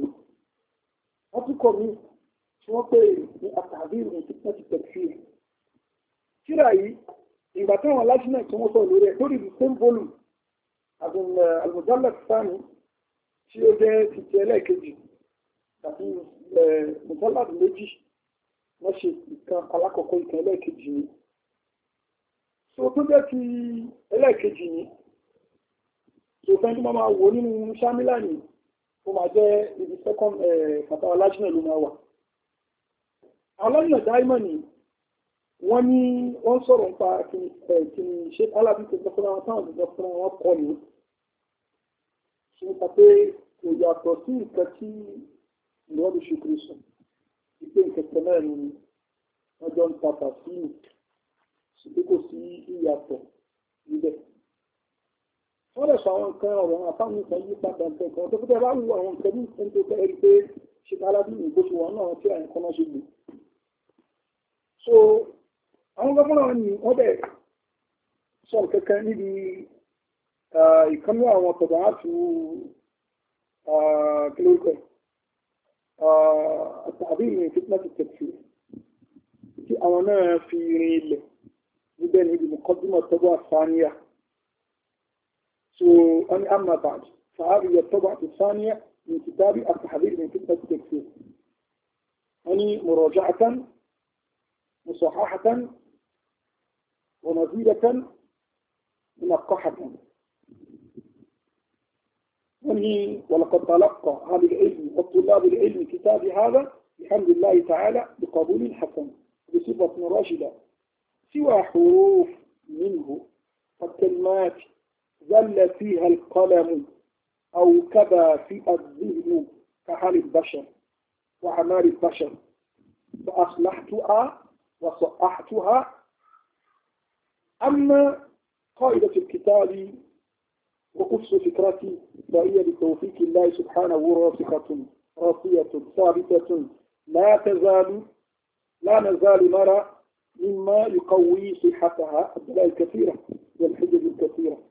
wọ́n tún kọ mi tí wọ́n pè ní àtàbí ìrìn tí wọ́n ti tẹ̀sí síra yìí ìgbà táwọn aláṣínà tí wọ́n sọ lórí ẹ̀ lórí the same volume àgùn àlùmọ̀dálà sani tí ó jẹ́ títí ẹlẹ́ẹ̀kejì tàbí uh, mọ̀dálà méjì wọ́n ṣe ìkan alákọ̀ọ́kọ́ ìkan tó tó jẹ́ ti ẹlẹ́ẹ̀kejì ní tó fẹ́ tí wọ́n máa wò nínú ṣámílà ní ó máa jẹ́ ibi second bàbá alájínà ló máa wà alájínà dáìmọ̀ ní wọ́n ní wọ́n sọ̀rọ̀ nípa kìnnì ṣe alábí tó gbọ́ fúnra wọn táwọn tó gbọ́ fúnra wọn kọ́ ni ṣe nípa pé kò yàtọ̀ sí nǹkan tí ìwọ́n bí ṣe kiri sùn ìpé nǹkan tẹ̀lé ni wọ́n jọ ń tapà sí nǹkan ṣùgbọ́n kò sí ìyàtọ̀ níbẹ̀. wọ́n lè sọ àwọn nǹkan ọ̀rọ̀ àtàwọn nǹkan yí padà nǹkan tó fẹ́ bá wù àwọn nǹkan ní nǹkan tó fẹ́ rí pé ṣe alábí ìgbó ṣe wọn náà tí àyìnkan náà ṣe lò. so àwọn gómìnà ni wọ́n bẹ̀ sọ kankan níbi ìkànnì àwọn tọ̀dọ̀ àti kílódé àtàbí ìrìn fitness tẹ̀sí tí àwọn náà fi rin ilẹ̀ نبين هذه مقدمة طبعة ثانية سو أنا أما بعد فهذه الطبعة الثانية من كتابي التحذير من كتابة التكفير أنا مراجعة مصححة ونزيلة منقحة أني ولقد تلقى هذا العلم والطلاب العلم كتابي هذا الحمد لله تعالى بقبول حسن بصفة راشدة سوى حروف منه وكلمات ظل فيها القلم أو كبى في الذهن كحال البشر وأعمال البشر فأصلحتها وصححتها أما قاعدة الكتاب وقدس فكرتي فهي بتوفيق الله سبحانه راسخة راسية ثابتة لا تزال لا نزال نرى مما يقوي صحتها الدلائل الكثيرة والحجج الكثيرة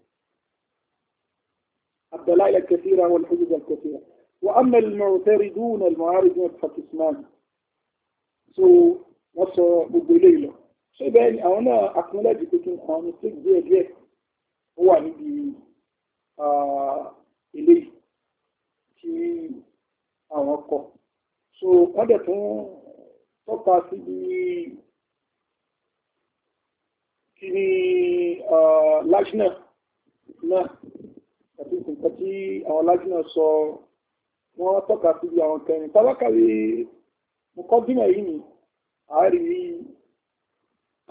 الدلائل الكثيرة والحجج الكثيرة وأما المعترضون المعارضون الفاكسمان سو نصر بوليلة شيء بأني أنا أكملها جيكوكين خانسيك زي جي هو عندي إلي تي أوكو سو قد أتون تقاسي kí ní lajna náà àti nǹkan tí àwọn lajna sọ wọ́n tọ́ka síbi àwọn kẹrin tábàkàrí nǹkan bínà yìí ni àárí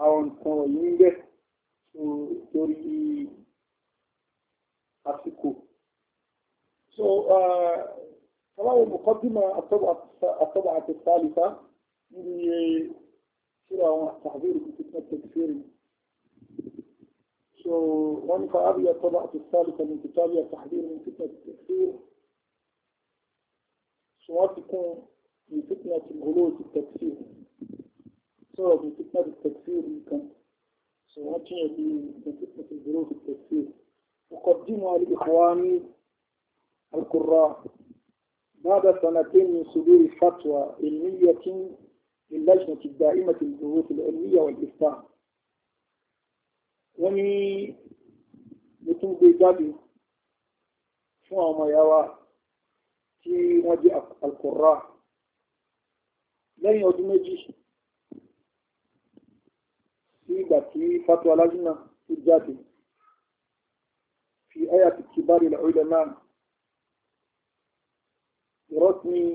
àwọn nǹkan wọ̀nyí ń bẹ lórí àsìkò so tabawo muqaddima àtọ́bà àti sálífà níbi ṣíra eh, àwọn àtàbí ìrìkú fitna tẹ̀síìrì ونفع أبي الطبعة الثالثة من كتابي التحذير من فتنة التكفير سواتكم من فتنة الغلو في التكفير سبب من فتنة التكفير كان سواتنا من فتنة الغلو في التكفير أقدمها لإخواني القراء بعد سنتين من صدور فتوى علمية للجنة الدائمة للظروف العلمية والإفتاء wọ́n ní mo tún gbé jáde fún àwọn ọmọ ìyá wa tí wọ́n jẹ́ alkùnrà lẹ́yìn ọdún méjì sí ìgbà tí fatwa alájúmọ̀ tó jáde fi ayà ti ti bárí ilẹ̀ orílẹ̀ náà ìrọ́sìn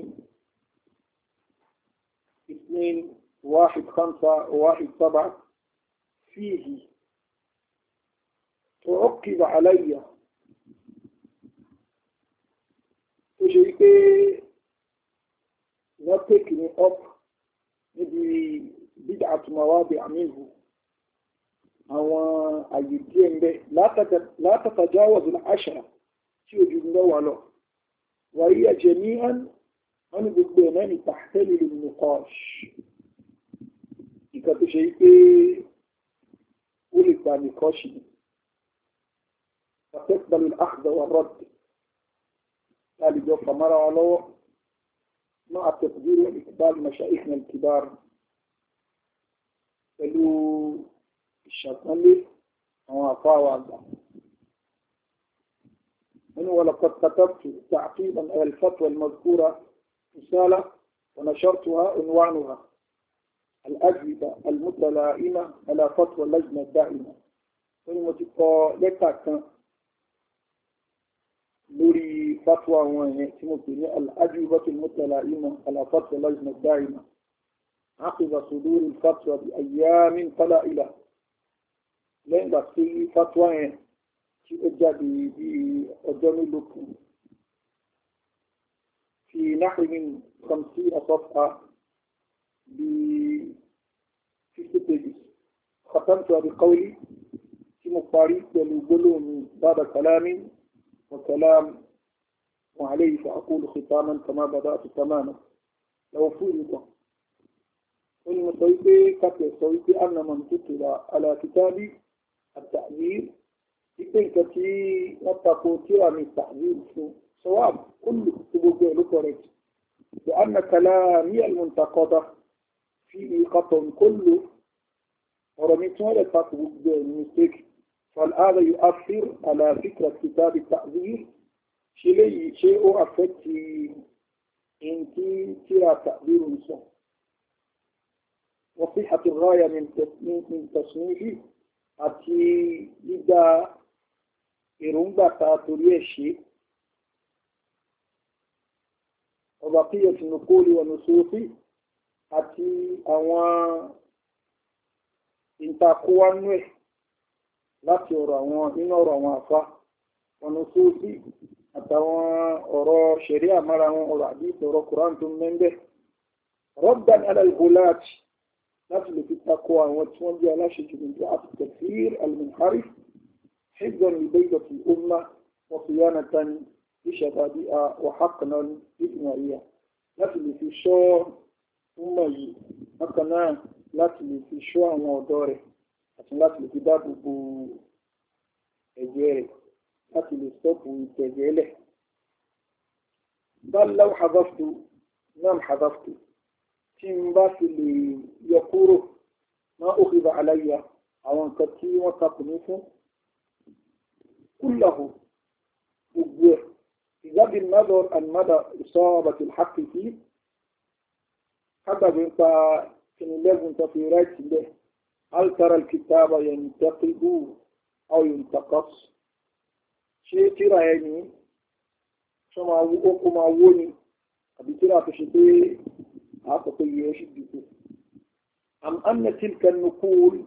اثنين واحد خمسة واحد سبعة فيه ركب علي tó ṣe wípé wọ́n tèkì ní up níbi bídà àtùmọ̀wá bí àmìhù àwọn àyè díẹ̀ ń bẹ látàtàjáwọ̀dù àṣà tí ojú ń lọ́wọ́ lọ wàyí ẹ̀jẹ̀ ní hàn wọ́n ní gbogbo ẹ̀ náà ní tàhtẹ́lì lè mú kọ́ọ̀ṣ ìkan tó ṣe wípé ó lè gbà ní kọ́ọ̀ṣì ni. فتقبل الأخذ والرد قال يبقى مرة علو مع تقدير إقبال مشايخنا الكبار قالوا الشاطملي هو فاوض من ولقد كتبت تعقيبا على الفتوى المذكورة رسالة ونشرتها عنوانها الأجوبة المتلائمة على فتوى اللجنة الدائمة ثم تقول لك لوري فتوى وهي الأجوبة المتلائمة على فتوى اللجنة دائمة عقب صدور الفتوى بأيام فلا إلى لأن في فتوى في أجابي في أجابي لكم في نحو من خمسين صفحة ب في ستة ختمتها بقولي في مقاريس يقولون بعد كلامي وكلام وعليه سأقول ختاما كما بدأت تماما لو فرض علم صيفي قد صيفي أن من قتل على كتاب التعذيب في كتي وتقوتي من التعذيب سواء كل تبقى لكوريك لأن كلامي المنتقدة فيه قطن كله ورميتها لتقوى المستيك فهذا يؤثر على فكرة كتاب التعذير شيء شيء أفكت إن ترى تعذير الإنسان وصيحة الغاية من من تصنيفه أتي لدى إرنبا تاتوريشي وبقية النقول والنصوص أتي أوان إنتاقوان نوح láti ọ̀rọ̀ àwọn nínú ọ̀rọ̀ àwọn àfa ọ̀nà sóòsì àtàwọn ọ̀rọ̀ ṣẹ̀rí àmára wọn ọ̀rọ̀ àdìsí ọ̀rọ̀ Quran tó ń mẹ́ńbẹ́ rọ́bà ní aláìbóláàtì láti lè fi takò àwọn tí wọ́n jẹ́ aláṣejù nígbà àti tafsir al-munharif حفظا لبيضة الأمة وصيانة لشبابها وحقنا لإبنائها láti fi ṣọ́ ọmọ yìí bákan náà láti fi ṣọ́ àwọn ọ̀dọ́ rẹ̀ àti láti lè fi dáàbò bo ẹ̀jẹ̀ rẹ̀ láti lè stọ́pù ìtẹ̀jẹ̀ lẹ̀. báwo hadaftu náà hadaftu tí n bá fi lè yọ kúrò máa ó fi bá aláya àwọn nǹkan tí wọ́n takò ní fún kúlàhù gbogbo ẹ̀ ìjáde mọ́dọ̀ àlùmọ́dà ìsọ́ọ̀bàtì hàkìkì kágbàgbé ń pa kìnìlẹ́gùn tó fi ráìtì bẹ́ẹ̀. هل ترى الكتاب ينتقب أو ينتقص شيء ترى يعني شما وقوم أولي أبي ترى تشتي أعطي أم أن تلك النقول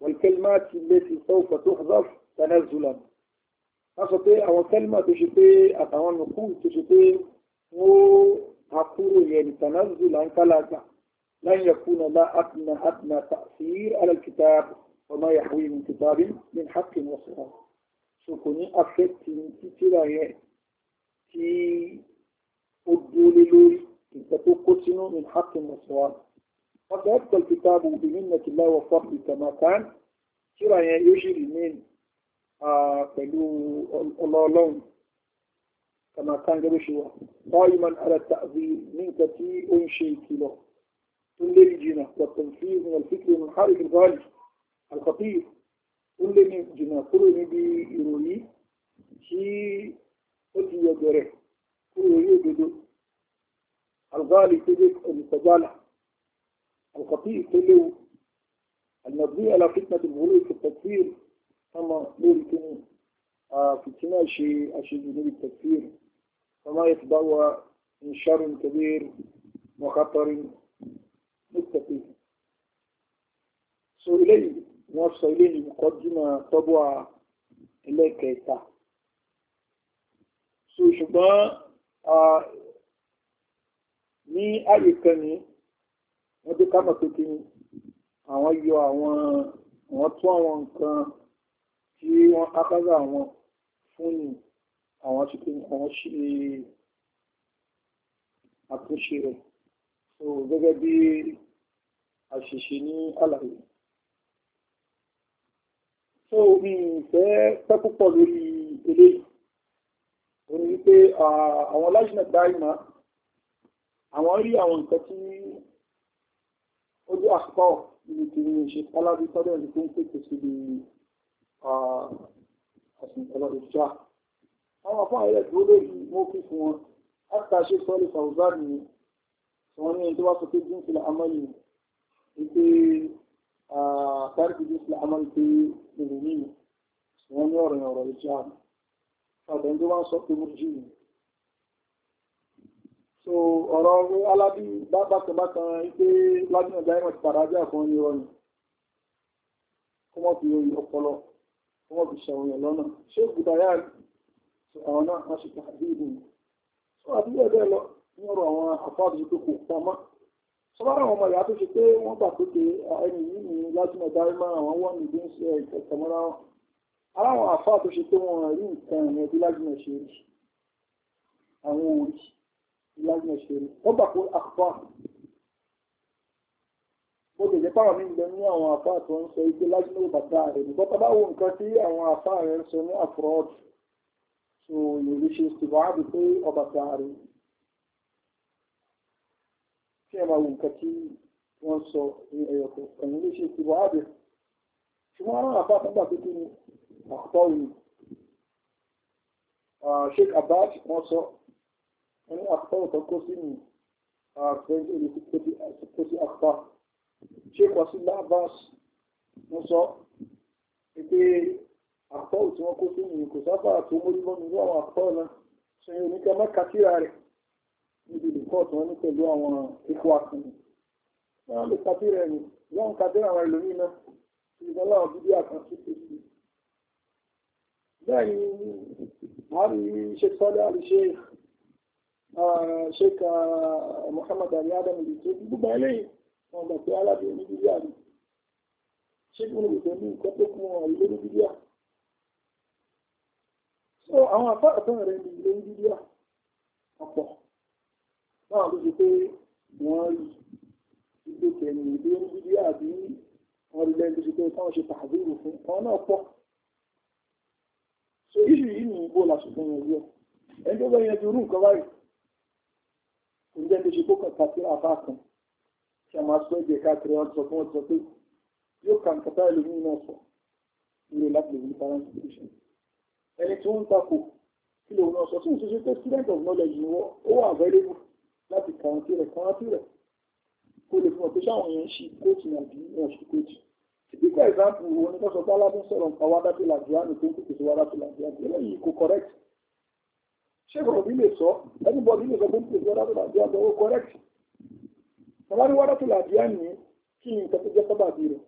والكلمات التي سوف تحذف تنزلا أستطيع أو كلمة تشتي أتوان نقول تشتي مو تقول يعني تنزلا كلاكا لن يكون ما أدنى أدنى تأثير على الكتاب وما يحوي من كتاب من حق وصواب سكوني أفكتين تتلاهي تي أدولي لوري تتوقتنو من حق وصواب قد يبقى الكتاب بمنة الله وفضله كما كان تلاهي يجري من pẹ̀lú آه، الله لون كما كان قبل شوى man على التأذير من nǹkan tí ó كل من جنا والتنفيذ من الفكر من المنحرف الغالي الخطير كل من جنا كل من يروي شيء قد يجري كل يجد الغالي تجد المتجالة الخطير تلو المبني على فتنة الغلو في التكفير كما في آه، فتنة شيء أشي جنوب التكفير فما يتبوى من شر كبير وخطر متقين so eléyìí wọ́n sọ eléyìí nǹkan jùmọ̀ tọ́bọ̀ ẹlẹ́kẹ̀ẹ́ta so ṣùgbọ́n ní ààyè kan ní wọ́n dé ká mọ̀ pé kí àwọn yọ àwọn wọ́n tún àwọn nǹkan tí wọ́n ákágà àwọn fún ní àwọn ṣe àtúnṣe rẹ̀ so gẹ́gẹ́ bí àṣìṣe ní àlàyé so mi fẹ́ pẹ́ púpọ̀ lórí eléyìí ó ní wípé àwọn lájìnà dáìmọ̀ àwọn rí àwọn nǹkan tí ó jẹ́ àpá ọ̀ níbi tí mo ṣe pálábí sọ́dọ̀ ní tó ń pèsè síbi àsìn ọ̀rọ̀ àwọn afọ àyẹ̀dúró lórí mo fi wọn láti ṣe sọ́ọ̀lì fàwùzá nìyẹn wọn ní tó bá sọ pé jíǹsì la amọ́ yìí wípé tárìkì jíǹsì la amọ́ yìí pé èrò nínú wọn ní ọ̀rọ̀ ọ̀rọ̀ ìjà ọ̀dọ̀ tó bá sọ pé mo jù yìí. so ọ̀rọ̀ alábí bákan bákan wípé lábínà dáhìmọ̀ ti padà jẹ́ àkọ́ni ìrọ̀lù kó wọ́n fi oyè ọpọlọ kó wọ́n fi ṣàwọn yẹn lọ́nà ṣé òkúta yára àwọn náà wọ́n ṣe kàdé ní ọ̀rọ̀ àwọn àpáàdù yìí pé kò pamọ́ sọ́bárà àwọn ọmọ ìyá tó ṣe pé wọ́n gbà pé pé ẹni yìí ní lájúmọ̀ dárí mọ́ àwọn wọ́n ní bí ń ṣe ìtẹ̀tẹ̀mọ́ra wọn aláwọn àfáà tó ṣe pé wọ́n rí nǹkan ẹ̀yẹn bí lájúmọ̀ ṣe rí àwọn orí bí lájúmọ̀ ṣe rí wọ́n gbà pé àfáà mo lè jẹ́ pàrọ̀ mi ń bẹ ní àwọn àfáà tó ń sọ ike lájúmọ̀ bàtà rẹ̀ nígbà tá bá wo nǹkan tí àwọn àfáà rẹ̀ ń sọ ní àfúrọ́ọ̀dù so ìrìṣẹ́ ìsìnbọ̀ á tí ẹ máa wo nǹkan tí wọ́n sọ ní ẹyọ kọ̀ọ̀kan ló ṣe ti wà á bẹ̀rẹ̀ ṣùgbọ́n àwọn àbá àtúgbà tó kí ni àkọ́kọ́ òní Sheikh Abbas wọ́n sọ wọ́n ní àkọ́kọ́ òkan kó sí ní àfẹ́jọ́ ìlú kó sí àkọ́kọ́ Sheikh Wasila Abbas wọ́n sọ pé àkọ́kọ́ tí wọ́n kó sí ní kò sábà tó mórí mọ́nu ní àwọn àkọ́kọ́ náà sọ yẹn oníkẹ́ mọ́ kàtíra rẹ̀ níbi rìpọ́ọ̀tù wọn ní pẹ̀lú àwọn ikú akùnrin wọn lè kàbí rẹ̀ ni wọn kàbí àwọn ẹlòmíín náà ìgbà láwọn bíbí àkànṣe tó sí bẹ́ẹ̀ ni àárí ṣe sọ́dọ̀ àríṣe ṣéka Muhammad Ali Adam ìlú tó gbogbo eléyìí wọn gbà pé alábìyẹn ní bíbí àrí ṣé kí wọn lè tẹ̀lé nǹkan tó kún wọn lórí bíbí àrí so àwọn afárá tó ń ní ìlú bíbí àrí ọ̀pọ̀ báwọn ló ṣe pé wọ́n gbé kẹ̀yìn ìdí ní bíbí àbí wọ́n rí lẹ́yìn tó ṣe pé káwọn ṣe tàbíìrù fún wọn náà pọ̀ so iṣu yìí ní ìbò làṣùgbọ́n yẹn rí ọ ẹni tó bẹ́ẹ̀ yẹn ti rú nǹkan báyìí kò ní jẹ́ tó ṣe kó kàn kàkiri àbá kan kí a máa sọ ẹ̀jẹ̀ káàkiri wọn sọ fún wọn sọ pé yóò kà nǹkan táyà lómi náà sọ ilé láti lè wí parent education ẹni tí wọ́n ń takò kí lòun náà sọ sí ìṣesí pé student of knowledge ni wọ́n ó wà available láti kàn án tirẹ̀ kàn án tirẹ̀ kó lè fún ọ pé sáwọn èèyàn ń ṣe kóòtù náà bí wọn ṣe kóòtù typical example wo ni kọ́sọ̀ tó aládùn sọ̀rọ̀ nípa wádá tó làjúwá ní tó ń pèsè wádá tó làjúwá ní eléyìí kò correct ṣé kò bí lè sọ anybody lè sọ pé ń pèsè wádá tó làjúwá ní owó correct bàbá ní wádá tó làjúwá ní kí ni nǹkan tó jẹ́ sábà bí rẹ̀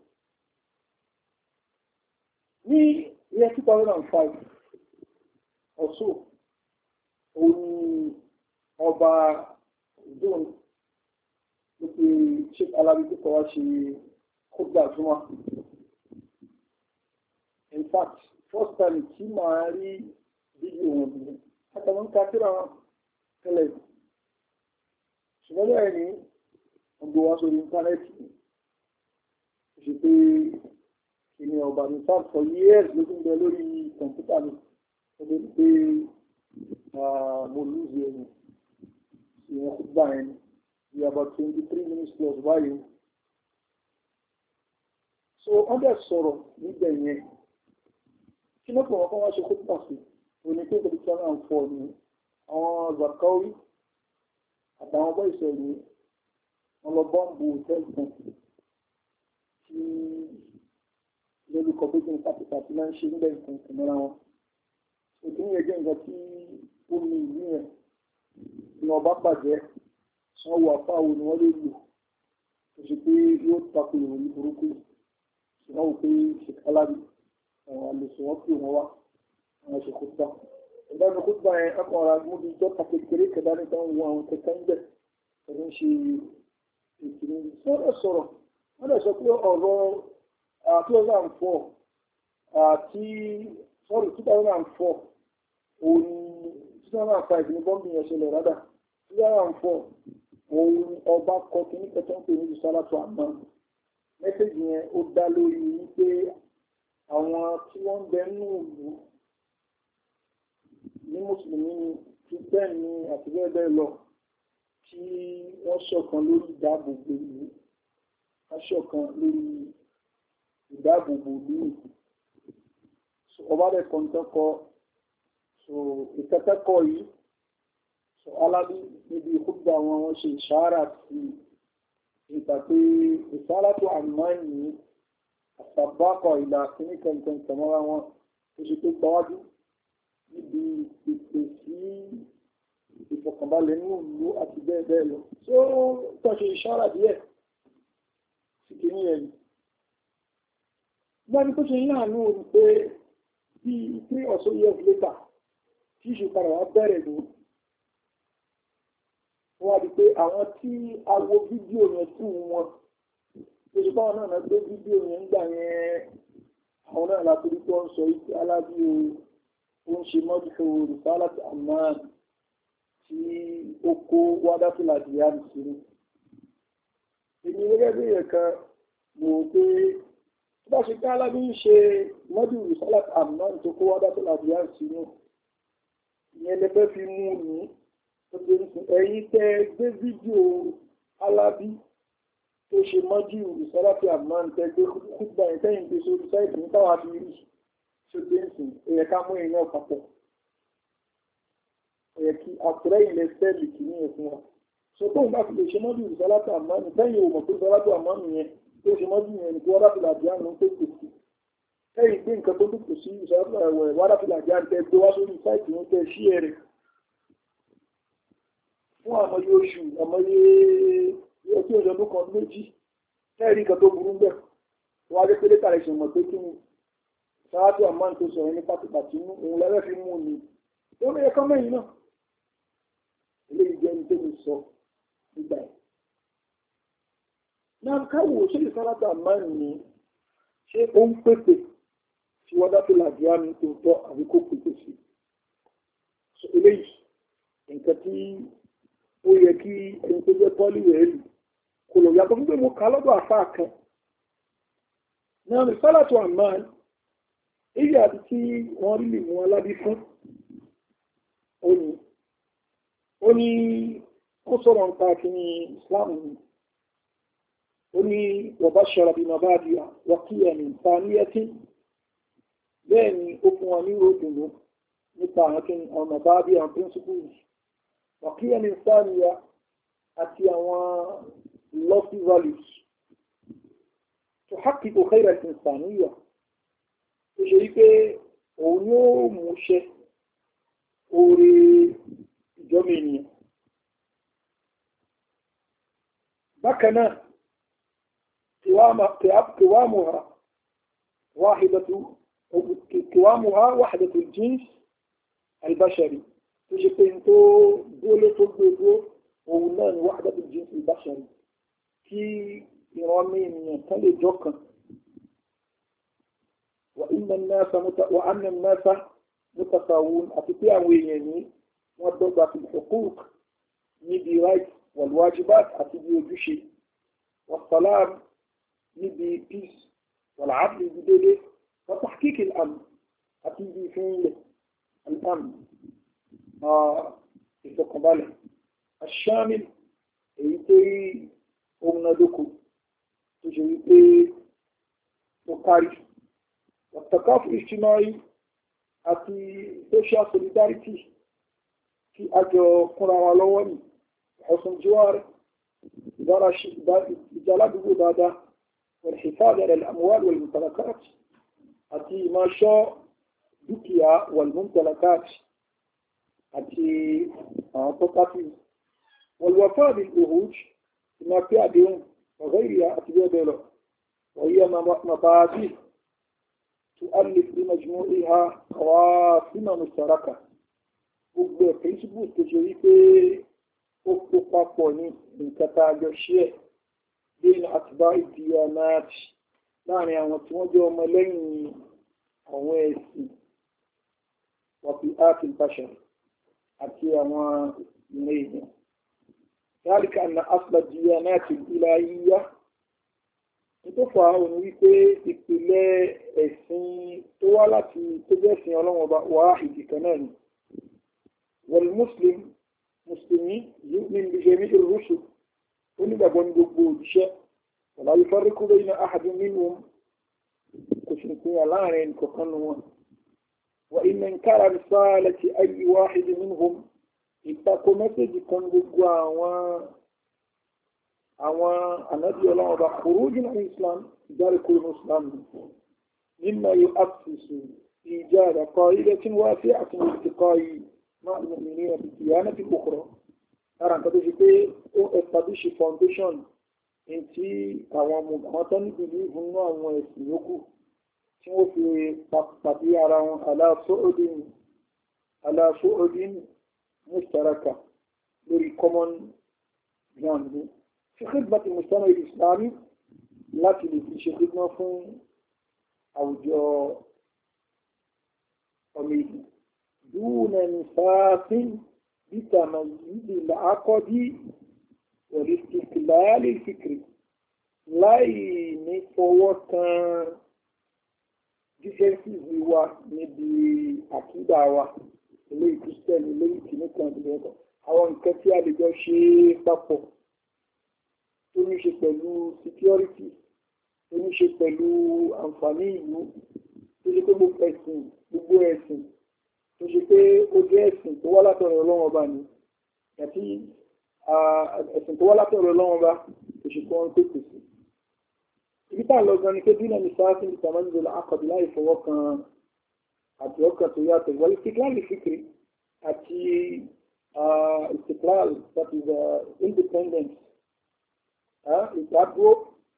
ní year two thousand and five ọ̀ṣọ́ òun ọba dùn ó ti ṣe alábìtú kọ́ wá ṣe kódà jùmọ̀. in fact first time tí màá rí fídíò wọn bí àtàwọn ká síra wọn tẹ́lẹ̀ ṣùgbọ́n bẹ́ẹ̀ ni wọ́n gbé wá sórí íńtánẹ́ẹ̀tì ṣe pé ìní ọba mi sáà for years ló tún bẹ lórí kọ̀ǹpútà mi ó pé ah, mo lùzì ẹ̀yìn ìyẹn kúgbà yẹn ní about 23 minutes plus báyìí so under wọ́n dẹ̀ sọ̀rọ̀ níbẹ̀ yẹn kí ló pọ̀ wọ́n kọ́ wọ́n ṣe kó pọ̀ sí òní pé kòtò kí wọ́n fọ ni àwọn zakawi àtàwọn bọ́ ìṣẹ̀lẹ̀ wọn lọ bọ́ǹbù tẹ́ǹtẹ̀ǹ tí lórúkọ pínpín pàtàkì máa ń ṣe níbẹ̀ ìkùnkùn mọ́ra wọn òtún yẹn jẹ́ nǹkan tí ó mi ìlú yẹn tí wọ́n bá bàjẹ́ wọ́n wà fáwọn ni wọ́n lè lò tó ṣe pé yóò tako ìròyìn burúkú ṣùgbọ́n wò pé ṣèkálábì àwọn àlùsùn wọn pè wọ́n wá àwọn ṣèkúta ìdáni kúta yẹn akọ ara múbi jọta kékeré kẹdá níta ń wo àwọn kẹkẹ ń bẹ ẹni ṣe ìkíni sọ̀rọ̀ sọ̀rọ̀ wọ́n lè sọ pé ọ̀rọ̀ two thousand and àti sorry 2004, thousand and four òun two thousand and bọ́m̀bì yẹn ṣẹlẹ̀ rádà yàrá ń fọ òun ọba kọ kínní kẹtọ́ ń pè ní ìsálàtọ̀ àmọ́ mẹ́sẹ̀gì yẹn ó dá lórí wípé àwọn tí wọ́n ń bẹ nínú ìlú ní mùsùlùmí ni kírísítẹ́nì ni àti bẹ́ẹ̀ bẹ́ẹ̀ lọ tí wọ́n ṣọ̀kan lórí ìdáàbòbò ìlú wọ́n lórí ìdáàbòbò ìlú ọba bẹ̀ kọ́ ń tọ́kọ ìkẹ́kẹ́kọ̀ọ́ yìí alábí níbi ìkúgbà wọn wọ́n ṣe ìṣàárà sí ìgbà pé ìṣàáràtò àmọ́ ní àtàbákọ̀ ìlà kìíní kankan tẹ̀mọ́ra wọn ó ṣe tó gbáwájú níbi ìpèsè sí ìfọ̀kànbalẹ̀ nínú ìlú àti bẹ́ẹ̀ bẹ́ẹ̀ lọ tí ó tọ́ṣe ìṣàárà díẹ̀ sí kìíní ẹ̀yìn. Gbani tó ṣe ń láàánú òun pé bíi three or so years later tí ìṣèpadà wa bẹ̀rẹ̀ lòun wọ́n rí pé àwọn tí a wo fídíò yẹn tù wọn lóṣù báwọn náà gbé fídíò yẹn ń gbà yẹn àwọn náà la torí tó ń sọ yìí pé alábí o ó ń ṣe mọ́jú fowó rìsálàtì amman tí ó kó wádàfìlà dìyà nìṣẹ́ni. èmi gẹ́gẹ́ bí èèyàn kan mo pé tó bá ṣe pé alábí ń ṣe mọ́jú rìsálàtì amman tó kó wádàfìlà dìyà nìṣẹ́ni ìyẹn lè fi mú un nìyí ẹ̀yin tẹ́ gbé fídíò alábí tó ṣe mọ́jú ìsọ́láfí àmán tẹ́ gbé kúgbà ẹ̀ tẹ́yìn gbé sórí sáìtì ní táwọn àti rí ṣojú ẹ̀sìn ẹ̀yẹ ká mú ìyẹn ọ̀pọ̀pọ̀ ẹ̀yẹ kí àtúrẹ́yìn lẹ sẹ́ẹ̀lì kì ní ẹ̀fún wa so tóun bá fi lè ṣe mọ́jú ìsọ́láfí àmán tẹ́yìn ò mọ̀ pé ìsọ́láfí àmán yẹn tó ṣe mọ́jú yẹn kí wọ́n bá fi làdí àná tó gbèsè ẹ̀yìn gbé nǹkan tó dùn kò sí ìsọ́láfí àwọ̀ ẹ̀ wọ́n bá fi làdí àná tẹ́ gbé wá sórí sáìtì ní tẹ́ ṣí ẹ̀rẹ̀ fún àmọye oṣù àmọye yóò tí òjò ọdún kan méjì tẹ́ẹ̀rí kan tó burú bẹ̀ wọ́n á dé pé létà rẹ̀ ṣe mọ̀ pé kí ni sáájú àmọ́ni tó sọ̀rọ̀ ní pátápátá inú òun lẹ́rẹ́ fi mú ni tó lè kọ́ mẹ́yìn náà eléyìí jẹ́ ní tẹ́mi sọ nígbà yẹn. náà káwò ṣé ìsáratà máa ń ní ṣé ó ń pèpè tí wọ́n dápé làdúrà ní tòótọ́ àbí kò pèpè sí eléyìí nǹkan tí ó yẹ kí ẹni tó jẹ́ pọ́líwẹ̀ẹ́lì kò lọ yàtọ̀ gbígbé mo kà lọ́dọ̀ àfáà kan náà ní sálàtò àmàn èyí àti tí wọ́n rí lè aládé fún òní ó ní ó sọ̀rọ̀ nípa kíní Islam ni ó ní wabashara bí mabadi wàkíyà ní taniyati bẹ́ẹ̀ ni ó fún wọn ní ròdùnú nípa àwọn kíní ọmọ bá bí principles يعني الإنسان يا أتي لوسي values تحقق خير الإنسانية تجيك بي أونيو موشة أوري جمينيا بكنا قوامها واحدة قوامها وحدة الجنس البشري tó ṣe pé tó gbólé tó gbogbo òun náà ni wọ́n àdàbí jí ìbáṣọ ni kí ìran mi ènìyàn kan lè jọ kan wà á nà mẹ́ta mọ́tàkà òun àti pé àwọn èèyàn ní wọ́n dọ́gba fi hukuk níbi right wàlúwájúbát àti bí ojúṣe wàsálàm níbi peace wàlàáfíà ibi dédé wàtàkìkì àmì àti ibi ìfihàn ilẹ̀ àmì. ìfọkànbalẹ̀ aṣáàmì èyí tó rí ohun náà lóko tó ṣe wípé ó kárí ọ̀tọ̀káfù ìṣúnáyí àti social solidarity kí a jọ kúnra wa lọ́wọ́ ní ọ̀sán jíwárì ìjáládùúgbò dáadáa والحفاظ على الأموال والممتلكات التي ما شاء بكيا والممتلكات àti àwọn pọ́pátì wọ̀lùwọ̀fọ́ àbí òhùj ìmọ̀ pé àdéhùn ọ̀rẹ́ ìyá àti bẹ́ẹ̀ bẹ́ẹ̀ lọ wọ̀nyí ọmọ mọ̀báàbí tó alif ní mọ̀jùmọ́ ìhà ọ̀wá símọ̀ mùsàràkà gbogbo ẹ̀ pírísìpù tó ṣe wípé ó kó papọ̀ ní nǹkan tá a jọ ṣe ẹ̀ bẹ́ẹ̀ni àtibá ìdíyà náà láàrin àwọn tí wọ́n jẹ́ ọmọ lẹ́yìn àwọn ẹ̀sìn wọ́n fi áàkì bàṣẹ̀rẹ̀ àti àwọn ilé èèyàn ذلك أن أصل الديانات الإلهية tó fa òun wípé ìpìlẹ̀ ẹ̀sìn tó wá láti tó jẹ́ ẹ̀sìn ọlọ́run ọba wà ìdì kan náà ni wal muslim mùsùlùmí yu'min bi jami'i ar-rusul ó nígbàgbọ́ ní gbogbo òjíṣẹ́ wala yufarriqu bayna ahadin minhum kò sì ń pinya láàrin ẹnì kọ̀ọ̀kan nu wọn. وإن انكر رسالة أي واحد منهم ìtakò mẹ́sẹ̀jì kan gbogbo àwọn àwọn ànábì ọlọ́run ọba kòrójì náà islam ìjáre kúrò ní islam nínú ayé àtúnṣe ìjà àdàkọ ilé tí wọ́n fi àtúnṣe ti kọ́ yìí máa ń mú ní ẹ̀bí ìyá náà ti kòkòrò lára nǹkan tó ṣe pé ó establish foundation ní ti àwọn ọmọ àwọn tó ní bìlíìfù nínú àwọn ẹ̀sìn yòókù tí wọ́n fi pàdé ara wọn aláṣọ́ọ̀dín aláṣọ́ọ̀dín mustaraka lórí common ground ní fi khidmat mustana islami láti lè fi ṣe khidmat fún àwùjọ ọmọ ìlú dúnà nìfàáfin bíta màlúùdì làákọ́dí wọ̀lẹ́sìkìláàlì fìkìrì láì ní kan dífẹ́ǹsìsì wa níbi àtúndà wa eléyìí kristian eléyìí kìíní kan ìbílẹ̀ kan àwọn nǹkan tí a lè jọ ṣe papọ̀ tó ní ṣe pẹ̀lú security tó ní ṣe pẹ̀lú àǹfààní ìlú tó ṣe pé gbogbo ẹ̀sìn gbogbo ẹ̀sìn tó ṣe pé ó jẹ́ ẹ̀sìn tó wá látọ̀rọ̀ ọlọ́run ọba ni àti ẹ̀sìn tó wá látọ̀rọ̀ ọlọ́run ọba kò ṣe kí wọ́n pèsè sí i. ibi tá à lọ gan ni pé dínà ní sáfì ní tàmájú àkọ́bí láì fọwọ́ kan àdúrà kan tó yàtọ̀ wọlé istiklal fikri àti istiklal that is independence ìdádúró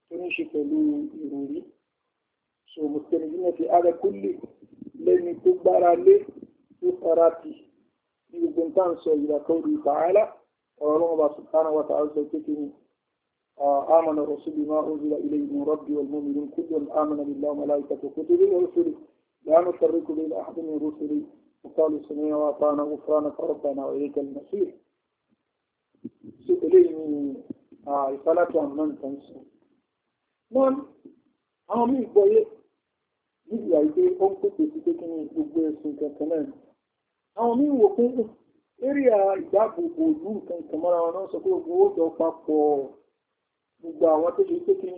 tó ní ṣe pẹ̀lú ìròrí so mùsùlùmí dínà ti ààrẹ kúlì lẹ́ni tó gbára lé tó fara tì ní gbogbo nǹkan sọ ìdàkọ́ ìrù ta'ala ọ̀rọ̀ ọlọ́mọba subhanahu wa ta'ala sọ kékeré آمن الرسول بما أنزل إليه من ربي والمؤمنون كل آمن بالله وملائكة وكتبه ورسله لا نفرق بين أحد من رسله وقالوا سمعنا وأطعنا غفرانك ربنا وإليك المصير سؤالي من آه، صلاة عن من تنسى من نعم. عميق بوي يجي يعني يجي أنكو تسيتكني أبوي سنكا كمان عميق وكو إريا إذا بوجود كان كمان وانا سكو بوجود وفاقو gbogbo àwọn tó ṣe pé kí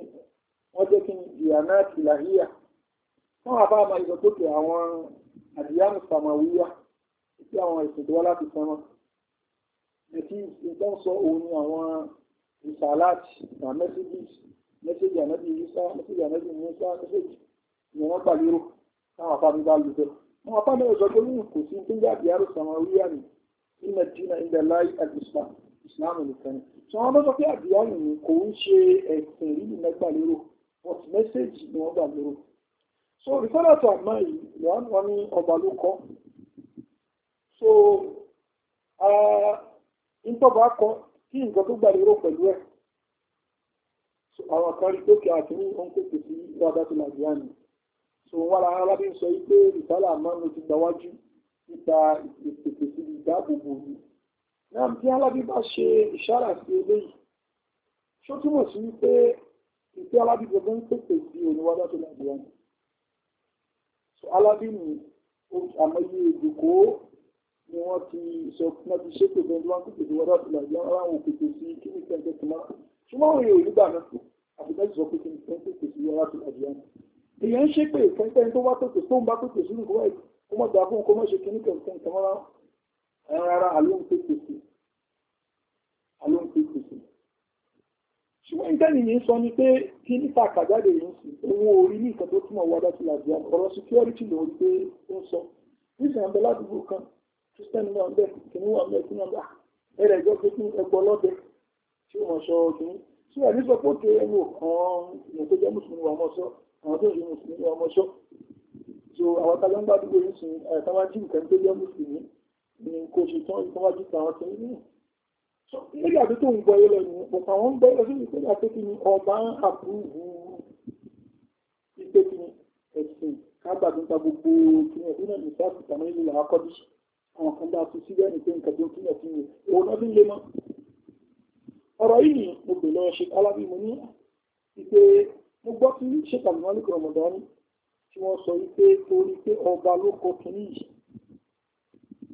wọ́n jẹ́ kí ìyá náà ti làhíyà wọ́n wà bá máa ìsọtókè àwọn àdìyánu sàmàwíyà tí àwọn ìṣèjọ wá láti sánmọ́ ẹtí ìtàn sọ òun ni àwọn ìsàláàtì na messages message ànábì Ìsá message ànábì Mùsá message ni wọ́n gbà lérò táwọn afá mi bá lù bẹ́ẹ̀ wọn apá náà sọ pé wọn hmm, kò sí nígbà àdìyánu sàmàwíyà ni ìmẹ̀jìnà ìdẹ̀láì àdìsá ìsìlámù nìkan ni tí wọ́n lọ́sọ pé àdúrà yìí kò ń ṣe ẹ̀sìn ìlú mẹ́gbà lérò but message ni wọ́n gbà lérò so referral to àmọ́ yìí lọ́wọ́n wọn ní ọba ló kọ́ so ìtọ́ba kọ kí nǹkan tó gbà lérò pẹ̀lú ẹ̀ àwọn kan rí tókè àti ní òun pèsè sí dáadáa tó làdúrà ni so wọn lára alábí ń sọ yìí pé ìtàlá àmọ́ ló ti gbáwájú nípa ìpèsè sí ìdáàbòbò yìí náà bí alábí bá ṣe ìṣára sí eléyìí ṣó túmọ̀ sí wípé ìpé alábí gbogbo ń pèpè sí oníwájú tó lágbè wọn so alábí ni àmọye ìdòkó ni wọ́n ti sọ náà ti ṣépè bẹ́ẹ̀ ni wọ́n pèpè sí wọ́dà tó lágbè wọn aláwọn òpèpè sí kí ní kẹ́ńtẹ́ tó máa ṣùgbọ́n òye ò nígbà náà àbíkẹ́ sọ pé kí ní kẹ́ńtẹ́ pèpè sí wọ́dà tó lágbè wọn èèyàn ń ṣépè kẹ́ńtẹ́ tó wá pèpè tó ń bá pèpè tó máa ẹran ara àlóńpépèsè àlóńpépèsè ṣùgbọ́n ìtẹ́lì yìí sọ ni pé kí nípa àkàjáde yìí ń sìn owó orí ní nǹkan tó túmọ̀ wọ adá ti làbí ọ̀rọ̀ security lórí pé ó ń sọ nísìnyàn bẹ ládùúgbò kan Christian náà bẹ kìnìún wà bẹ kìnìún bá ẹrẹ ìjọ pé kí ẹgbọ lọdẹ tí wọn sọ kìnìún tí wọn ní sọ pé ó ké ẹnu kan ìyẹn tó jẹ mùsùlùmí wa mọ sọ àwọn tó ń ṣe mùsùlùmí wa mọ sọ so àwọn tajọ ń gbàdúgbò yìí sìn ẹ̀ táwọn jí nǹkan tó jẹ mùsùlùmí ní kò ṣe tán ìtọ́wájú tàwọn tó ń rí nígbà tí tó ń gbọ́ ilẹ̀ ní ọ̀pọ̀ àwọn ń gbọ́ ilẹ̀ sí ìpínlẹ̀ pé kí ni ọba ń àbúrú ìpé kí ni ẹ̀sìn kágbàdúntà gbogbo kí ni ìdúnà ní sáà ìtàmì ìlú àkọ́bí àwọn kan bá fi síbẹ̀ ní pé nǹkan tó kí ni ẹ̀sìn rẹ̀ òun náà bí lè mọ́ ọ̀rọ̀ yìí ni mo gbè lọ ṣe alábí mo ní ìpè mo gbọ́ tí ṣe tàbí wọn lè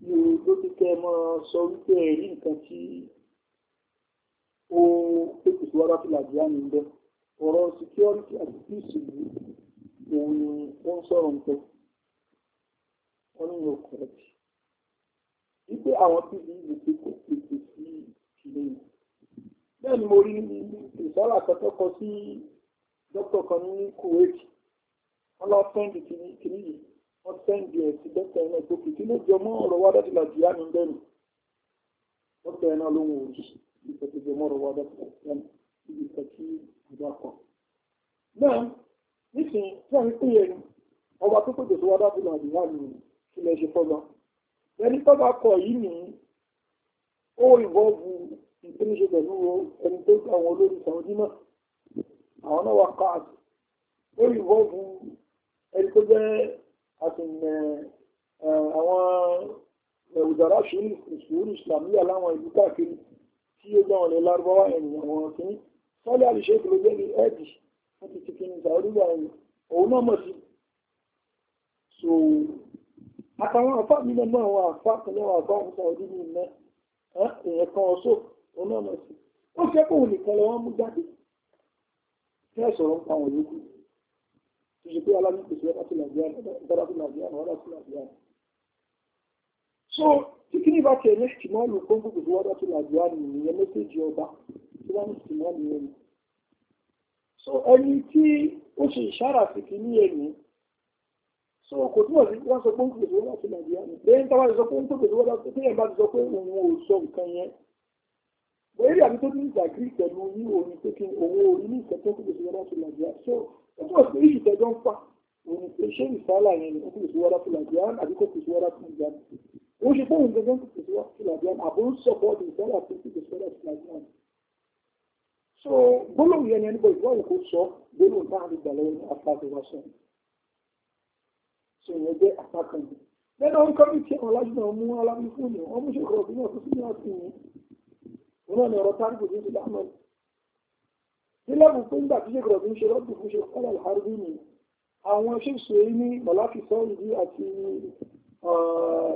ní lójú kẹ́ ẹ máa sọ wípé ẹ rí nǹkan tí ó pèsè sí wàhálà fìlà àjíyá ní bẹ́ẹ̀ ọ̀rọ̀ security àti peace yìí òun ni wọ́n sọ̀rọ̀ ń pẹ́ wọ́n ní no correct wípé àwọn pdp ti kò pèsè sí ìlú yìí bẹ́ẹ̀ ni mo rí ìsára àkọ́kọ́ kan sí dókítà kan ní Kuwait wọ́n lọ fẹ́ǹdì kìíní yìí wọ́n tẹ́ǹdì ẹ̀ sí bẹ́tẹ̀ ẹ̀nà ìgbókè kí ló jọ mọ́ ọ̀rọ̀ wádà tí làjì yánu bẹ́ẹ̀ni wọ́n tẹ́ ẹ̀nà lóhun òjì ìfẹ́ tó jọ mọ́ ọ̀rọ̀ wádà tí làjì yánu ibi ìfẹ́ tí ìgbà kan. náà nísìnyí tí a ń pè é ọba tó kò tètè wádà tí làjì yánu kí lè ṣe fọ́lọ́ ẹni tó bá kọ yìí nì ó ìvọ́ọ̀bù ìpínlẹ̀ pẹ̀lú ẹni tó àwọn olórí sàwọ́dí àwọn náà wà káàdì ó ìvọ́ọ̀bù ẹni tó bẹ́ẹ̀ a sì mẹ àwọn ìdàrá ìṣòro ìsìlámíyà láwọn ìlú káàkiri tí ó dáwọn ilẹ̀ lárúbáwá ènìyàn wọn kìíní sọ́lé àlùṣe ìpìlẹ̀ jẹ́ ní ẹ́ẹ̀dì wọ́n ti ti kìíní ìdàrú ìlú àwọn òun náà mọ̀ sí. so àtàwọn àfá mi náà máa wọn àfá kan náà àfá òun sọ ọdún yìí mẹ́ èèyàn kan ọ̀ṣọ́ òun náà mọ̀ sí. ó ṣe pé nìkan lọ wọ́n mú jáde kí sọ̀rọ̀ ń àwọn yòókù تجيبوا على من بسيرة الأديان ضرب الأديان ولا الأديان so kíkiri bá tẹ̀ ní ìtìmọ́lù kóńgò gbogbo ọ̀dọ́ tó làjọ àmì ìyẹn méjèèjì ọba tí wọ́n ní ìtìmọ́lù yẹn ni. so ẹni tí ó ṣe ìṣára sí kí ní ẹ̀mí so kò túmọ̀ sí wọ́n sọ pé kóńgò gbogbo ọ̀dọ́ tó làjọ àmì lẹ́yìn sọ pé kóńgò gbogbo ọ̀dọ́ tó bá ti sọ pé òun ò ó túmọ̀ sí ìṣù tẹ́jọ́ ń pa òun pé ṣé ìsálà yẹn kò kìí sí wọ́dá fúlàdíán àbí kò kìí sí wọ́dá fúlàdíán ó ṣe fóun gẹ́gẹ́ kò kìí sí wọ́dá fúlàdíán àbó ń sọ̀pọ̀ ọdún ìsálà tó kìí sí wọ́dá fúlàdíán. so gbólóhùn yẹn ni ẹni bọ̀ ìwọ́wò kò sọ gbólóhùn táwọn ti gbà lọ́wọ́ ní apákan wa sọ so ìyẹn jẹ́ apákan yìí lẹ́nu ọ̀hún kọ́ bí tí àwọn alájú náà mú alábí fún yẹn wọ́n mú ṣe kọ̀ọ̀kì náà tó sí ní àtìyẹn òun náà ni ọ̀rọ̀ táàgùn ní ìlànà nílẹ̀bù pé nígbà tí ṣèkọ̀rọ̀ fi ń ṣe rọ́bì fún ṣe kọ́lá ìhárí ni àwọn ṣèṣe ní mọ̀láfì sọ́ọ̀dì àti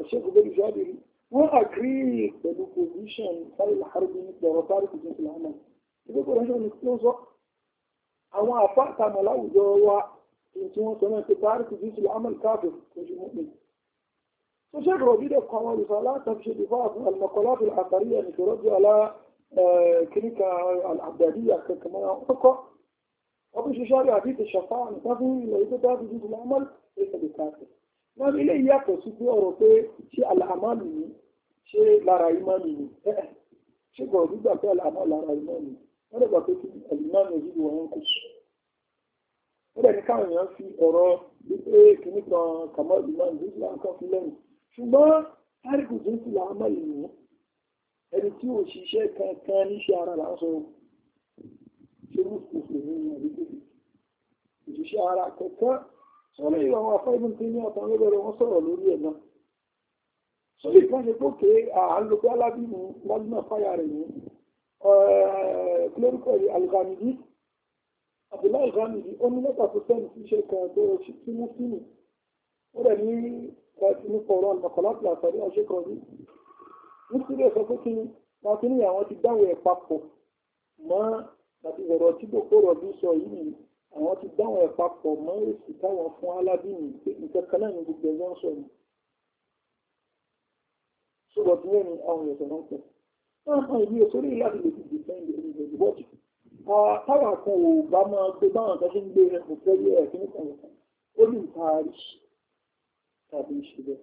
ṣèkù bẹ́ẹ̀ ìfìyàdì wọ́n àgírí pẹ̀lú position kọ́lá ìhárí ni lọ́rọ̀ bárí kìí ṣe àmọ́ ìgbé kọ́lá ìṣẹ́ ni tó sọ àwọn àfáàtà mọ̀ láwùjọ wa tí wọ́n sọ náà pé ṣe àmọ́ káàbọ̀ kò ṣe mọ́ kíníkà àgbàdíyà kankan mọ́ra ọkọ̀ ọdún ṣiṣẹ́ rẹ̀ àbí ìtẹ̀ṣọ̀fà nǹkan fún ilẹ̀ yìí tó bá fi dúdú mọ́mọ́ ẹ̀sẹ̀ lè káàkiri. wọ́n ní ilé ìyàtọ̀ sí pé ọ̀rọ̀ pé ṣé àlàmánì ni ṣé lára ìmánì ni ṣé gbọ̀rọ̀ nígbà pé àlàmá lára ìmánì wọ́n dẹ̀ gbà pé kí àlìmánì òjúbi ẹni tí ò ṣiṣẹ́ kankan níṣẹ́ ara là ń sọ ṣe mùsùlùmí ní àdúgbò ìṣiṣẹ́ ara kankan sọ́lé ìwà àwọn afẹ́bùn tí ní ọ̀tàn lọ́bẹ̀rẹ̀ wọ́n sọ̀rọ̀ lórí ẹ̀ náà sọ́lé kan ṣe tó ké àálòpẹ́ alábìmù lọ́dúnà fáyà rẹ̀ ní kílórúkọ alìkàmìdí Abdullahi Ghamidi ó ní lẹ́tà tó sẹ́ni tí ṣe kan tó ṣe tí mú sínú ó rẹ̀ ní nípa ọ̀rọ̀ àlùmọ̀kọ́lá pìlà nítorí ẹ̀ sọ pé kí ni wọn kí ni àwọn ti dáwọ̀ ẹ̀ papọ̀ mọ́ àti ọ̀rọ̀ tí kò kó rọ̀bí sọ yìí ni àwọn ti dáwọ̀ ẹ̀ papọ̀ mọ́ èsì táwọn fún alábìnrin pé nǹkan kan náà ní gbogbo ẹ̀yọ́ ń sọ ni sọ̀rọ̀ tí wọ́n ní àwọn ẹ̀sọ̀ náà pọ̀ láàrín ìlú ìsórí láti lè fi dìfẹ́ǹdì ìrìnlẹ̀ bọ́ọ̀tù táwọn kan ò bá máa gbé báwọn kan ṣe ń gbé rẹ̀ kò yẹ ẹ̀kíní kan ó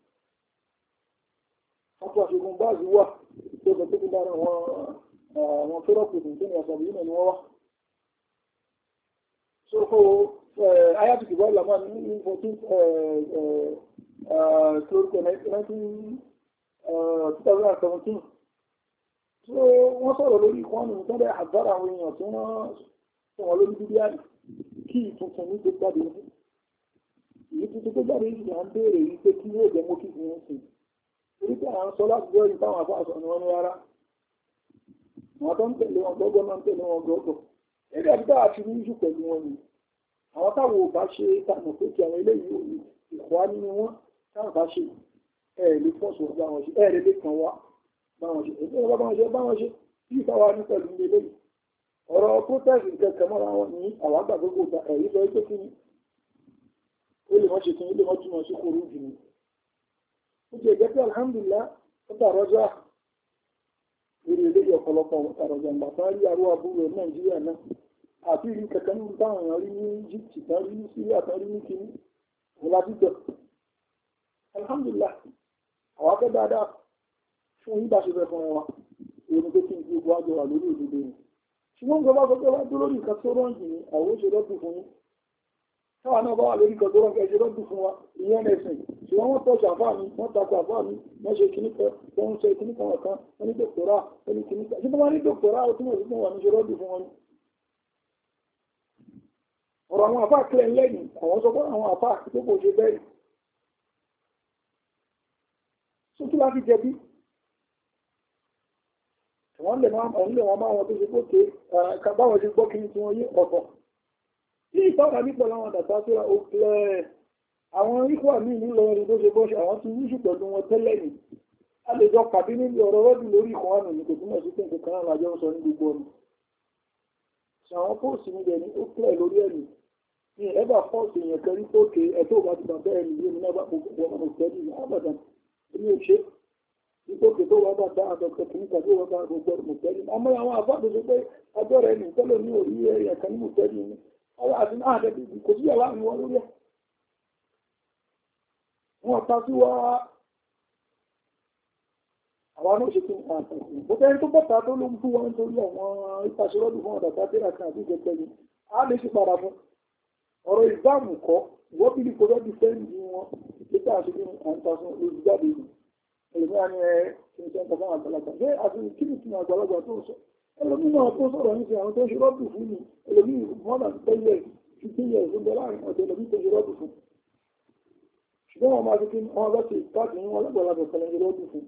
wọ́n tún àṣegun báàgì wà tó lọ tóbi lára wọn àwọn fẹ́rọ̀pù tó ní àṣàbí yìí ni wọ́n wà. so ayatollah ìbá ìlàmà ní ní fourteen lórúkọ nineteen two thousand and seventeen so wọ́n sọ̀rọ̀ lórí ìkọ́nù tó dẹ̀ àgbára àwọn èèyàn tí wọ́n sọ wọn lórí bíbí àdì kí ìtuntun ní gbogbo àdéhùn èyí tuntun tó jáde yìí à ń béèrè yìí pé kí yóò jẹ́ mọ́kì fún un sí i oríkẹ́ àwọn sọ láti jọ ìfáwọn àfáàsọ ni wọ́n ní rárá wọ́n tó ń tẹ̀lé wọn gbọ́gbọ́ máa ń tẹ̀lé wọn gbọ́gbọ́ eré àdúgbò àti ní ìṣù pẹ̀lú wọn ni àwọn táwọn ò bá ṣe tànà pé kí àwọn eléyìí ìkọ́ á nínú wọn táwọn bá ṣe ẹ lè fọ́sùn wọn báwọn ṣe ẹ lè lè kàn wá báwọn ṣe ẹgbẹ́ wọn báwọn ṣe báwọn ṣe bí ìfáwa ní pẹ̀lú ní eléyìí ọ̀rọ̀ protest nǹkan kan mọ́ra wọn ní àwọn àgbà gbogbo ẹ̀yìn lọ pé kí ni ó lè wọ́n ṣe kí ni ó lè wọ́n túmọ̀ sí kòrò ó ti ẹ̀jẹ̀ pé alhamdulillah ó tààrọ́jà lórí eléyìí ọ̀pọ̀lọpọ̀ ó tààrọ́jà ìgbà tó ń rí arú abúlé nàìjíríà náà àti ìrí kẹ̀kẹ́ nínú táwọn èèyàn rí ní egypt tán rí ní syria tán rí ní kínní ìlà dídọ alhamdulillah àwọn akẹ́ dáadáa fún yín bá ṣe fẹ́ fún wa èyí pé kí n gbogbo àjọ wà lórí òdodo yìí ṣùgbọ́n ìjọba sọ pé wá dúró nǹkan tó rọ̀ǹjì ni àwọn òṣèré ọ̀gbìn fún yín táwọn náà bá wà lórí kọ̀tọ́ wọn kẹjọ lọ́dún fún wa ìyẹn ẹ̀sìn ṣùgbọ́n wọ́n tọ́jú àfáà mi wọ́n takò àfáà mi wọ́n ṣe kìíní kan wọ́n ń ṣe kìíní kan ọ̀kan wọ́n ní dòkòrà wọ́n ní kìíní kan ṣùgbọ́n wọ́n ní dòkòrà ó túnmọ̀ sí fún wa ní ṣe lọ́dún fún wọn. ọ̀rọ̀ àwọn àfáà kílẹ̀ ń lẹ́yìn àwọn sọ pé àwọn àfáà tó kò ṣe bẹ́ẹ̀ sọ kí láti jẹbi wọ́n lè máa wọn tó ṣe kó ké kábáwọn ṣe gbọ́ kí ni tí wọ́n yí ọ̀tọ̀ tí ìtọ́ka nípò láwọn dàtà síra ó pẹ́ àwọn ikọ̀ mi nílò ẹni tó ṣe bọ́ṣe àwọn ti wíṣù pẹ̀lú wọn tẹ́lẹ̀ ni a lè jọ pàdé níbi ọ̀rọ̀ rọ́dù lórí ìkan àmì ní kò túmọ̀ sí pé nǹkan náà lájọ́ sọ ní gbogbo ọ̀nà ṣàwọn póòsì níbẹ̀ ni ó pẹ́ lórí ẹ̀mí ní ẹ̀bà fọ́ọ̀sì èèyàn kẹrí tókè ẹ̀tọ́ bá ti bàbá ẹ̀mí yé mi náà bá gbogbo ọmọ òtẹ́lì àbàdàn èmi ò ṣe ìgbókè tó wọ́n bá dá àdọ́kẹ́ kìíní tàbí wọ́n bá gbogbo ọmọ òtẹ́lì àmọ́ àwọn àbádọ́sọ pé ọjọ́ rẹ̀ nìkan ló ní òrí ẹ̀yà kan ní òtẹ́lì ni àwọn àti náà dẹ̀bìbì kò sí ẹ̀lá ìwọ̀n lórí ẹ̀ wọ́n ta sí wá àwọn anúṣìkò bó tẹ́rin tó bọ́ta tó ló ń fún wọn nítorí àwọn ìpàṣẹ́lọ́dù fún ọ̀dà bátẹ́rà kan àti ìjẹgbẹ́ ni a lè ṣe padà fún ọ̀rọ̀ ìbámu kọ́ wọ́n bí ní kò fẹ́ bí fẹ́ǹdì wọn títà àti bí à ń ta fún olùjáde ìlú ẹ̀lẹ́mí àni ẹlòmí náà tó sọ̀rọ̀ nípa àwọn tó ń ṣe rọ́bù fún mi ẹlòmí mọ́nà tẹ́yẹ ìpínlẹ̀ ló bẹ láàrin ọ̀dọ̀ ẹlòmí tó ń ṣe rọ́bù fún ṣùgbọ́n wọn máa fi kí wọn lọ́sẹ̀ káàkiri ní wọn lọ́gbọ̀lagbọ̀ kan ṣe rọ́bù fún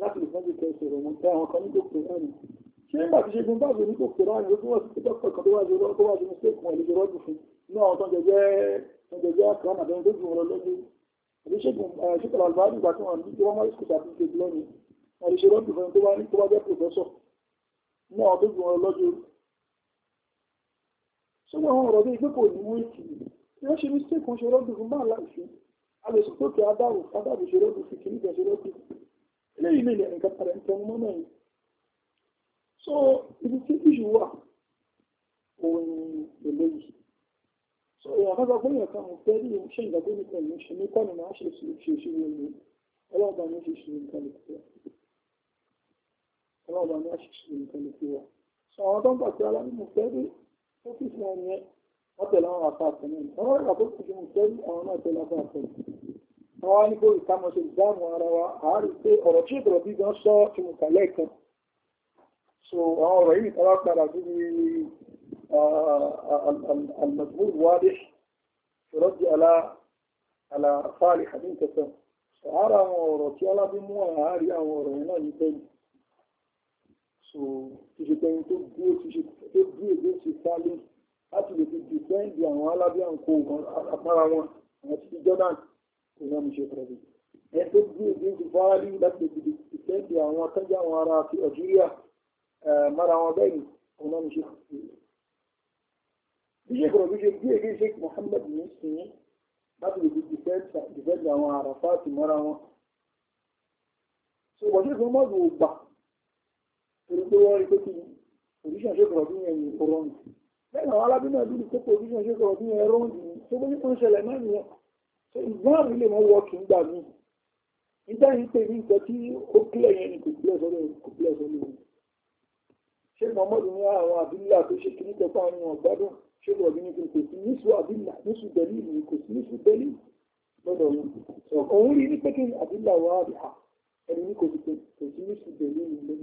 láti lè fọ́njú kẹ́ ìṣòro wọn tẹ́ àwọn kan ní kòkòrò ẹ̀rìn ṣé nígbà tí ṣẹ́gun bá ní kòkòrò ẹ̀rìn ló tún wọ́n ti dọ́kọ̀ kan tó wá ṣe rọ́bù fún ẹ̀lẹ́jọ rọ́bù fún ní àwọn tó ń jẹjẹ́ ń jẹjẹ́ àkàrà àbẹ̀rẹ̀ lójú wọn lọ́jọ́ àbí ṣẹ́gun ṣẹ́kọ̀ọ́ àlùbáàdì àríṣe rọ́dù fún tó bá ní tó bá jẹ́ pòfẹ́sọ̀ mú àwọn tó gbọ́n lọ́jọ́ sọ́dọ̀ àwọn ọ̀rọ̀ bíi pé kò ní wíìkì tí ó ṣe ní sí kan ṣe fún bá láìsí a lè sọ pé kí adáwò adáwò ṣe rọ́dù fi kìíní kan ṣe rọ́dù eléyìí lè lè nǹkan padà ń tẹnu mọ́ náà yìí so ibi tí ìṣù wà òun ni eléyìí so èèyàn kan sọ pé èèyàn kan mo fẹ́ rí ṣe ìgbàgbọ́ nìkan ìmúṣe ní ọlọ́ọ̀bá ní àṣìṣe nǹkan ló fi wà sọ àwọn tó ń pàṣẹ alámi mùsẹ́bí tó fi fún ẹni ẹ wọ́n tẹ̀lé àwọn àfa àtẹ̀lẹ́ ọ̀rọ̀ ìgbà tó kùjú mùsẹ́bí àwọn náà tẹ̀lé àfa àtẹ̀lẹ́ àwọn á ní kó ìkámọ̀ṣe ìdáàmú ara wa àárí pé ọ̀rọ̀ tí ìbọ̀rọ̀ bí gan sọ ti mú kàlẹ́ kan so àwọn ọ̀rọ̀ yìí tọ́wọ́ padà sí ní المضمون واضح يرد على على صالح بنت سم فأرى أمور وكي الله بموها هاري أمور هنا نتجي so ìṣèpẹ̀yìn tó dúró tó dúró èdè ṣe sálé láti lè fi dìfẹ́ǹdì àwọn alábíàǹkó apára wọn àwọn títí Jordan kò náà mi ṣe pẹ̀lú ẹ tó dúró èdè ṣe fáálí láti lè fi dìfẹ́ǹdì àwọn akẹ́jọ́ àwọn ará ti Algeria eh, mara wọn bẹ́ẹ̀ ni kò náà mi ṣe pẹ̀lú. bí ṣe pẹ̀lú ṣe dúró èdè ṣe Muhammad ní sinmi láti lè fi dìfẹ́ǹdì àwọn àràfáàtì mara wọn. so wọ́n ṣe fún mọ́ọ̀dù torí pé wọ́n rí pé kí position ṣe kọ̀rọ̀ bí yẹn ní ọ̀rọ̀ǹdì bẹ́ẹ̀ àwọn alábínú ẹ̀dùn ní pé position ṣe kọ̀rọ̀ bí yẹn ọ̀rọ̀ǹdì ní tó bó ní kó ń ṣẹlẹ̀ náà nìyẹn so ìgbọ́n mi lè mọ wọ kí n gbà mí nígbà yìí pé ní nǹkan tí ó kílẹ̀ yẹn ni kò kílẹ̀ sọ́dọ̀ kò kílẹ̀ sọ́dọ̀ yẹn ṣé Muhammadu ní àwọn àbílà tó ṣe kiri kẹfà ní wọn gbádùn ṣé bọ̀dí ní kò sí níṣù àbílà níṣù bẹ̀lí ni kò sí níṣù bẹ̀lí lọ́dọ̀ wọn sọ òun rí ní pé kí àbílà wà á ẹni ní kò sí níṣù bẹ̀lí ni lẹ́yìn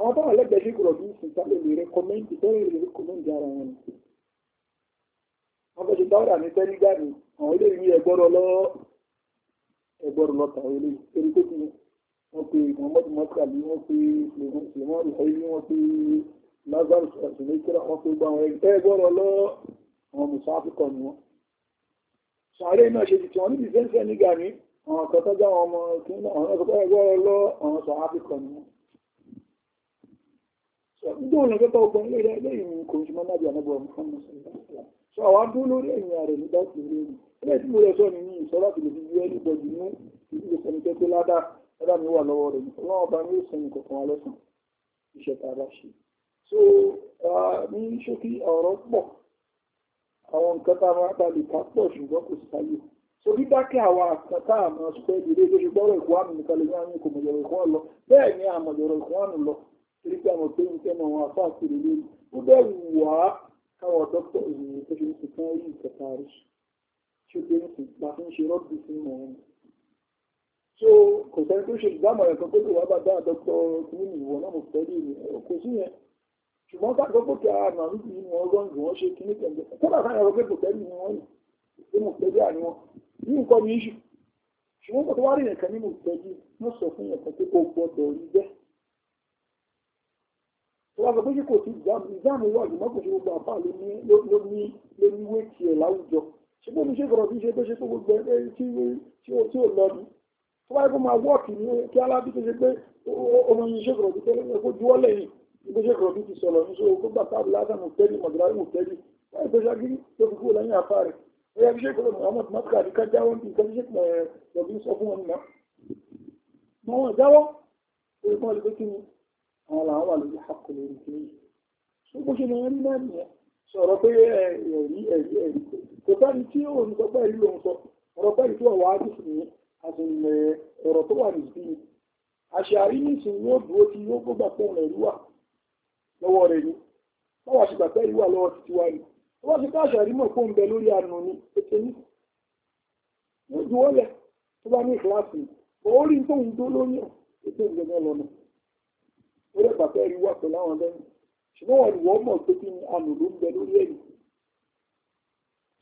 àwọn tó wà lẹ́gbẹ̀ẹ́ sí kúrò bíi sùn sálẹ̀ lè rẹkọmẹ́ǹdì bẹ́ẹ̀ lè rẹkọmẹ́ǹdì ara wọn ni wọ́n fẹ́ ṣe dáwọ́dà ní sẹ́nígà ni àwọn ilé ìwé ẹgbọ́rọ̀ lọ ẹgbọ́rọ̀ lọ tàwọn ilé torí pé kí wọ́n pe Muhammad mọ́tàlí wọ́n pe lèmọ́ ìhọ́yí wọ́n pe Lazarus ọ̀sùnmẹ́kẹ́rà wọ́n pe gbọ́ àwọn ẹgbọ́rọ̀ lọ àwọn mùsàáfíkọ ni wọ́n sàárè náà ṣe ti wọn níbi sẹ́ńsẹ́ nígà ni àwọn akọ́tọ́jà àwọn ọmọ ọ̀sùn náà àwọn ẹgbọ́rọ̀ lọ àwọn sàáfíkọ ni wọ́n dúró lórí pẹ́pẹ́ ọgbọ́n lórí ẹlẹ́yìn kò jùmọ́ náà bí anábọ̀ Muhammad sọ àwọn dúró lórí ẹ̀yìn rẹ̀ nígbà tí ó rí ilé tí mo rẹ̀ sọ ní ìṣọ́ láti lè fi yẹ nípa jù ní ìlú sẹ́nitẹ́ pé ládàá ládàá mi wà lọ́wọ́ rẹ̀ ọlọ́run ọba ní ìsìn kọ̀ọ̀kan wa lẹ́sàn iṣẹ́ tá a bá ṣe so ní ṣókí ọ̀rọ̀ pọ̀ àwọn nǹkan tá a máa ta lè ká pọ̀ ṣùgbọ́n kò sáyé so dídákẹ́ àwọn a máa sọ pé ìdílé tó ṣe gbọ́rọ̀ ìkọ́ àmì nìkan lè ní àwọn ìkòmọ̀jọ̀rọ̀ ìkọ́ lọ bẹ́ẹ̀ ni àmọ̀jọ̀rọ̀ torí pé àwọn òpin ìtẹ́nu àwọn afáàkiri lórí ó bẹ̀rù wá káwọn dókítà ìròyìn tó ṣe ń sìn kan rí ìkẹta rí ṣé pé ń sìn la fi ń ṣe rọ́bì fún wọn. so kò sẹ́ni tó ṣe ìdámọ̀ràn kan pé kò wá bá dá dókítà kìíní ìwọ náà mo fẹ́ lè kò sí yẹn ṣùgbọ́n ká kí a nà níbi wọn rọ́ǹgì wọn ṣe kíní kẹ̀ǹdẹ̀ kódà káyọ̀ rọ pé kò tẹ́lẹ̀ ni wọ́n yìí pé mo fẹ́ bí àníwọ̀n ní nǹkan mi ṣù ṣùgbọ́n kò tó wá rí wọ́n sọ pé kí kò sí ìjáàmù ìjáàmù wà ṣùgbọ́n kò sí gbogbo àpá ló ní ló ní wé tiẹ̀ láwùjọ ṣùgbọ́n mi ṣe kọ̀rọ̀ bí ṣe tó ṣe tó gbogbo ẹ tí ó tí ó lọ ni tó bá yẹ kó máa wọ́ọ̀kì ní kí alábí tó ṣe pé ọmọ yìí ṣe kọ̀rọ̀ bí tẹ́lẹ̀ kó juwọ́ lẹ́yìn bó ṣe kọ̀rọ̀ bí ti sọ̀rọ̀ ní ṣòro kó gbà tábìlì ádàmù tẹ́lì mọ̀gàrí mù tẹ́lì báyìí tó ṣagírí tó fi kúrò lẹ́yìn afá rẹ̀ ó yẹ kí ṣe kọ̀rọ̀ Muhammad matka àdìká jáwọ́ ní nǹkan ṣe pọ̀ ẹ̀ lọ́bí sọ fún wọn nà. mọ̀ wọn jáwọ́ ó yẹ kí wọ́n lè pé kí ni àwọn làwọn wà lórí àkọlẹ̀ lórí kìíní ṣé bó ṣe lè rí náà nìyẹn sọ̀rọ̀ pé ẹ̀rí ẹ̀rí ẹ̀rí kò sáré tí òun sọ pé ẹ̀rí lòun sọ ọ̀rọ̀ pé ẹ̀rí tó wà á dùn sí ni àti ọ̀rọ̀ tó wà nìsí ni àṣàrí nìsín yóò dúró tí yóò gbọ́gbà pé òun wà lọ́wọ́ rẹ̀ ni báwa ṣe gbà pé lọ́wọ́ títí wá ni wọ́n ti ká àṣàrí mọ̀ pé òun bẹ lórí àná ni ètè ní yóò dúró lẹ̀ tó bá ní ìkíláàsì orí tóun dó lórí ẹ̀ ìgbẹ́gbẹ́ lọ́nà ó lè pàpẹ́ rí wà pẹ̀lú àwọn lẹ́yìn ṣùgbọ́n wọn ni wọ́n mọ̀ pé kí ni àmì ló ń bẹ lórí ẹ̀yìn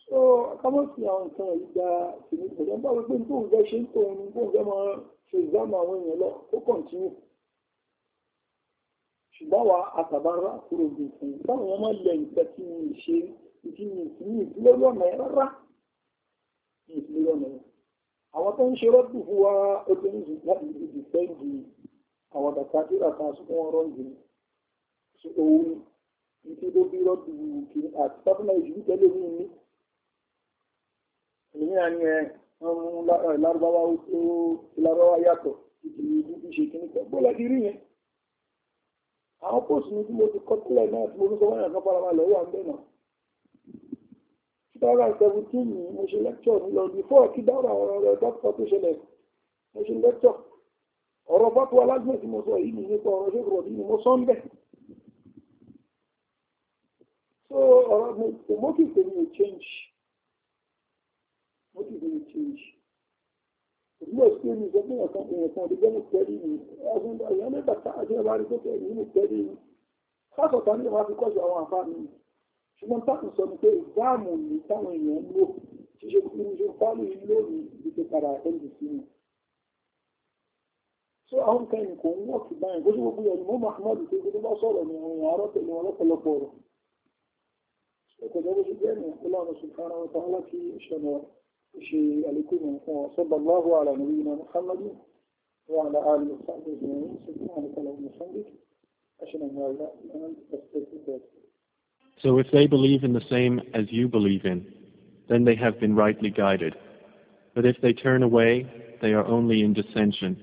so akámọ́ sí àwọn nǹkan yìí gba tèmi pẹ̀lú ọba wípé tó ń fẹ́ ṣe ń tó ń tó ń fẹ́ máa ṣe ìzámù àwọn èèyàn lọ ó kọ̀ǹtínú ṣùgbọ́n wa àtàbárà kúrò gbìyànjú báwọn ọmọ ilẹ̀ nǹkan tí mi ṣe ìdí mi ìdílé lọ́nà rárá ìdílé lọ́nà àwọn tó ń ṣe rọ́dù àwọn dàkátìrà kan sọ wọn rọ́ǹdì ni sọ òun ní tí ló bí rọ́ọ̀dù kìíní àti sábúnà ìṣubú tẹ́lẹ̀ mí ní. èyí náà ni ẹ eh, wọn mú eh, lárúbáwá ó lárúbáwá yàtọ̀ ìdìbò ìdíbí ṣe kìíní kan gbọ́dọ̀ ti rí yẹn. àwọn póòsì ní tí mo ti kọ́ sílẹ̀ náà tí mo ní sọ wọ́n yàn kan fara balẹ̀ wà ń bẹ̀ náà. 2017 ni mo ṣe lẹ́kítọ̀ ní lọ bí fọ́ọ̀ kí dáhùn àwọn ọ̀rọ̀ dọ́kítọ̀ ọ̀rọ̀ fọ́tò alágbèsè tí mo sọ yìí nípa ọ̀rọ̀ ṣe rọ̀bí ni mo sọ ń bẹ̀. so ọ̀rọ̀ mi kò mọ́kì pé mi ò change mọ́kì pé mi ò change òbí ẹ̀ pé mi sọ pé ẹ̀kan ẹ̀kan ọ̀dẹ́gbẹ́ mi tẹ́lí mi ẹ̀sùn ìyá mẹ́ta káàkiri ẹ̀bá rí tó tẹ̀lé mi tẹ́lí mi káàkiri ọ̀tá nílẹ̀ máa fi kọ́ṣù àwọn àfa mi ṣùgbọ́n táàkì sọ pé ìdáàmú mi táwọn èèyàn ń lò ṣíṣe kúrú ṣe fálù ilé mi ìdíje padà ndc mi. الله سبحانه وتعالى في شيء عليكم وصلى الله على نبينا محمد وعلى آله وصحبه أجمعين سبحانك اللهم وبحمدك أشهد أن لا إله إلا أنت أستغفرك So if they believe in the same as you believe in, then they have been rightly guided. But if they turn away, they are only in dissension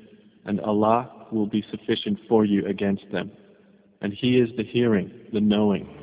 and Allah will be sufficient for you against them. And He is the hearing, the knowing.